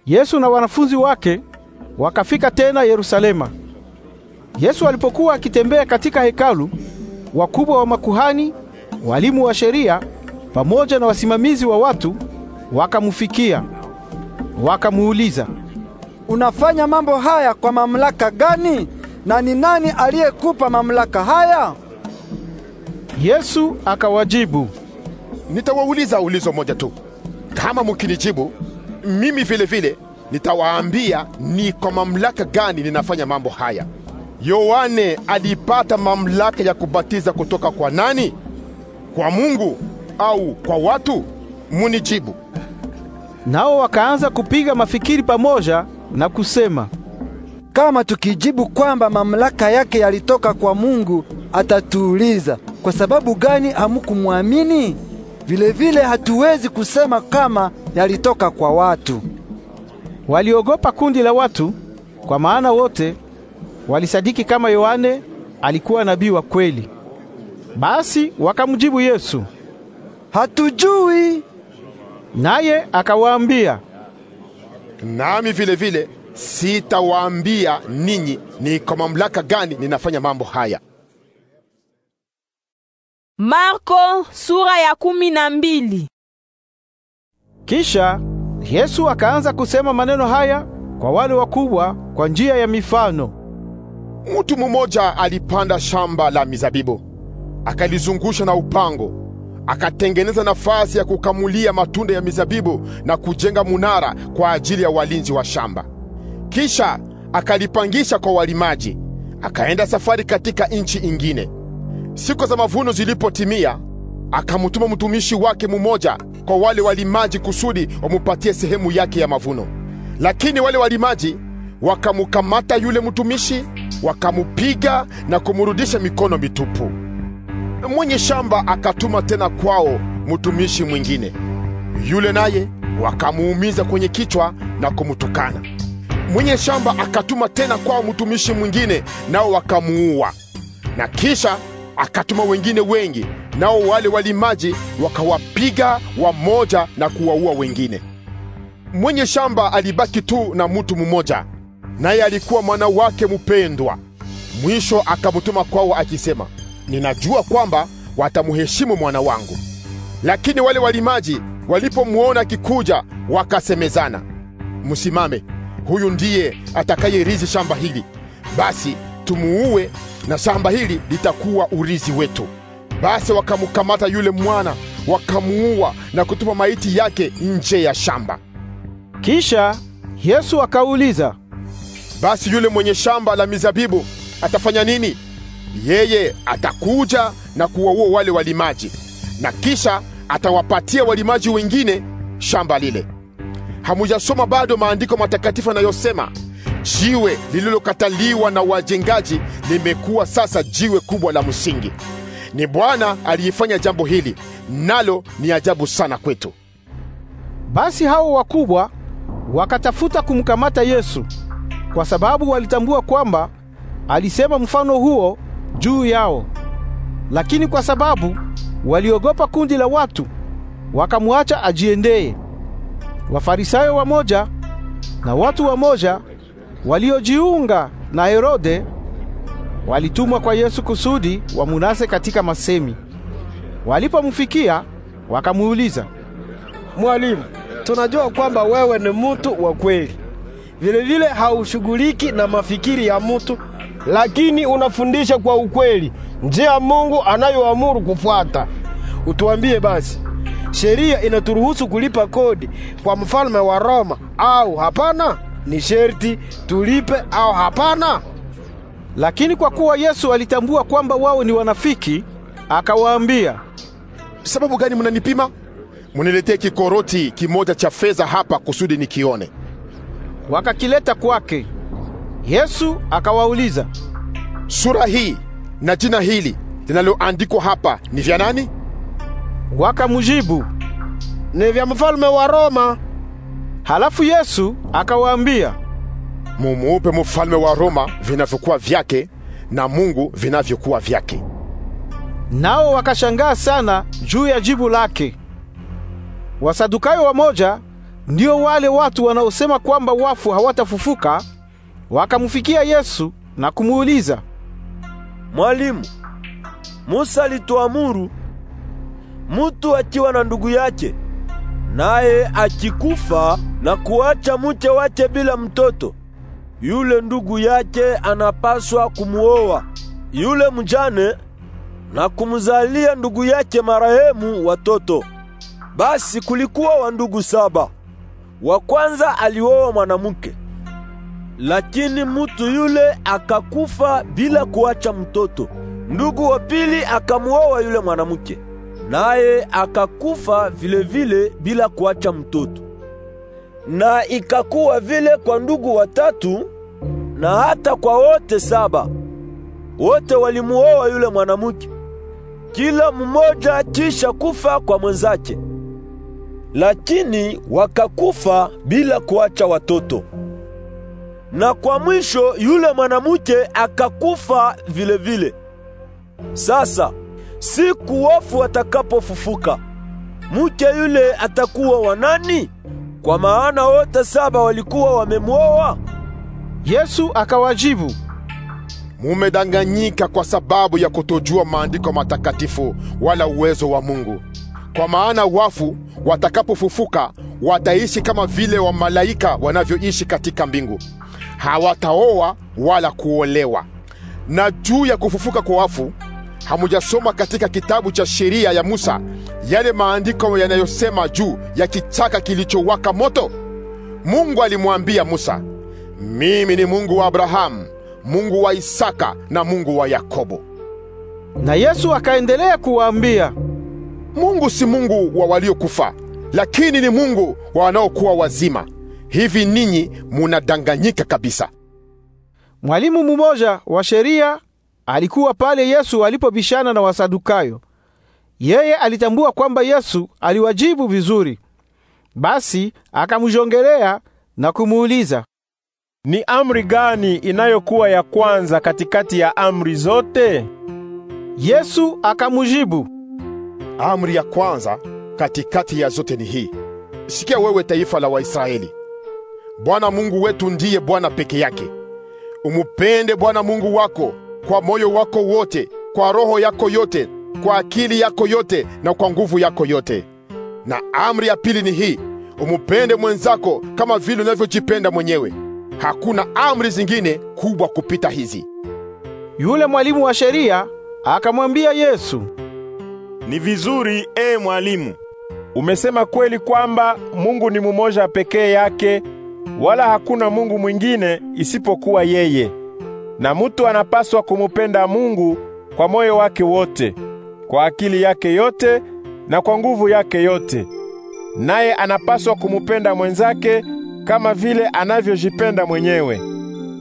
Yesu na wanafunzi wake wakafika tena Yerusalema. Yesu alipokuwa akitembea katika hekalu, wakubwa wa makuhani, walimu wa sheria pamoja na wasimamizi wa watu wakamufikia wakamuuliza, unafanya mambo haya kwa mamlaka gani? Na ni nani aliyekupa mamlaka haya? Yesu akawajibu, nitawauliza ulizo moja tu. Kama mukinijibu mimi vile vile nitawaambia ni kwa mamlaka gani ninafanya mambo haya. Yohane alipata mamlaka ya kubatiza kutoka kwa nani? Kwa Mungu au kwa watu? Munijibu. Nao wakaanza kupiga mafikiri pamoja na kusema, kama tukijibu kwamba mamlaka yake yalitoka kwa Mungu, atatuuliza kwa sababu gani hamukumwamini? Vilevile hatuwezi kusema kama yalitoka kwa watu. Waliogopa kundi la watu, kwa maana wote walisadiki kama Yohane alikuwa nabii wa kweli. Basi wakamjibu Yesu, hatujui. Naye akawaambia nami vile vile sitawaambia ninyi ni kwa mamlaka gani ninafanya mambo haya. Marko sura ya kumi na mbili. Kisha Yesu akaanza kusema maneno haya kwa wale wakubwa kwa njia ya mifano. Mtu mmoja alipanda shamba la mizabibu akalizungusha na upango Akatengeneza nafasi ya kukamulia matunda ya mizabibu na kujenga munara kwa ajili ya walinzi wa shamba. Kisha akalipangisha kwa walimaji, akaenda safari katika nchi ingine. Siku za mavuno zilipotimia, akamtuma mtumishi wake mmoja kwa wale walimaji kusudi wamupatie sehemu yake ya mavuno. Lakini wale walimaji wakamkamata yule mtumishi, wakamupiga na kumrudisha mikono mitupu mwenye shamba akatuma tena kwao mtumishi mwingine, yule naye wakamuumiza kwenye kichwa na kumutukana Mwenye shamba akatuma tena kwao mtumishi mwingine, nao wakamuua. Na kisha akatuma wengine wengi, nao wale walimaji wakawapiga wamoja na kuwaua wengine. Mwenye shamba alibaki tu na mtu mmoja, naye alikuwa mwana wake mpendwa. Mwisho akamutuma kwao akisema, ninajua kwamba watamheshimu mwana wangu. Lakini wale walimaji walipomwona kikuja wakasemezana, msimame, huyu ndiye atakayerizi shamba hili, basi tumuue na shamba hili litakuwa urizi wetu. Basi wakamkamata yule mwana wakamuua na kutupa maiti yake nje ya shamba. Kisha Yesu akauliza, basi yule mwenye shamba la mizabibu atafanya nini? Yeye atakuja na kuwaua wale walimaji, na kisha atawapatia walimaji wengine shamba lile. Hamujasoma bado maandiko matakatifu yanayosema jiwe lililokataliwa na wajengaji limekuwa sasa jiwe kubwa la msingi? Ni Bwana aliyefanya jambo hili, nalo ni ajabu sana kwetu. Basi hao wakubwa wakatafuta kumkamata Yesu, kwa sababu walitambua kwamba alisema mfano huo juu yao. Lakini kwa sababu waliogopa kundi la watu, wakamwacha ajiendeye. Wafarisayo wamoja na watu wamoja waliojiunga na Herode walitumwa kwa Yesu kusudi wamunase katika masemi. Walipomfikia wakamuuliza, Mwalimu, tunajua kwamba wewe ni mutu wa kweli, vilevile haushughuliki na mafikiri ya mutu lakini unafundisha kwa ukweli njia Mungu anayoamuru kufuata. Utuambie basi, sheria inaturuhusu kulipa kodi kwa mfalme wa Roma au hapana? Ni sherti tulipe au hapana? Lakini kwa kuwa Yesu alitambua kwamba wao ni wanafiki, akawaambia, sababu gani mnanipima? Muniletee kikoroti kimoja cha fedha hapa kusudi nikione. Wakakileta kwake. Yesu akawauliza, sura hii na jina hili linaloandikwa hapa ni vya nani? Wakamjibu, ni vya mfalme wa Roma. Halafu Yesu akawaambia, mumuupe mfalme wa Roma vinavyokuwa vyake na Mungu vinavyokuwa vyake. Nao wakashangaa sana juu ya jibu lake. Wasadukayo wamoja ndio wale watu wanaosema kwamba wafu hawatafufuka Wakamfikia Yesu na kumuuliza, Mwalimu, Musa alituamuru mutu akiwa na ndugu yake naye akikufa na kuacha mke wake bila mtoto, yule ndugu yake anapaswa kumuoa yule mjane na kumzalia ndugu yake marehemu watoto. Basi kulikuwa wa ndugu saba. Wa kwanza alioa mwanamke lakini mutu yule akakufa bila kuacha mtoto. Ndugu wa pili akamuoa yule mwanamke, naye akakufa vilevile vile bila kuacha mtoto. Na ikakuwa vile kwa ndugu watatu na hata kwa wote saba. Wote walimuoa yule mwanamke, kila mmoja kisha kufa kwa mwenzake, lakini wakakufa bila kuacha watoto na kwa mwisho yule mwanamke akakufa vilevile vile. Sasa siku wafu watakapofufuka, mke yule atakuwa wa nani? Kwa maana wote saba walikuwa wamemwoa. Yesu akawajibu, mumedanganyika kwa sababu ya kutojua maandiko matakatifu wala uwezo wa Mungu. Kwa maana wafu watakapofufuka wataishi kama vile wamalaika wanavyoishi katika mbingu hawataoa wala kuolewa. Na juu ya kufufuka kwa wafu, hamujasoma katika kitabu cha sheria ya Musa yale maandiko yanayosema juu ya kichaka kilichowaka moto? Mungu alimwambia Musa, mimi ni Mungu wa Abrahamu, Mungu wa Isaka na Mungu wa Yakobo. Na Yesu akaendelea kuwaambia, Mungu si Mungu wa waliokufa, lakini ni Mungu wa wanaokuwa wazima hivi ninyi munadanganyika kabisa. Mwalimu mmoja wa sheria alikuwa pale Yesu alipobishana na Wasadukayo. Yeye alitambua kwamba Yesu aliwajibu vizuri, basi akamjongelea na kumuuliza, ni amri gani inayokuwa ya kwanza katikati ya amri zote? Yesu akamujibu, amri ya kwanza katikati ya zote ni hii: sikia wewe taifa la Waisraeli, Bwana Mungu wetu ndiye Bwana peke yake. Umupende Bwana Mungu wako kwa moyo wako wote, kwa roho yako yote, kwa akili yako yote na kwa nguvu yako yote. Na amri ya pili ni hii: umupende mwenzako kama vile unavyojipenda mwenyewe. Hakuna amri zingine kubwa kupita hizi. Yule mwalimu wa sheria akamwambia Yesu, ni vizuri ee mwalimu, umesema kweli kwamba Mungu ni mumoja pekee yake wala hakuna Mungu mwingine isipokuwa yeye. Na mutu anapaswa kumupenda Mungu kwa moyo wake wote, kwa akili yake yote na kwa nguvu yake yote. Naye anapaswa kumupenda mwenzake kama vile anavyojipenda mwenyewe.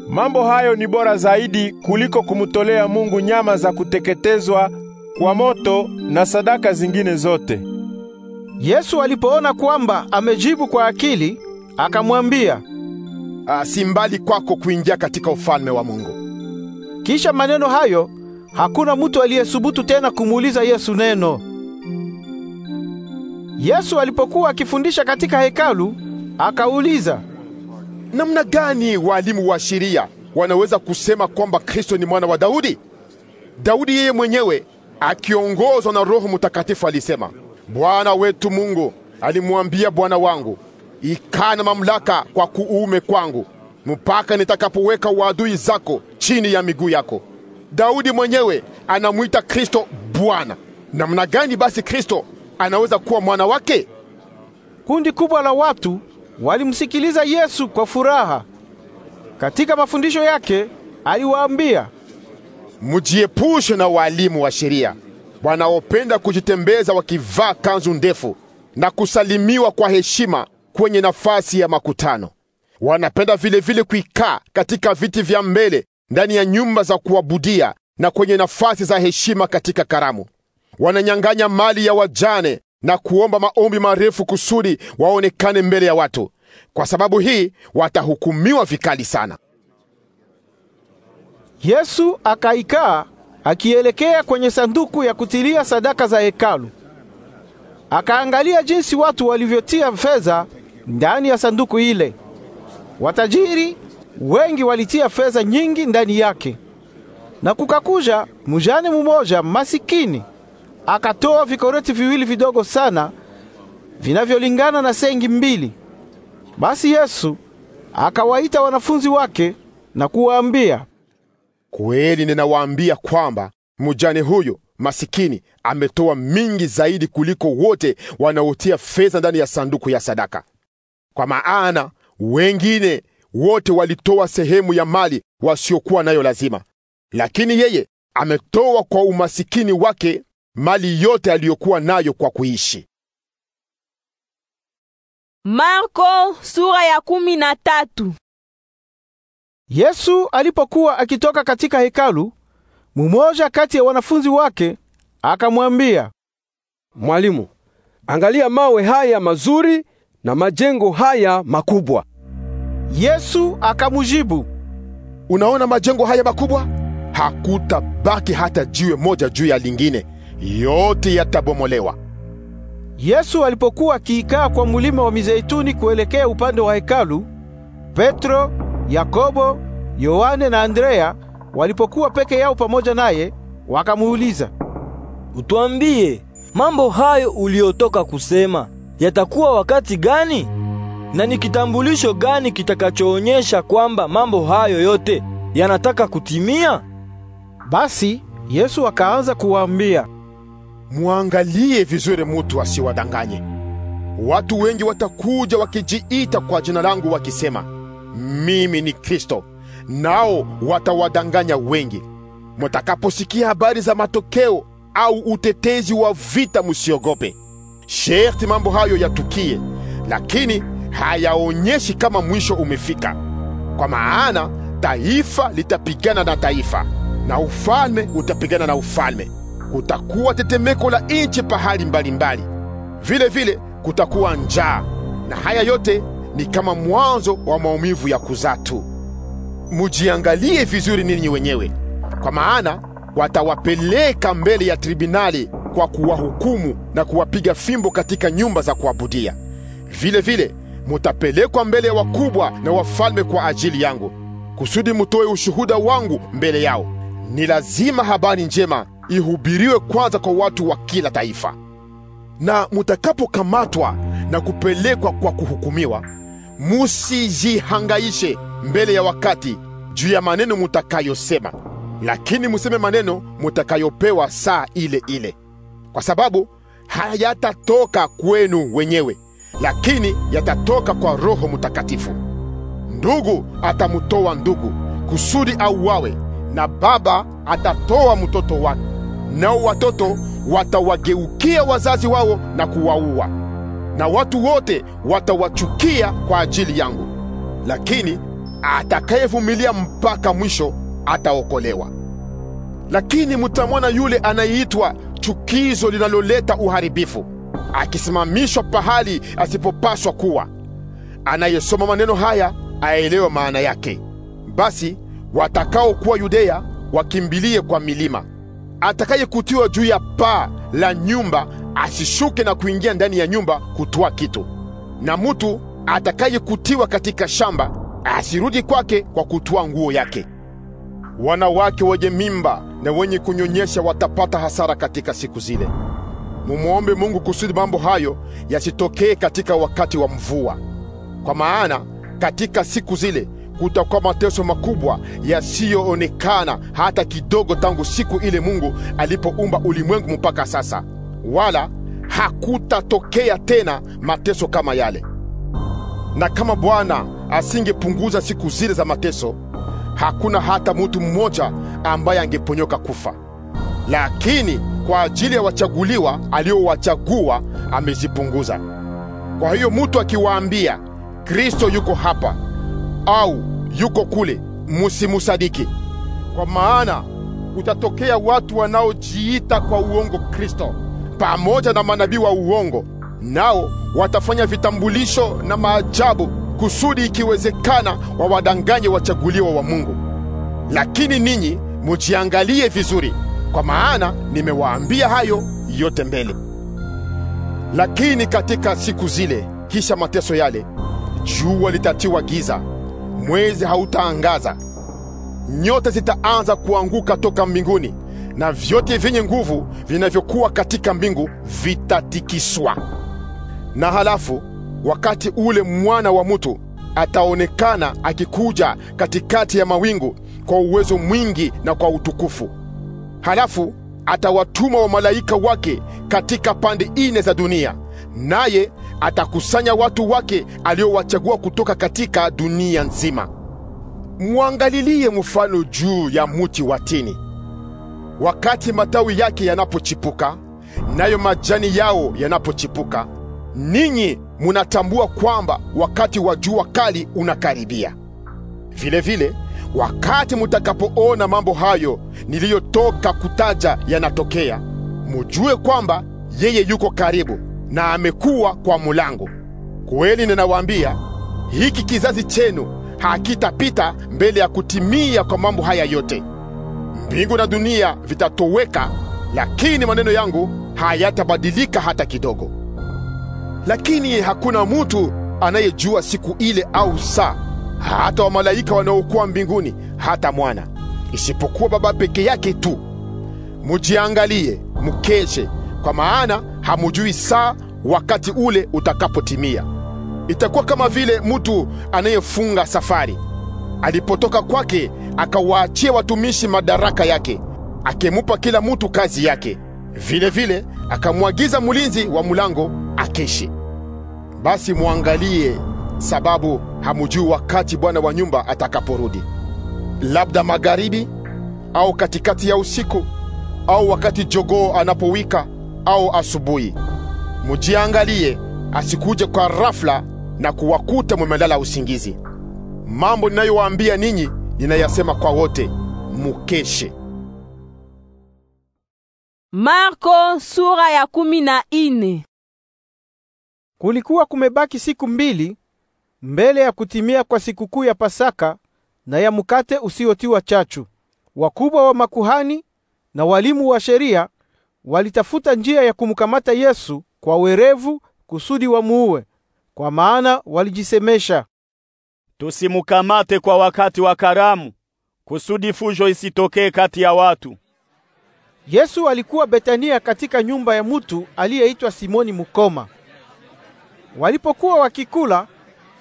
Mambo hayo ni bora zaidi kuliko kumutolea Mungu nyama za kuteketezwa kwa moto na sadaka zingine zote. Yesu alipoona kwamba amejibu kwa akili, akamwambia, uh, si mbali kwako kuingia katika ufalme wa Mungu. Kisha maneno hayo, hakuna mtu aliyesubutu tena kumuuliza Yesu neno. Yesu alipokuwa akifundisha katika hekalu, akauliza, namna gani walimu wa sheria wanaweza kusema kwamba Kristo ni mwana wa Daudi? Daudi yeye mwenyewe akiongozwa na Roho Mtakatifu alisema, Bwana wetu Mungu alimwambia Bwana wangu ikaa na mamlaka kwa kuume kwangu mpaka nitakapoweka uadui zako chini ya miguu yako. Daudi mwenyewe anamwita Kristo Bwana. Namna gani basi Kristo anaweza kuwa mwana wake? Kundi kubwa la watu walimsikiliza Yesu kwa furaha. Katika mafundisho yake aliwaambia, mujiepushe na walimu wa sheria wanaopenda kujitembeza wakivaa kanzu ndefu na kusalimiwa kwa heshima kwenye nafasi ya makutano. Wanapenda vilevile kuikaa katika viti vya mbele ndani ya nyumba za kuabudia na kwenye nafasi za heshima katika karamu. Wananyang'anya mali ya wajane na kuomba maombi marefu kusudi waonekane mbele ya watu. Kwa sababu hii watahukumiwa vikali sana. Yesu akaikaa akielekea kwenye sanduku ya kutilia sadaka za hekalu. Akaangalia jinsi watu walivyotia fedha ndani ya sanduku ile. Watajiri wengi walitia fedha nyingi ndani yake, na kukakuja mujani mumoja masikini akatoa vikoreti viwili vidogo sana vinavyolingana na sengi mbili. Basi Yesu akawaita wanafunzi wake na kuwaambia, kweli ninawaambia kwamba mujani huyo masikini ametoa mingi zaidi kuliko wote wanaotia fedha ndani ya sanduku ya sadaka. Kwa maana wengine wote walitoa sehemu ya mali wasiokuwa nayo lazima, lakini yeye ametoa kwa umasikini wake mali yote aliyokuwa nayo kwa kuishi. Marko sura ya kumi na tatu. Yesu alipokuwa akitoka katika hekalu, mmoja kati ya wanafunzi wake akamwambia, Mwalimu, angalia mawe haya mazuri na majengo haya makubwa? Yesu akamujibu unaona majengo haya makubwa? Hakutabaki hata jiwe moja juu ya lingine, yote yatabomolewa. Yesu alipokuwa akiikaa kwa mulima wa Mizeituni kuelekea upande wa hekalu, Petro, Yakobo, Yohane na Andrea walipokuwa peke yao pamoja naye, wakamuuliza, utuambie mambo hayo uliyotoka kusema yatakuwa wakati gani? Na ni kitambulisho gani kitakachoonyesha kwamba mambo hayo yote yanataka kutimia? Basi Yesu akaanza kuwaambia, muangalie vizuri mutu asiwadanganye. Watu wengi watakuja wakijiita kwa jina langu wakisema, mimi ni Kristo, nao watawadanganya wengi. Mutakaposikia habari za matokeo au utetezi wa vita, musiogope. Sherti mambo hayo yatukie, lakini hayaonyeshi kama mwisho umefika. Kwa maana taifa litapigana na taifa na ufalme utapigana na ufalme. Kutakuwa tetemeko la nchi pahali mbalimbali, vile vile kutakuwa njaa, na haya yote ni kama mwanzo wa maumivu ya kuzaa tu. Mujiangalie vizuri ninyi wenyewe, kwa maana watawapeleka mbele ya tribinali kwa kuwahukumu na kuwapiga fimbo katika nyumba za kuabudia. Vile vile mutapelekwa mbele ya wakubwa na wafalme kwa ajili yangu, kusudi mutoe ushuhuda wangu mbele yao. Ni lazima habari njema ihubiriwe kwanza kwa watu wa kila taifa. Na mutakapokamatwa na kupelekwa kwa kuhukumiwa, musijihangaishe mbele ya wakati juu ya maneno mutakayosema, lakini museme maneno mutakayopewa saa ile ile kwa sababu hayatatoka kwenu wenyewe, lakini yatatoka kwa Roho Mtakatifu. Ndugu atamutoa ndugu kusudi auawe, na baba atatoa mtoto wake, nao watoto watawageukia wazazi wao na kuwaua, na watu wote watawachukia kwa ajili yangu, lakini atakayevumilia mpaka mwisho ataokolewa. Lakini mutamwona yule anayeitwa chukizo linaloleta uharibifu, akisimamishwa pahali asipopaswa kuwa. Anayesoma maneno haya aelewe maana yake. Basi watakaokuwa Yudea wakimbilie kwa milima. Atakayekutiwa juu ya paa la nyumba asishuke na kuingia ndani ya nyumba kutoa kitu, na mutu atakayekutiwa katika shamba asirudi kwake kwa kutoa nguo yake. Wanawake wenye mimba na wenye kunyonyesha watapata hasara katika siku zile. Mumwombe Mungu kusudi mambo hayo yasitokee katika wakati wa mvua, kwa maana katika siku zile kutakuwa mateso makubwa yasiyoonekana hata kidogo, tangu siku ile Mungu alipoumba ulimwengu mpaka sasa, wala hakutatokea tena mateso kama yale. Na kama Bwana asingepunguza siku zile za mateso, hakuna hata mtu mmoja ambaye angeponyoka kufa. Lakini kwa ajili ya wachaguliwa aliowachagua amezipunguza. Kwa hiyo mtu akiwaambia Kristo yuko hapa au yuko kule, musimusadiki, kwa maana kutatokea watu wanaojiita kwa uongo Kristo pamoja na manabii wa uongo, nao watafanya vitambulisho na maajabu kusudi ikiwezekana wawadanganye wachaguliwa wa Mungu. Lakini ninyi mujiangalie vizuri, kwa maana nimewaambia hayo yote mbele. Lakini katika siku zile, kisha mateso yale, jua litatiwa giza, mwezi hautaangaza, nyota zitaanza kuanguka toka mbinguni, na vyote vyenye nguvu vinavyokuwa katika mbingu vitatikiswa. Na halafu wakati ule mwana wa mtu ataonekana akikuja katikati ya mawingu kwa uwezo mwingi na kwa utukufu. Halafu atawatuma wa malaika wake katika pande ine za dunia, naye atakusanya watu wake aliowachagua kutoka katika dunia nzima. mwangalilie mfano juu ya muti wa tini, wakati matawi yake yanapochipuka, nayo majani yao yanapochipuka ninyi munatambua kwamba wakati wa jua kali unakaribia. vile vile, wakati mutakapoona mambo hayo niliyotoka kutaja yanatokea, mujue kwamba yeye yuko karibu na amekuwa kwa mulango. Kweli ninawaambia, hiki kizazi chenu hakitapita mbele ya kutimia kwa mambo haya yote. Mbingu na dunia vitatoweka, lakini maneno yangu hayatabadilika hata kidogo lakini hakuna mutu anayejua siku ile au saa, hata wamalaika wanaokuwa mbinguni, hata mwana, isipokuwa Baba peke yake tu. Mujiangalie mkeshe, kwa maana hamujui saa wakati ule utakapotimia. Itakuwa kama vile mtu anayefunga safari, alipotoka kwake akawaachia watumishi madaraka yake, akimupa kila mtu kazi yake. Vile vile akamwagiza mulinzi wa mulango Akishi. Basi mwangalie, sababu hamujui wakati bwana wa nyumba atakaporudi, labda magharibi au katikati ya usiku au wakati jogoo anapowika au asubuhi. Mujiangalie asikuje kwa rafla na kuwakuta mumelala usingizi. Mambo ninayowaambia ninyi ninayasema kwa wote, mukeshe. Marko sura ya kumi na ine. Kulikuwa kumebaki siku mbili mbele ya kutimia kwa sikukuu ya Pasaka na ya mkate usiotiwa chachu. Wakubwa wa makuhani na walimu wa sheria walitafuta njia ya kumkamata Yesu kwa werevu kusudi wamuue, kwa maana walijisemesha, tusimkamate kwa wakati wa karamu kusudi fujo isitokee kati ya watu. Yesu alikuwa Betania katika nyumba ya mutu aliyeitwa Simoni Mukoma. Walipokuwa wakikula,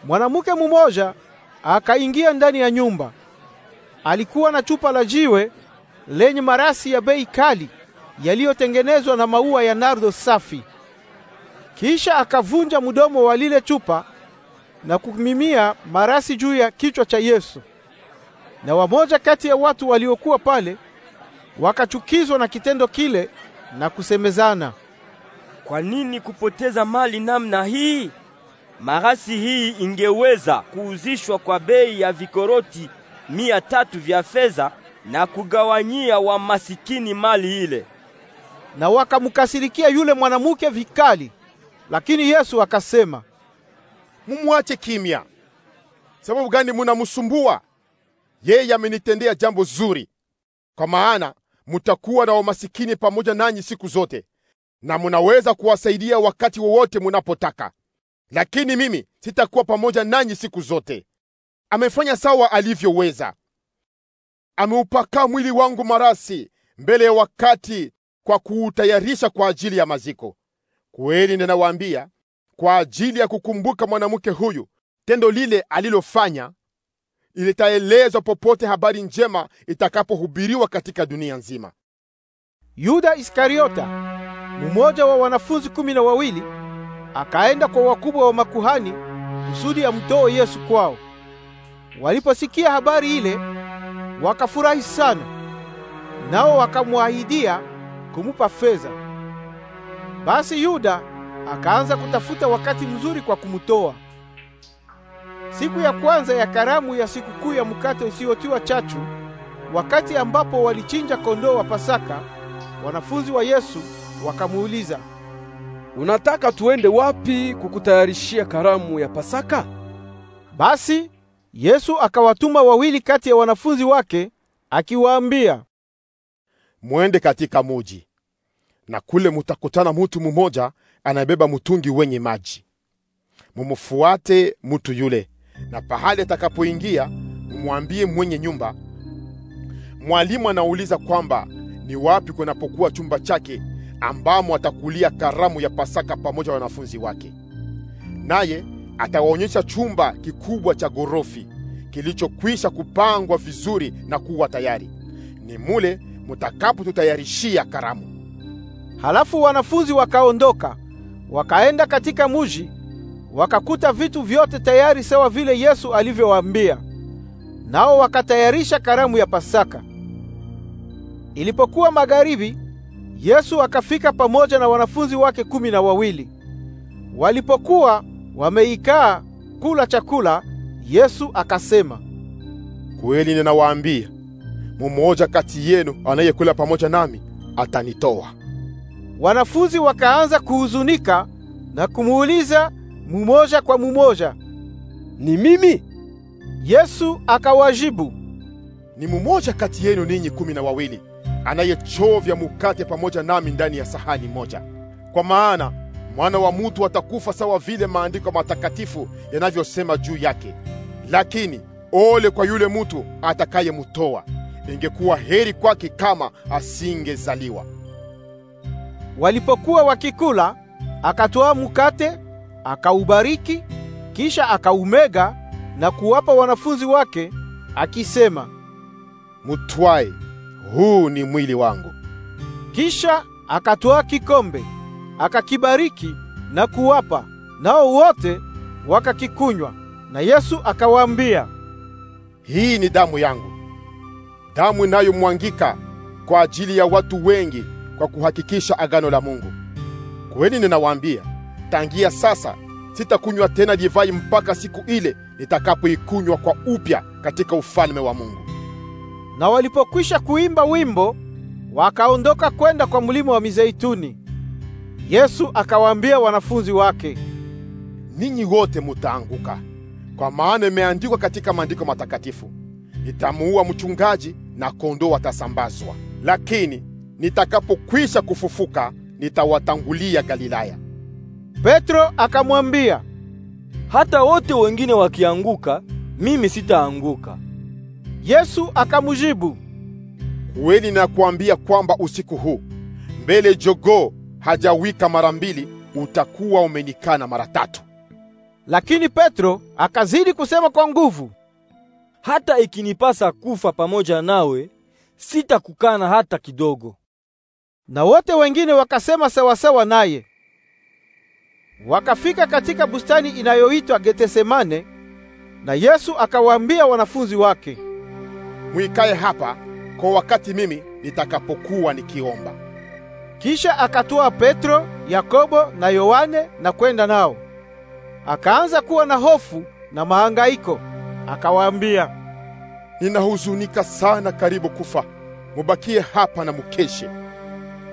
mwanamke mmoja akaingia ndani ya nyumba. Alikuwa na chupa la jiwe lenye marasi ya bei kali yaliyotengenezwa na maua ya nardo safi. Kisha akavunja mdomo wa lile chupa na kumimia marasi juu ya kichwa cha Yesu. Na wamoja kati ya watu waliokuwa pale wakachukizwa na kitendo kile na kusemezana kwa nini kupoteza mali namna hii? Marasi hii ingeweza kuuzishwa kwa bei ya vikoroti mia tatu vya fedha na kugawanyia wamasikini mali ile. Na wakamkasirikia yule mwanamke vikali, lakini Yesu akasema, mumwache kimya. Sababu gani munamsumbua? Yeye amenitendea jambo zuri. Kwa maana mutakuwa na wamasikini pamoja nanyi siku zote, na munaweza kuwasaidia wakati wowote munapotaka, lakini mimi sitakuwa pamoja nanyi siku zote. Amefanya sawa alivyoweza. Ameupaka mwili wangu marasi mbele ya wakati kwa kuutayarisha kwa ajili ya maziko. Kweli ninawaambia, kwa ajili ya kukumbuka mwanamke huyu, tendo lile alilofanya litaelezwa popote habari njema itakapohubiriwa katika dunia nzima. Yuda Iskariota mmoja wa wanafunzi kumi na wawili akaenda kwa wakubwa wa makuhani kusudi amtoe Yesu kwao. Waliposikia habari ile, wakafurahi sana, nao wakamwahidia kumupa fedha. Basi Yuda akaanza kutafuta wakati mzuri kwa kumtoa. Siku ya kwanza ya karamu ya sikukuu ya mkate usiotiwa chachu, wakati ambapo walichinja kondoo wa Pasaka, wanafunzi wa Yesu wakamuuliza, unataka tuende wapi kukutayarishia karamu ya Pasaka? Basi Yesu akawatuma wawili kati ya wanafunzi wake akiwaambia, mwende katika muji na kule mutakutana mutu mumoja anabeba mutungi wenye maji. Mumufuate mutu yule, na pahali atakapoingia mumwambie mwenye nyumba, mwalimu anauliza kwamba ni wapi kunapokuwa chumba chake ambamo atakulia karamu ya Pasaka pamoja na wanafunzi wake, naye atawaonyesha chumba kikubwa cha gorofi kilichokwisha kupangwa vizuri na kuwa tayari; ni mule mutakapotutayarishia karamu. Halafu wanafunzi wakaondoka wakaenda katika muji, wakakuta vitu vyote tayari sawa vile Yesu alivyowaambia, nao wakatayarisha karamu ya Pasaka. Ilipokuwa magharibi Yesu akafika pamoja na wanafunzi wake kumi na wawili. Walipokuwa wameikaa kula chakula, Yesu akasema, kweli ninawaambia, mumoja kati yenu anayekula pamoja nami atanitoa. Wanafunzi wakaanza kuhuzunika na kumuuliza mumoja kwa mumoja, ni mimi? Yesu akawajibu, ni mumoja kati yenu ninyi kumi na wawili anayechovya mukate pamoja nami ndani ya sahani moja. Kwa maana mwana wa mutu atakufa sawa vile maandiko matakatifu yanavyosema juu yake, lakini ole kwa yule mutu atakayemutoa. Ingekuwa heri kwake kama asingezaliwa. Walipokuwa wakikula, akatoa mukate, akaubariki, kisha akaumega na kuwapa wanafunzi wake akisema, mutwae huu ni mwili wangu. Kisha akatoa kikombe, akakibariki na kuwapa, nao wote wakakikunywa. Na Yesu akawaambia, hii ni damu yangu, damu inayomwangika kwa ajili ya watu wengi kwa kuhakikisha agano la Mungu. Kweli ninawaambia, tangia sasa sitakunywa tena divai mpaka siku ile nitakapoikunywa kwa upya katika ufalme wa Mungu. Na walipokwisha kuimba wimbo, wakaondoka kwenda kwa mlima wa Mizeituni. Yesu akawaambia wanafunzi wake, ninyi wote mutaanguka, kwa maana imeandikwa katika maandiko matakatifu, nitamuua mchungaji na kondoo watasambazwa. Lakini nitakapokwisha kufufuka nitawatangulia Galilaya. Petro akamwambia, hata wote wengine wakianguka, mimi sitaanguka. Yesu akamjibu, kweli nakuambia kwamba usiku huu mbele jogoo hajawika mara mbili utakuwa umenikana mara tatu. Lakini Petro akazidi kusema kwa nguvu, hata ikinipasa kufa pamoja nawe sitakukana hata kidogo. Na wote wengine wakasema sawasawa naye. Wakafika katika bustani inayoitwa Getsemane, na Yesu akawaambia wanafunzi wake, mwikae hapa kwa wakati mimi nitakapokuwa nikiomba. Kisha akatoa Petro, Yakobo na Yohane na kwenda nao. Akaanza kuwa na hofu na mahangaiko, akawaambia, ninahuzunika sana, karibu kufa. Mubakie hapa na mukeshe.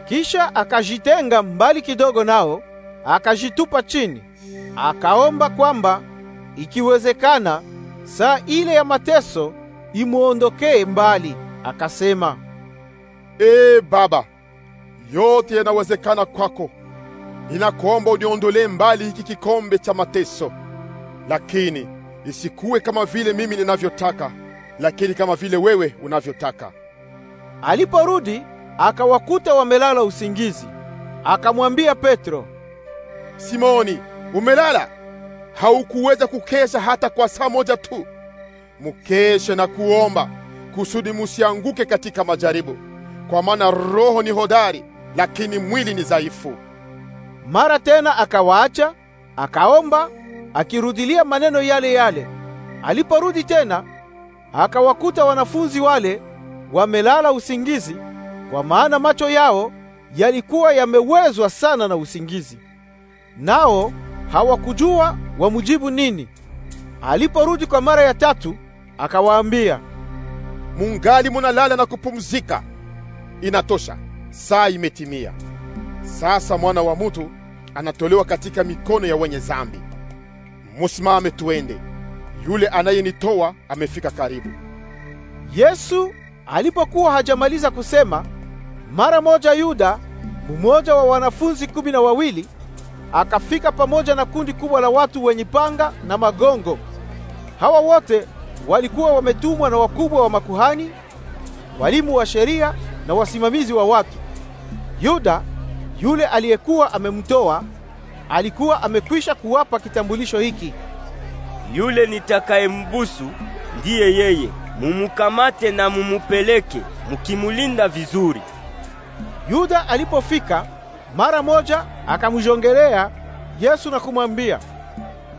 Kisha akajitenga mbali kidogo nao, akajitupa chini, akaomba kwamba ikiwezekana saa ile ya mateso imwondokee mbali, akasema, Ee Baba, yote yanawezekana kwako. Ninakuomba uniondolee mbali hiki kikombe cha mateso, lakini isikuwe kama vile mimi ninavyotaka, lakini kama vile wewe unavyotaka. Aliporudi akawakuta wamelala usingizi. Akamwambia Petro, Simoni, umelala? Haukuweza kukesha hata kwa saa moja tu? mukeshe na kuomba, kusudi musianguke katika majaribu, kwa maana roho ni hodari, lakini mwili ni dhaifu. Mara tena akawaacha, akaomba akirudilia maneno yale yale. Aliporudi tena akawakuta wanafunzi wale wamelala usingizi, kwa maana macho yao yalikuwa yamewezwa sana na usingizi, nao hawakujua wamujibu nini. Aliporudi kwa mara ya tatu akawaambia, mungali munalala na kupumzika? Inatosha, saa imetimia. Sasa mwana wa mutu anatolewa katika mikono ya wenye zambi. Musimame tuende, yule anayenitoa amefika karibu. Yesu alipokuwa hajamaliza kusema, mara moja Yuda, mmoja wa wanafunzi kumi na wawili, akafika pamoja na kundi kubwa la watu wenye panga na magongo. Hawa wote walikuwa wametumwa na wakubwa wa makuhani, walimu wa sheria na wasimamizi wa watu. Yuda yule aliyekuwa amemtoa alikuwa amekwisha kuwapa kitambulisho hiki: yule nitakayembusu ndiye yeye, mumukamate na mumupeleke mukimulinda vizuri. Yuda alipofika mara moja akamjongelea Yesu na kumwambia,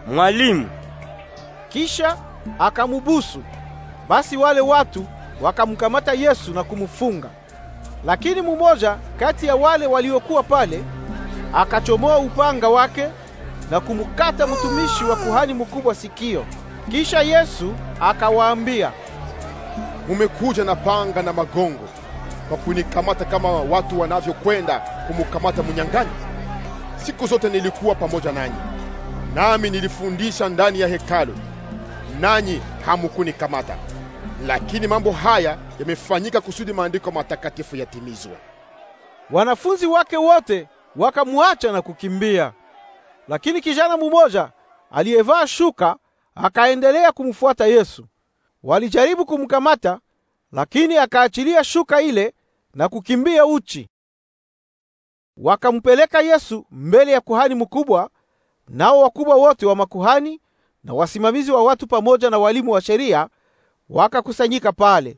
Mwalimu. Kisha akamubusu. Basi wale watu wakamkamata Yesu na kumufunga. Lakini mumoja kati ya wale waliokuwa pale akachomoa upanga wake na kumukata mtumishi wa kuhani mkubwa sikio. Kisha Yesu akawaambia, mumekuja na panga na magongo kwa kunikamata kama watu wanavyokwenda kumukamata munyang'anyi. Siku zote nilikuwa pamoja nanyi, nami nilifundisha ndani ya hekalu nanyi hamukunikamata. Lakini mambo haya yamefanyika kusudi maandiko matakatifu yatimizwe. Wanafunzi wake wote wakamwacha na kukimbia, lakini kijana mmoja aliyevaa shuka akaendelea kumfuata Yesu. Walijaribu kumkamata, lakini akaachilia shuka ile na kukimbia uchi. Wakampeleka Yesu mbele ya kuhani mkubwa, nao wakubwa wote wa makuhani na wasimamizi wa watu pamoja na walimu wa sheria wakakusanyika pale.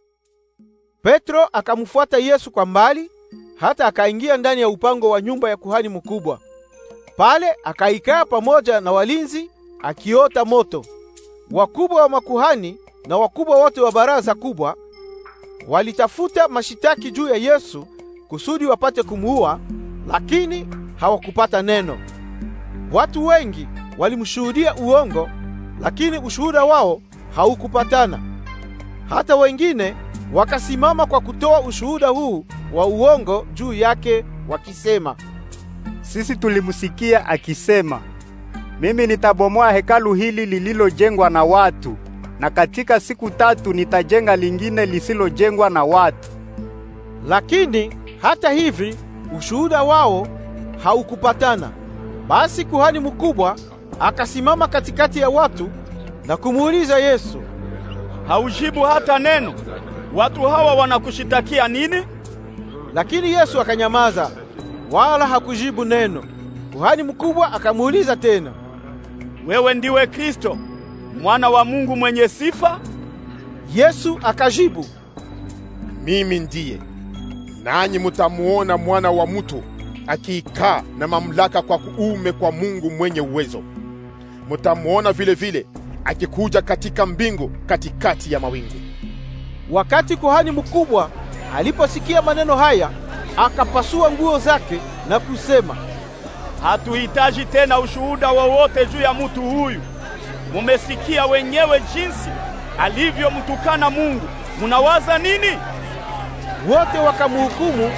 Petro akamfuata Yesu kwa mbali hata akaingia ndani ya upango wa nyumba ya kuhani mkubwa. Pale akaikaa pamoja na walinzi akiota moto. Wakubwa wa makuhani na wakubwa wote wa baraza kubwa walitafuta mashitaki juu ya Yesu kusudi wapate kumuua, lakini hawakupata neno. Watu wengi walimshuhudia uongo lakini ushuhuda wao haukupatana. Hata wengine wakasimama kwa kutoa ushuhuda huu wa uongo juu yake, wakisema, sisi tulimusikia akisema, mimi nitabomoa hekalu hili lililojengwa na watu, na katika siku tatu nitajenga lingine lisilojengwa na watu. Lakini hata hivi ushuhuda wao haukupatana. Basi kuhani mkubwa akasimama katikati ya watu na kumuuliza Yesu, haujibu hata neno? Watu hawa wanakushitakia nini? Lakini Yesu akanyamaza, wala hakujibu neno. Kuhani mkubwa akamuuliza tena, wewe ndiwe Kristo mwana wa Mungu mwenye sifa? Yesu akajibu, mimi ndiye. Nanyi mutamuona mwana wa mutu akiikaa na mamlaka kwa kuume kwa Mungu mwenye uwezo mutamwona vile vile akikuja katika mbingu katikati ya mawingu. Wakati kuhani mkubwa aliposikia maneno haya, akapasua nguo zake na kusema, hatuhitaji tena ushuhuda wowote juu ya mutu huyu. Mumesikia wenyewe jinsi alivyomtukana Mungu. Munawaza nini? Wote wakamhukumu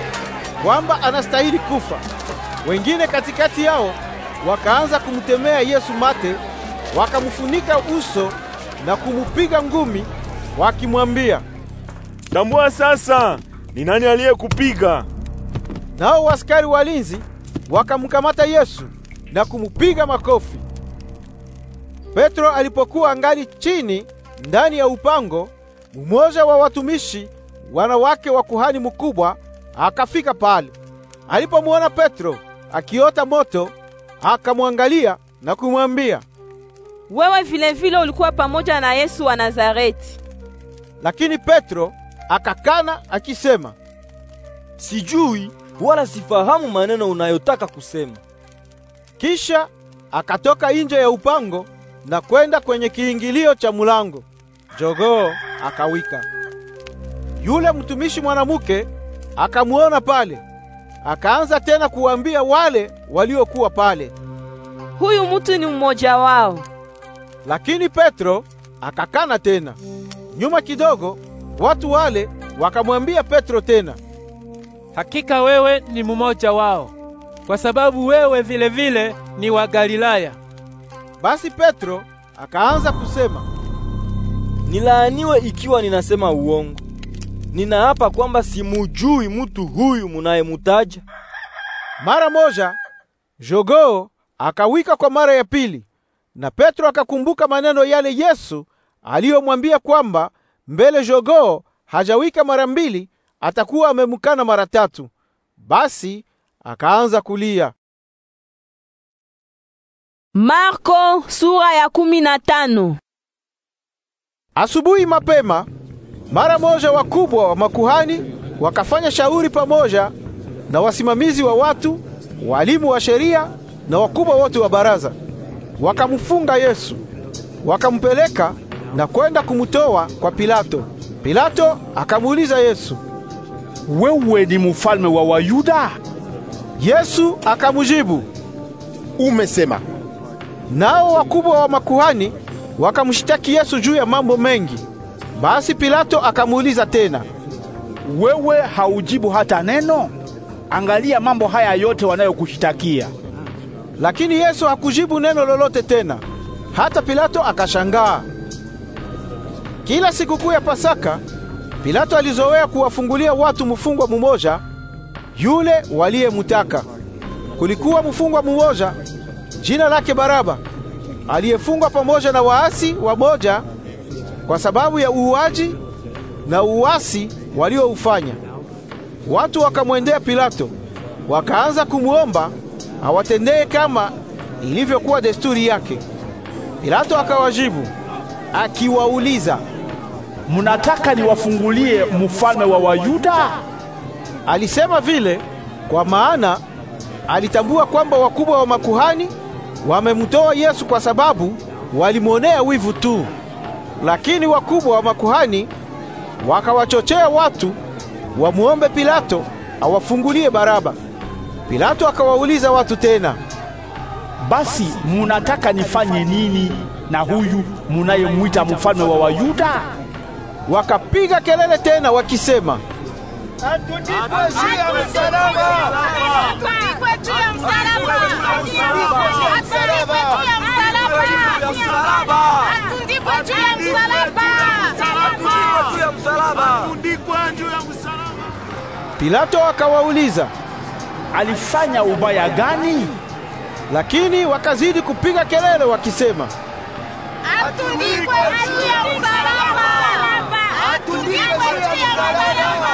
kwamba anastahili kufa. Wengine katikati yao wakaanza kumtemea Yesu mate, wakamufunika uso na kumupiga ngumi wakimwambia, tambua sasa ni nani aliyekupiga. Nao askari walinzi wakamkamata Yesu na kumupiga makofi. Petro alipokuwa angali chini ndani ya upango, mmoja wa watumishi wanawake wa kuhani mkubwa akafika pale. Alipomuona Petro akiota moto akamwangalia na kumwambia, wewe vile vile ulikuwa pamoja na Yesu wa Nazareti. Lakini Petro akakana akisema, sijui wala sifahamu maneno unayotaka kusema. Kisha akatoka nje ya upango na kwenda kwenye kiingilio cha mulango. Jogoo akawika. Yule mtumishi mwanamke akamuona pale, Akaanza tena kuwaambia wale waliokuwa pale, huyu mtu ni mmoja wao. Lakini Petro akakana tena. Nyuma kidogo, watu wale wakamwambia Petro tena, hakika wewe ni mmoja wao, kwa sababu wewe vilevile vile ni wa Galilaya. Basi Petro akaanza kusema, nilaaniwe ikiwa ninasema uongo ninaapa kwamba simujui mutu huyu munayemutaja. Mara moja jogoo akawika kwa mara ya pili, na Petro akakumbuka maneno yale Yesu aliyomwambia kwamba mbele jogoo hajawika mara mbili atakuwa amemkana mara tatu. Basi akaanza kulia. Marko sura ya kumi na tano. Asubuhi mapema mara moja wakubwa wa makuhani wakafanya shauri pamoja na wasimamizi wa watu, walimu wa sheria na wakubwa wote wa baraza. Wakamfunga Yesu, wakampeleka na kwenda kumtoa kwa Pilato. Pilato akamuuliza Yesu, wewe ni mfalme wa Wayuda? Yesu akamjibu umesema. Nao wakubwa wa makuhani wakamshtaki Yesu juu ya mambo mengi. Basi Pilato akamuuliza tena, wewe haujibu hata neno? Angalia mambo haya yote wanayokushitakia Lakini Yesu hakujibu neno lolote tena. Hata Pilato akashangaa. Kila sikukuu ya Pasaka Pilato alizowea kuwafungulia watu mfungwa mmoja yule waliyemutaka. Kulikuwa mfungwa mmoja jina lake Baraba aliyefungwa pamoja na waasi wamoja kwa sababu ya uuaji na uasi walioufanya. Watu wakamwendea Pilato, wakaanza kumuomba awatendee kama ilivyokuwa desturi yake. Pilato akawajibu akiwauliza, mnataka niwafungulie mfalme wa Wayuda? Alisema vile kwa maana alitambua kwamba wakubwa wa makuhani wamemtoa Yesu kwa sababu walimwonea wivu tu. Lakini wakubwa wa makuhani wakawachochea watu wamwombe Pilato awafungulie Baraba. Pilato akawauliza watu tena, basi munataka nifanye nini na huyu munayemwita mfalme wa Wayuda? Wakapiga kelele tena wakisema, Atundikwe juu ya msalaba! Pilato akawauliza, alifanya ubaya gani? Lakini wakazidi kupiga kelele wakisema, atundikwe juu ya msalaba! Atundikwe juu ya msalaba!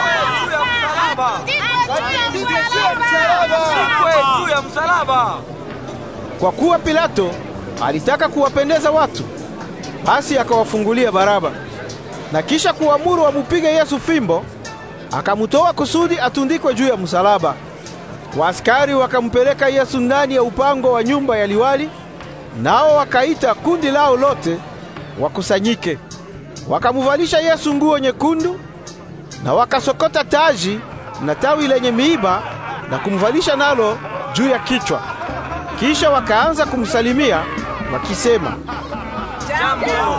Atundikwe juu ya msalaba! Kwa kuwa Pilato Alitaka kuwapendeza watu, basi akawafungulia Baraba na kisha kuamuru wamupige Yesu fimbo, akamutoa kusudi atundikwe juu ya msalaba. Waaskari wakampeleka Yesu ndani ya upango wa nyumba ya liwali, nao wakaita kundi lao lote wakusanyike. Wakamuvalisha Yesu nguo nyekundu na wakasokota taji na tawi lenye miiba na kumvalisha nalo juu ya kichwa. Kisha wakaanza kumsalimia wakisema jambo, jambo,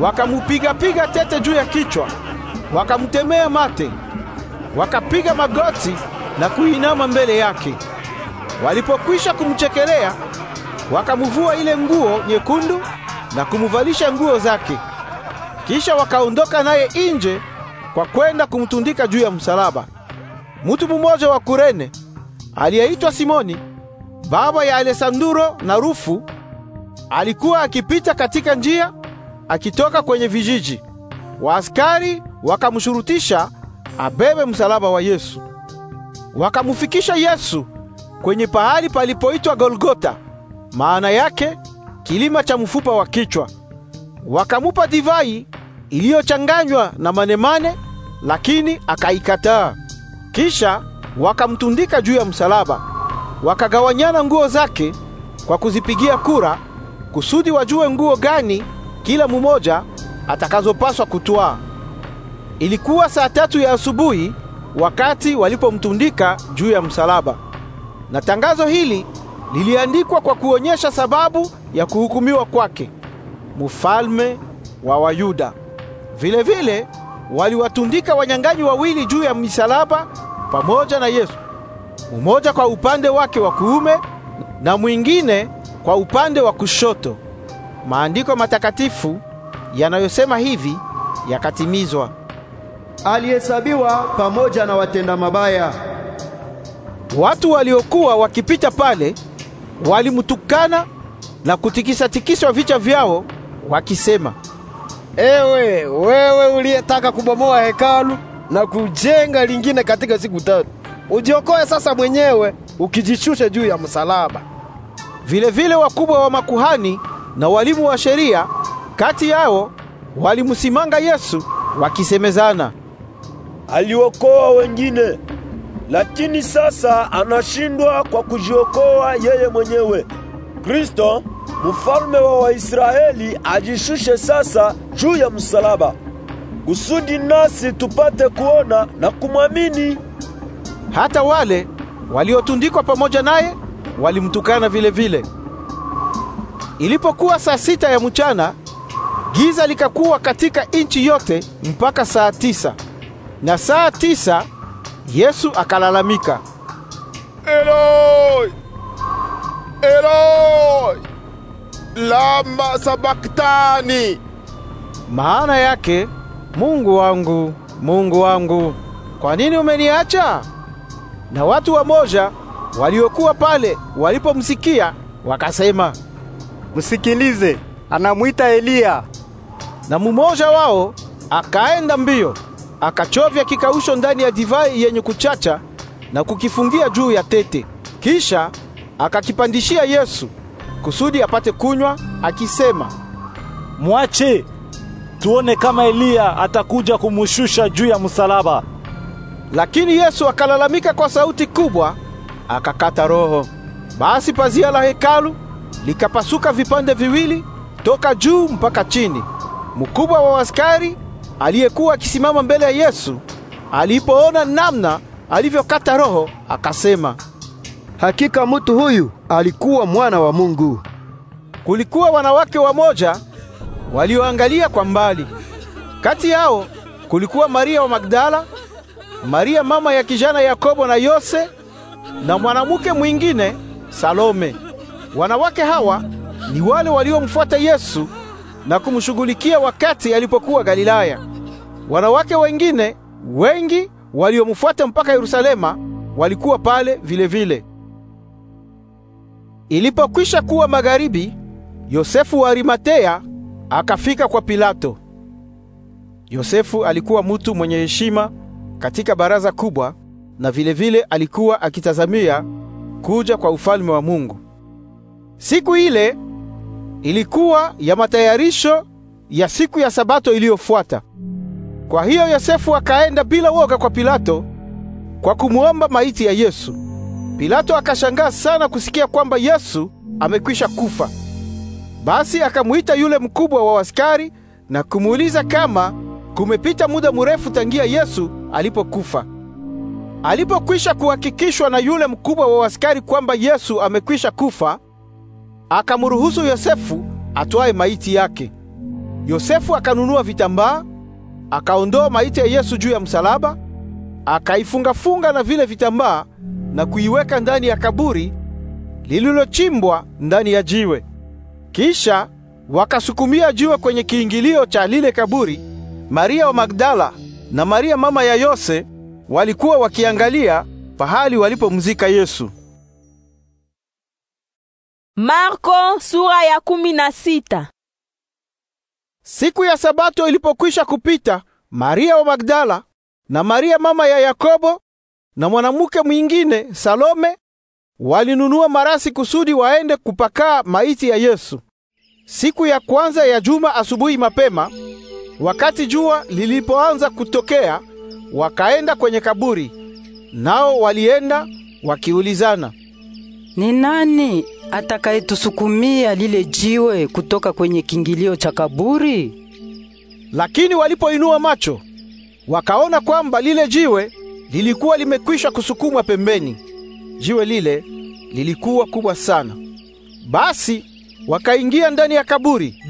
Wakamupiga Wakamupigapiga tete juu ya kichwa, wakamtemea mate, wakapiga magoti na kuinama mbele yake. Walipokwisha kumchekelea, wakamuvua ile nguo nyekundu na kumuvalisha nguo zake. Kisha wakaondoka naye nje kwa kwenda kumtundika juu ya msalaba. Mtu mmoja wa Kurene aliyeitwa Simoni, baba ya Alesanduro na Rufu, alikuwa akipita katika njia akitoka kwenye vijiji. Waaskari wakamshurutisha abebe msalaba wa Yesu. Wakamfikisha Yesu kwenye pahali palipoitwa Golgota, maana yake kilima cha mfupa wa kichwa. Wakamupa divai iliyochanganywa na manemane, lakini akaikataa. Kisha wakamtundika juu ya msalaba. Wakagawanyana nguo zake kwa kuzipigia kura, kusudi wajue nguo gani kila mmoja atakazopaswa kutwaa. Ilikuwa saa tatu ya asubuhi wakati walipomtundika juu ya msalaba, na tangazo hili liliandikwa kwa kuonyesha sababu ya kuhukumiwa kwake mfalme wa Wayuda. Vile vile waliwatundika wanyang'anyi wawili juu ya misalaba pamoja na Yesu, mmoja kwa upande wake wa kuume na mwingine kwa upande wa kushoto. Maandiko matakatifu yanayosema hivi yakatimizwa: alihesabiwa pamoja na watenda mabaya. Watu waliokuwa wakipita pale walimtukana na kutikisa tikiswa vichwa vyao wakisema, ewe wewe uliyetaka kubomoa hekalu na kujenga lingine katika siku tatu, ujiokoe sasa mwenyewe ukijishusha juu ya msalaba. Vilevile wakubwa wa makuhani na walimu wa sheria kati yao walimsimanga Yesu wakisemezana, aliokoa wengine, lakini sasa anashindwa kwa kujiokoa yeye mwenyewe. Kristo mfalme wa Waisraeli ajishushe sasa juu ya msalaba, kusudi nasi tupate kuona na kumwamini. Hata wale waliotundikwa pamoja naye walimtukana vile vile. Ilipokuwa saa sita ya mchana, giza likakuwa katika nchi yote mpaka saa tisa. Na saa tisa Yesu akalalamika, Eloi, Eloi lama sabaktani, maana yake Mungu wangu, Mungu wangu, kwa nini umeniacha? Na watu wamoja waliokuwa pale walipomsikia wakasema, msikilize, anamwita Eliya. Na mumoja wao akaenda mbio akachovya kikausho ndani ya divai yenye kuchacha na kukifungia juu ya tete, kisha akakipandishia Yesu kusudi apate kunywa, akisema, mwache tuone kama Eliya atakuja kumushusha juu ya msalaba. Lakini Yesu akalalamika kwa sauti kubwa, akakata roho. Basi pazia la hekalu likapasuka vipande viwili toka juu mpaka chini. Mkubwa wa askari aliyekuwa akisimama mbele ya Yesu alipoona namna alivyokata roho, akasema, hakika mtu huyu alikuwa mwana wa Mungu. Kulikuwa wanawake wamoja walioangalia kwa mbali. Kati yao kulikuwa Maria wa Magdala, Maria mama ya kijana Yakobo na Yose na mwanamke mwingine Salome. Wanawake hawa ni wale waliomfuata Yesu na kumshughulikia wakati alipokuwa Galilaya. Wanawake wengine wengi waliomfuata mpaka Yerusalema walikuwa pale vilevile vile. Ilipokwisha kuwa magharibi, Yosefu wa Arimatea akafika kwa Pilato. Yosefu alikuwa mtu mwenye heshima katika baraza kubwa na vilevile vile alikuwa akitazamia kuja kwa ufalme wa Mungu. Siku ile ilikuwa ya matayarisho ya siku ya Sabato iliyofuata. Kwa hiyo Yosefu akaenda bila woga kwa Pilato kwa kumwomba maiti ya Yesu. Pilato akashangaa sana kusikia kwamba Yesu amekwisha kufa. Basi akamwita yule mkubwa wa askari na kumuuliza kama kumepita muda mrefu tangia Yesu alipokufa. Alipokwisha kuhakikishwa na yule mkubwa wa askari kwamba Yesu amekwisha kufa, akamruhusu Yosefu atwae maiti yake. Yosefu akanunua vitambaa, akaondoa maiti ya Yesu juu ya msalaba, akaifunga-funga na vile vitambaa na kuiweka ndani ya kaburi lililochimbwa ndani ya jiwe. Kisha wakasukumia jiwe kwenye kiingilio cha lile kaburi. Maria wa Magdala na Maria mama ya Yose walikuwa wakiangalia pahali walipomzika Yesu. Marko sura ya kumi na sita. Siku ya Sabato ilipokwisha kupita, Maria wa Magdala na Maria mama ya Yakobo na mwanamke mwingine Salome walinunua marasi kusudi waende kupakaa maiti ya Yesu. Siku ya kwanza ya juma asubuhi mapema, wakati jua lilipoanza kutokea, wakaenda kwenye kaburi. Nao walienda wakiulizana, ni nani atakayetusukumia lile jiwe kutoka kwenye kingilio cha kaburi? Lakini walipoinua macho, wakaona kwamba lile jiwe lilikuwa limekwisha kusukumwa pembeni. Jiwe lile lilikuwa kubwa sana. Basi wakaingia ndani ya kaburi,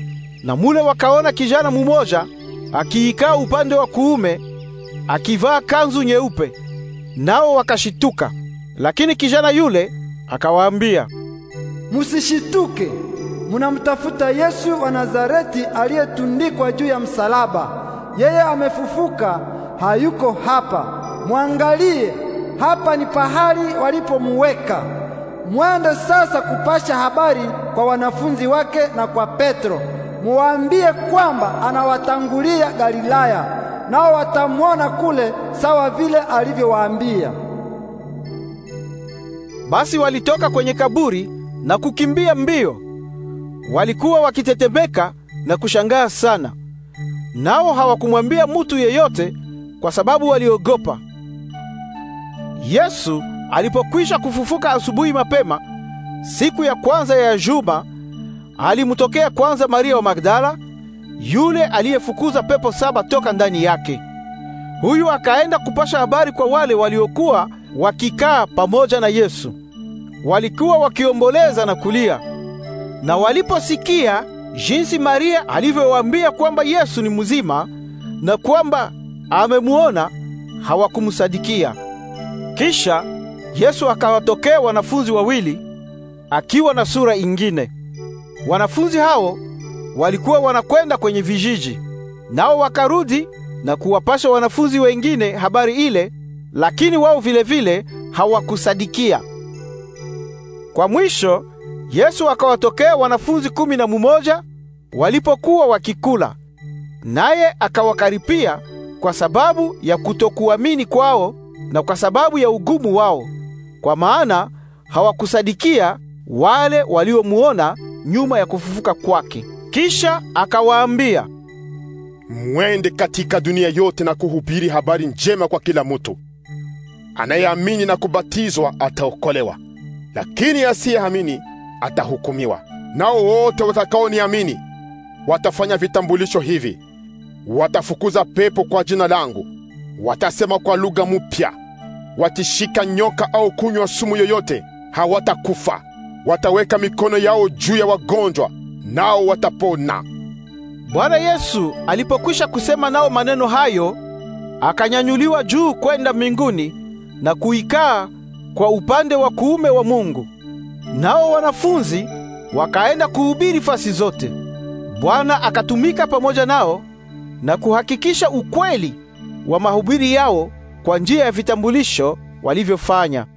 na mule wakaona kijana mumoja akiikaa upande wa kuume akivaa kanzu nyeupe, nao wakashituka. Lakini kijana yule akawaambia, musishituke, munamtafuta Yesu wa Nazareti aliyetundikwa juu ya msalaba. Yeye amefufuka, hayuko hapa mwangalie, hapa ni pahali walipomuweka. Mwende sasa kupasha habari kwa wanafunzi wake na kwa Petro, muambie kwamba anawatangulia Galilaya, nao watamwona kule sawa vile alivyowaambia. Basi walitoka kwenye kaburi na kukimbia mbio. Walikuwa wakitetemeka na kushangaa sana, nao hawakumwambia mutu yeyote kwa sababu waliogopa. Yesu alipokwisha kufufuka asubuhi mapema siku ya kwanza ya juma, alimtokea kwanza Maria wa Magdala, yule aliyefukuza pepo saba toka ndani yake. Huyu akaenda kupasha habari kwa wale waliokuwa wakikaa pamoja na Yesu. Walikuwa wakiomboleza na kulia, na waliposikia jinsi Maria alivyowaambia kwamba Yesu ni mzima na kwamba amemuona, hawakumsadikia. Kisha Yesu akawatokea wanafunzi wawili akiwa na sura ingine. Wanafunzi hao walikuwa wanakwenda kwenye vijiji, nao wakarudi na kuwapasha wanafunzi wengine habari ile, lakini wao vilevile hawakusadikia. Kwa mwisho Yesu akawatokea wanafunzi kumi na mumoja walipokuwa wakikula, naye akawakaripia kwa sababu ya kutokuamini kwao na kwa sababu ya ugumu wao, kwa maana hawakusadikia wale waliomuona nyuma ya kufufuka kwake. Kisha akawaambia, mwende katika dunia yote na kuhubiri habari njema kwa kila mtu. Anayeamini na kubatizwa ataokolewa, lakini asiyeamini atahukumiwa. Nao wote watakaoniamini watafanya vitambulisho hivi: watafukuza pepo kwa jina langu, watasema kwa lugha mpya wakishika nyoka au kunywa sumu yoyote, hawatakufa. Wataweka mikono yao juu ya wagonjwa, nao watapona. Bwana Yesu alipokwisha kusema nao maneno hayo, akanyanyuliwa juu kwenda mbinguni na kuikaa kwa upande wa kuume wa Mungu. Nao wanafunzi wakaenda kuhubiri fasi zote. Bwana akatumika pamoja nao na kuhakikisha ukweli wa mahubiri yao kwa njia ya vitambulisho walivyofanya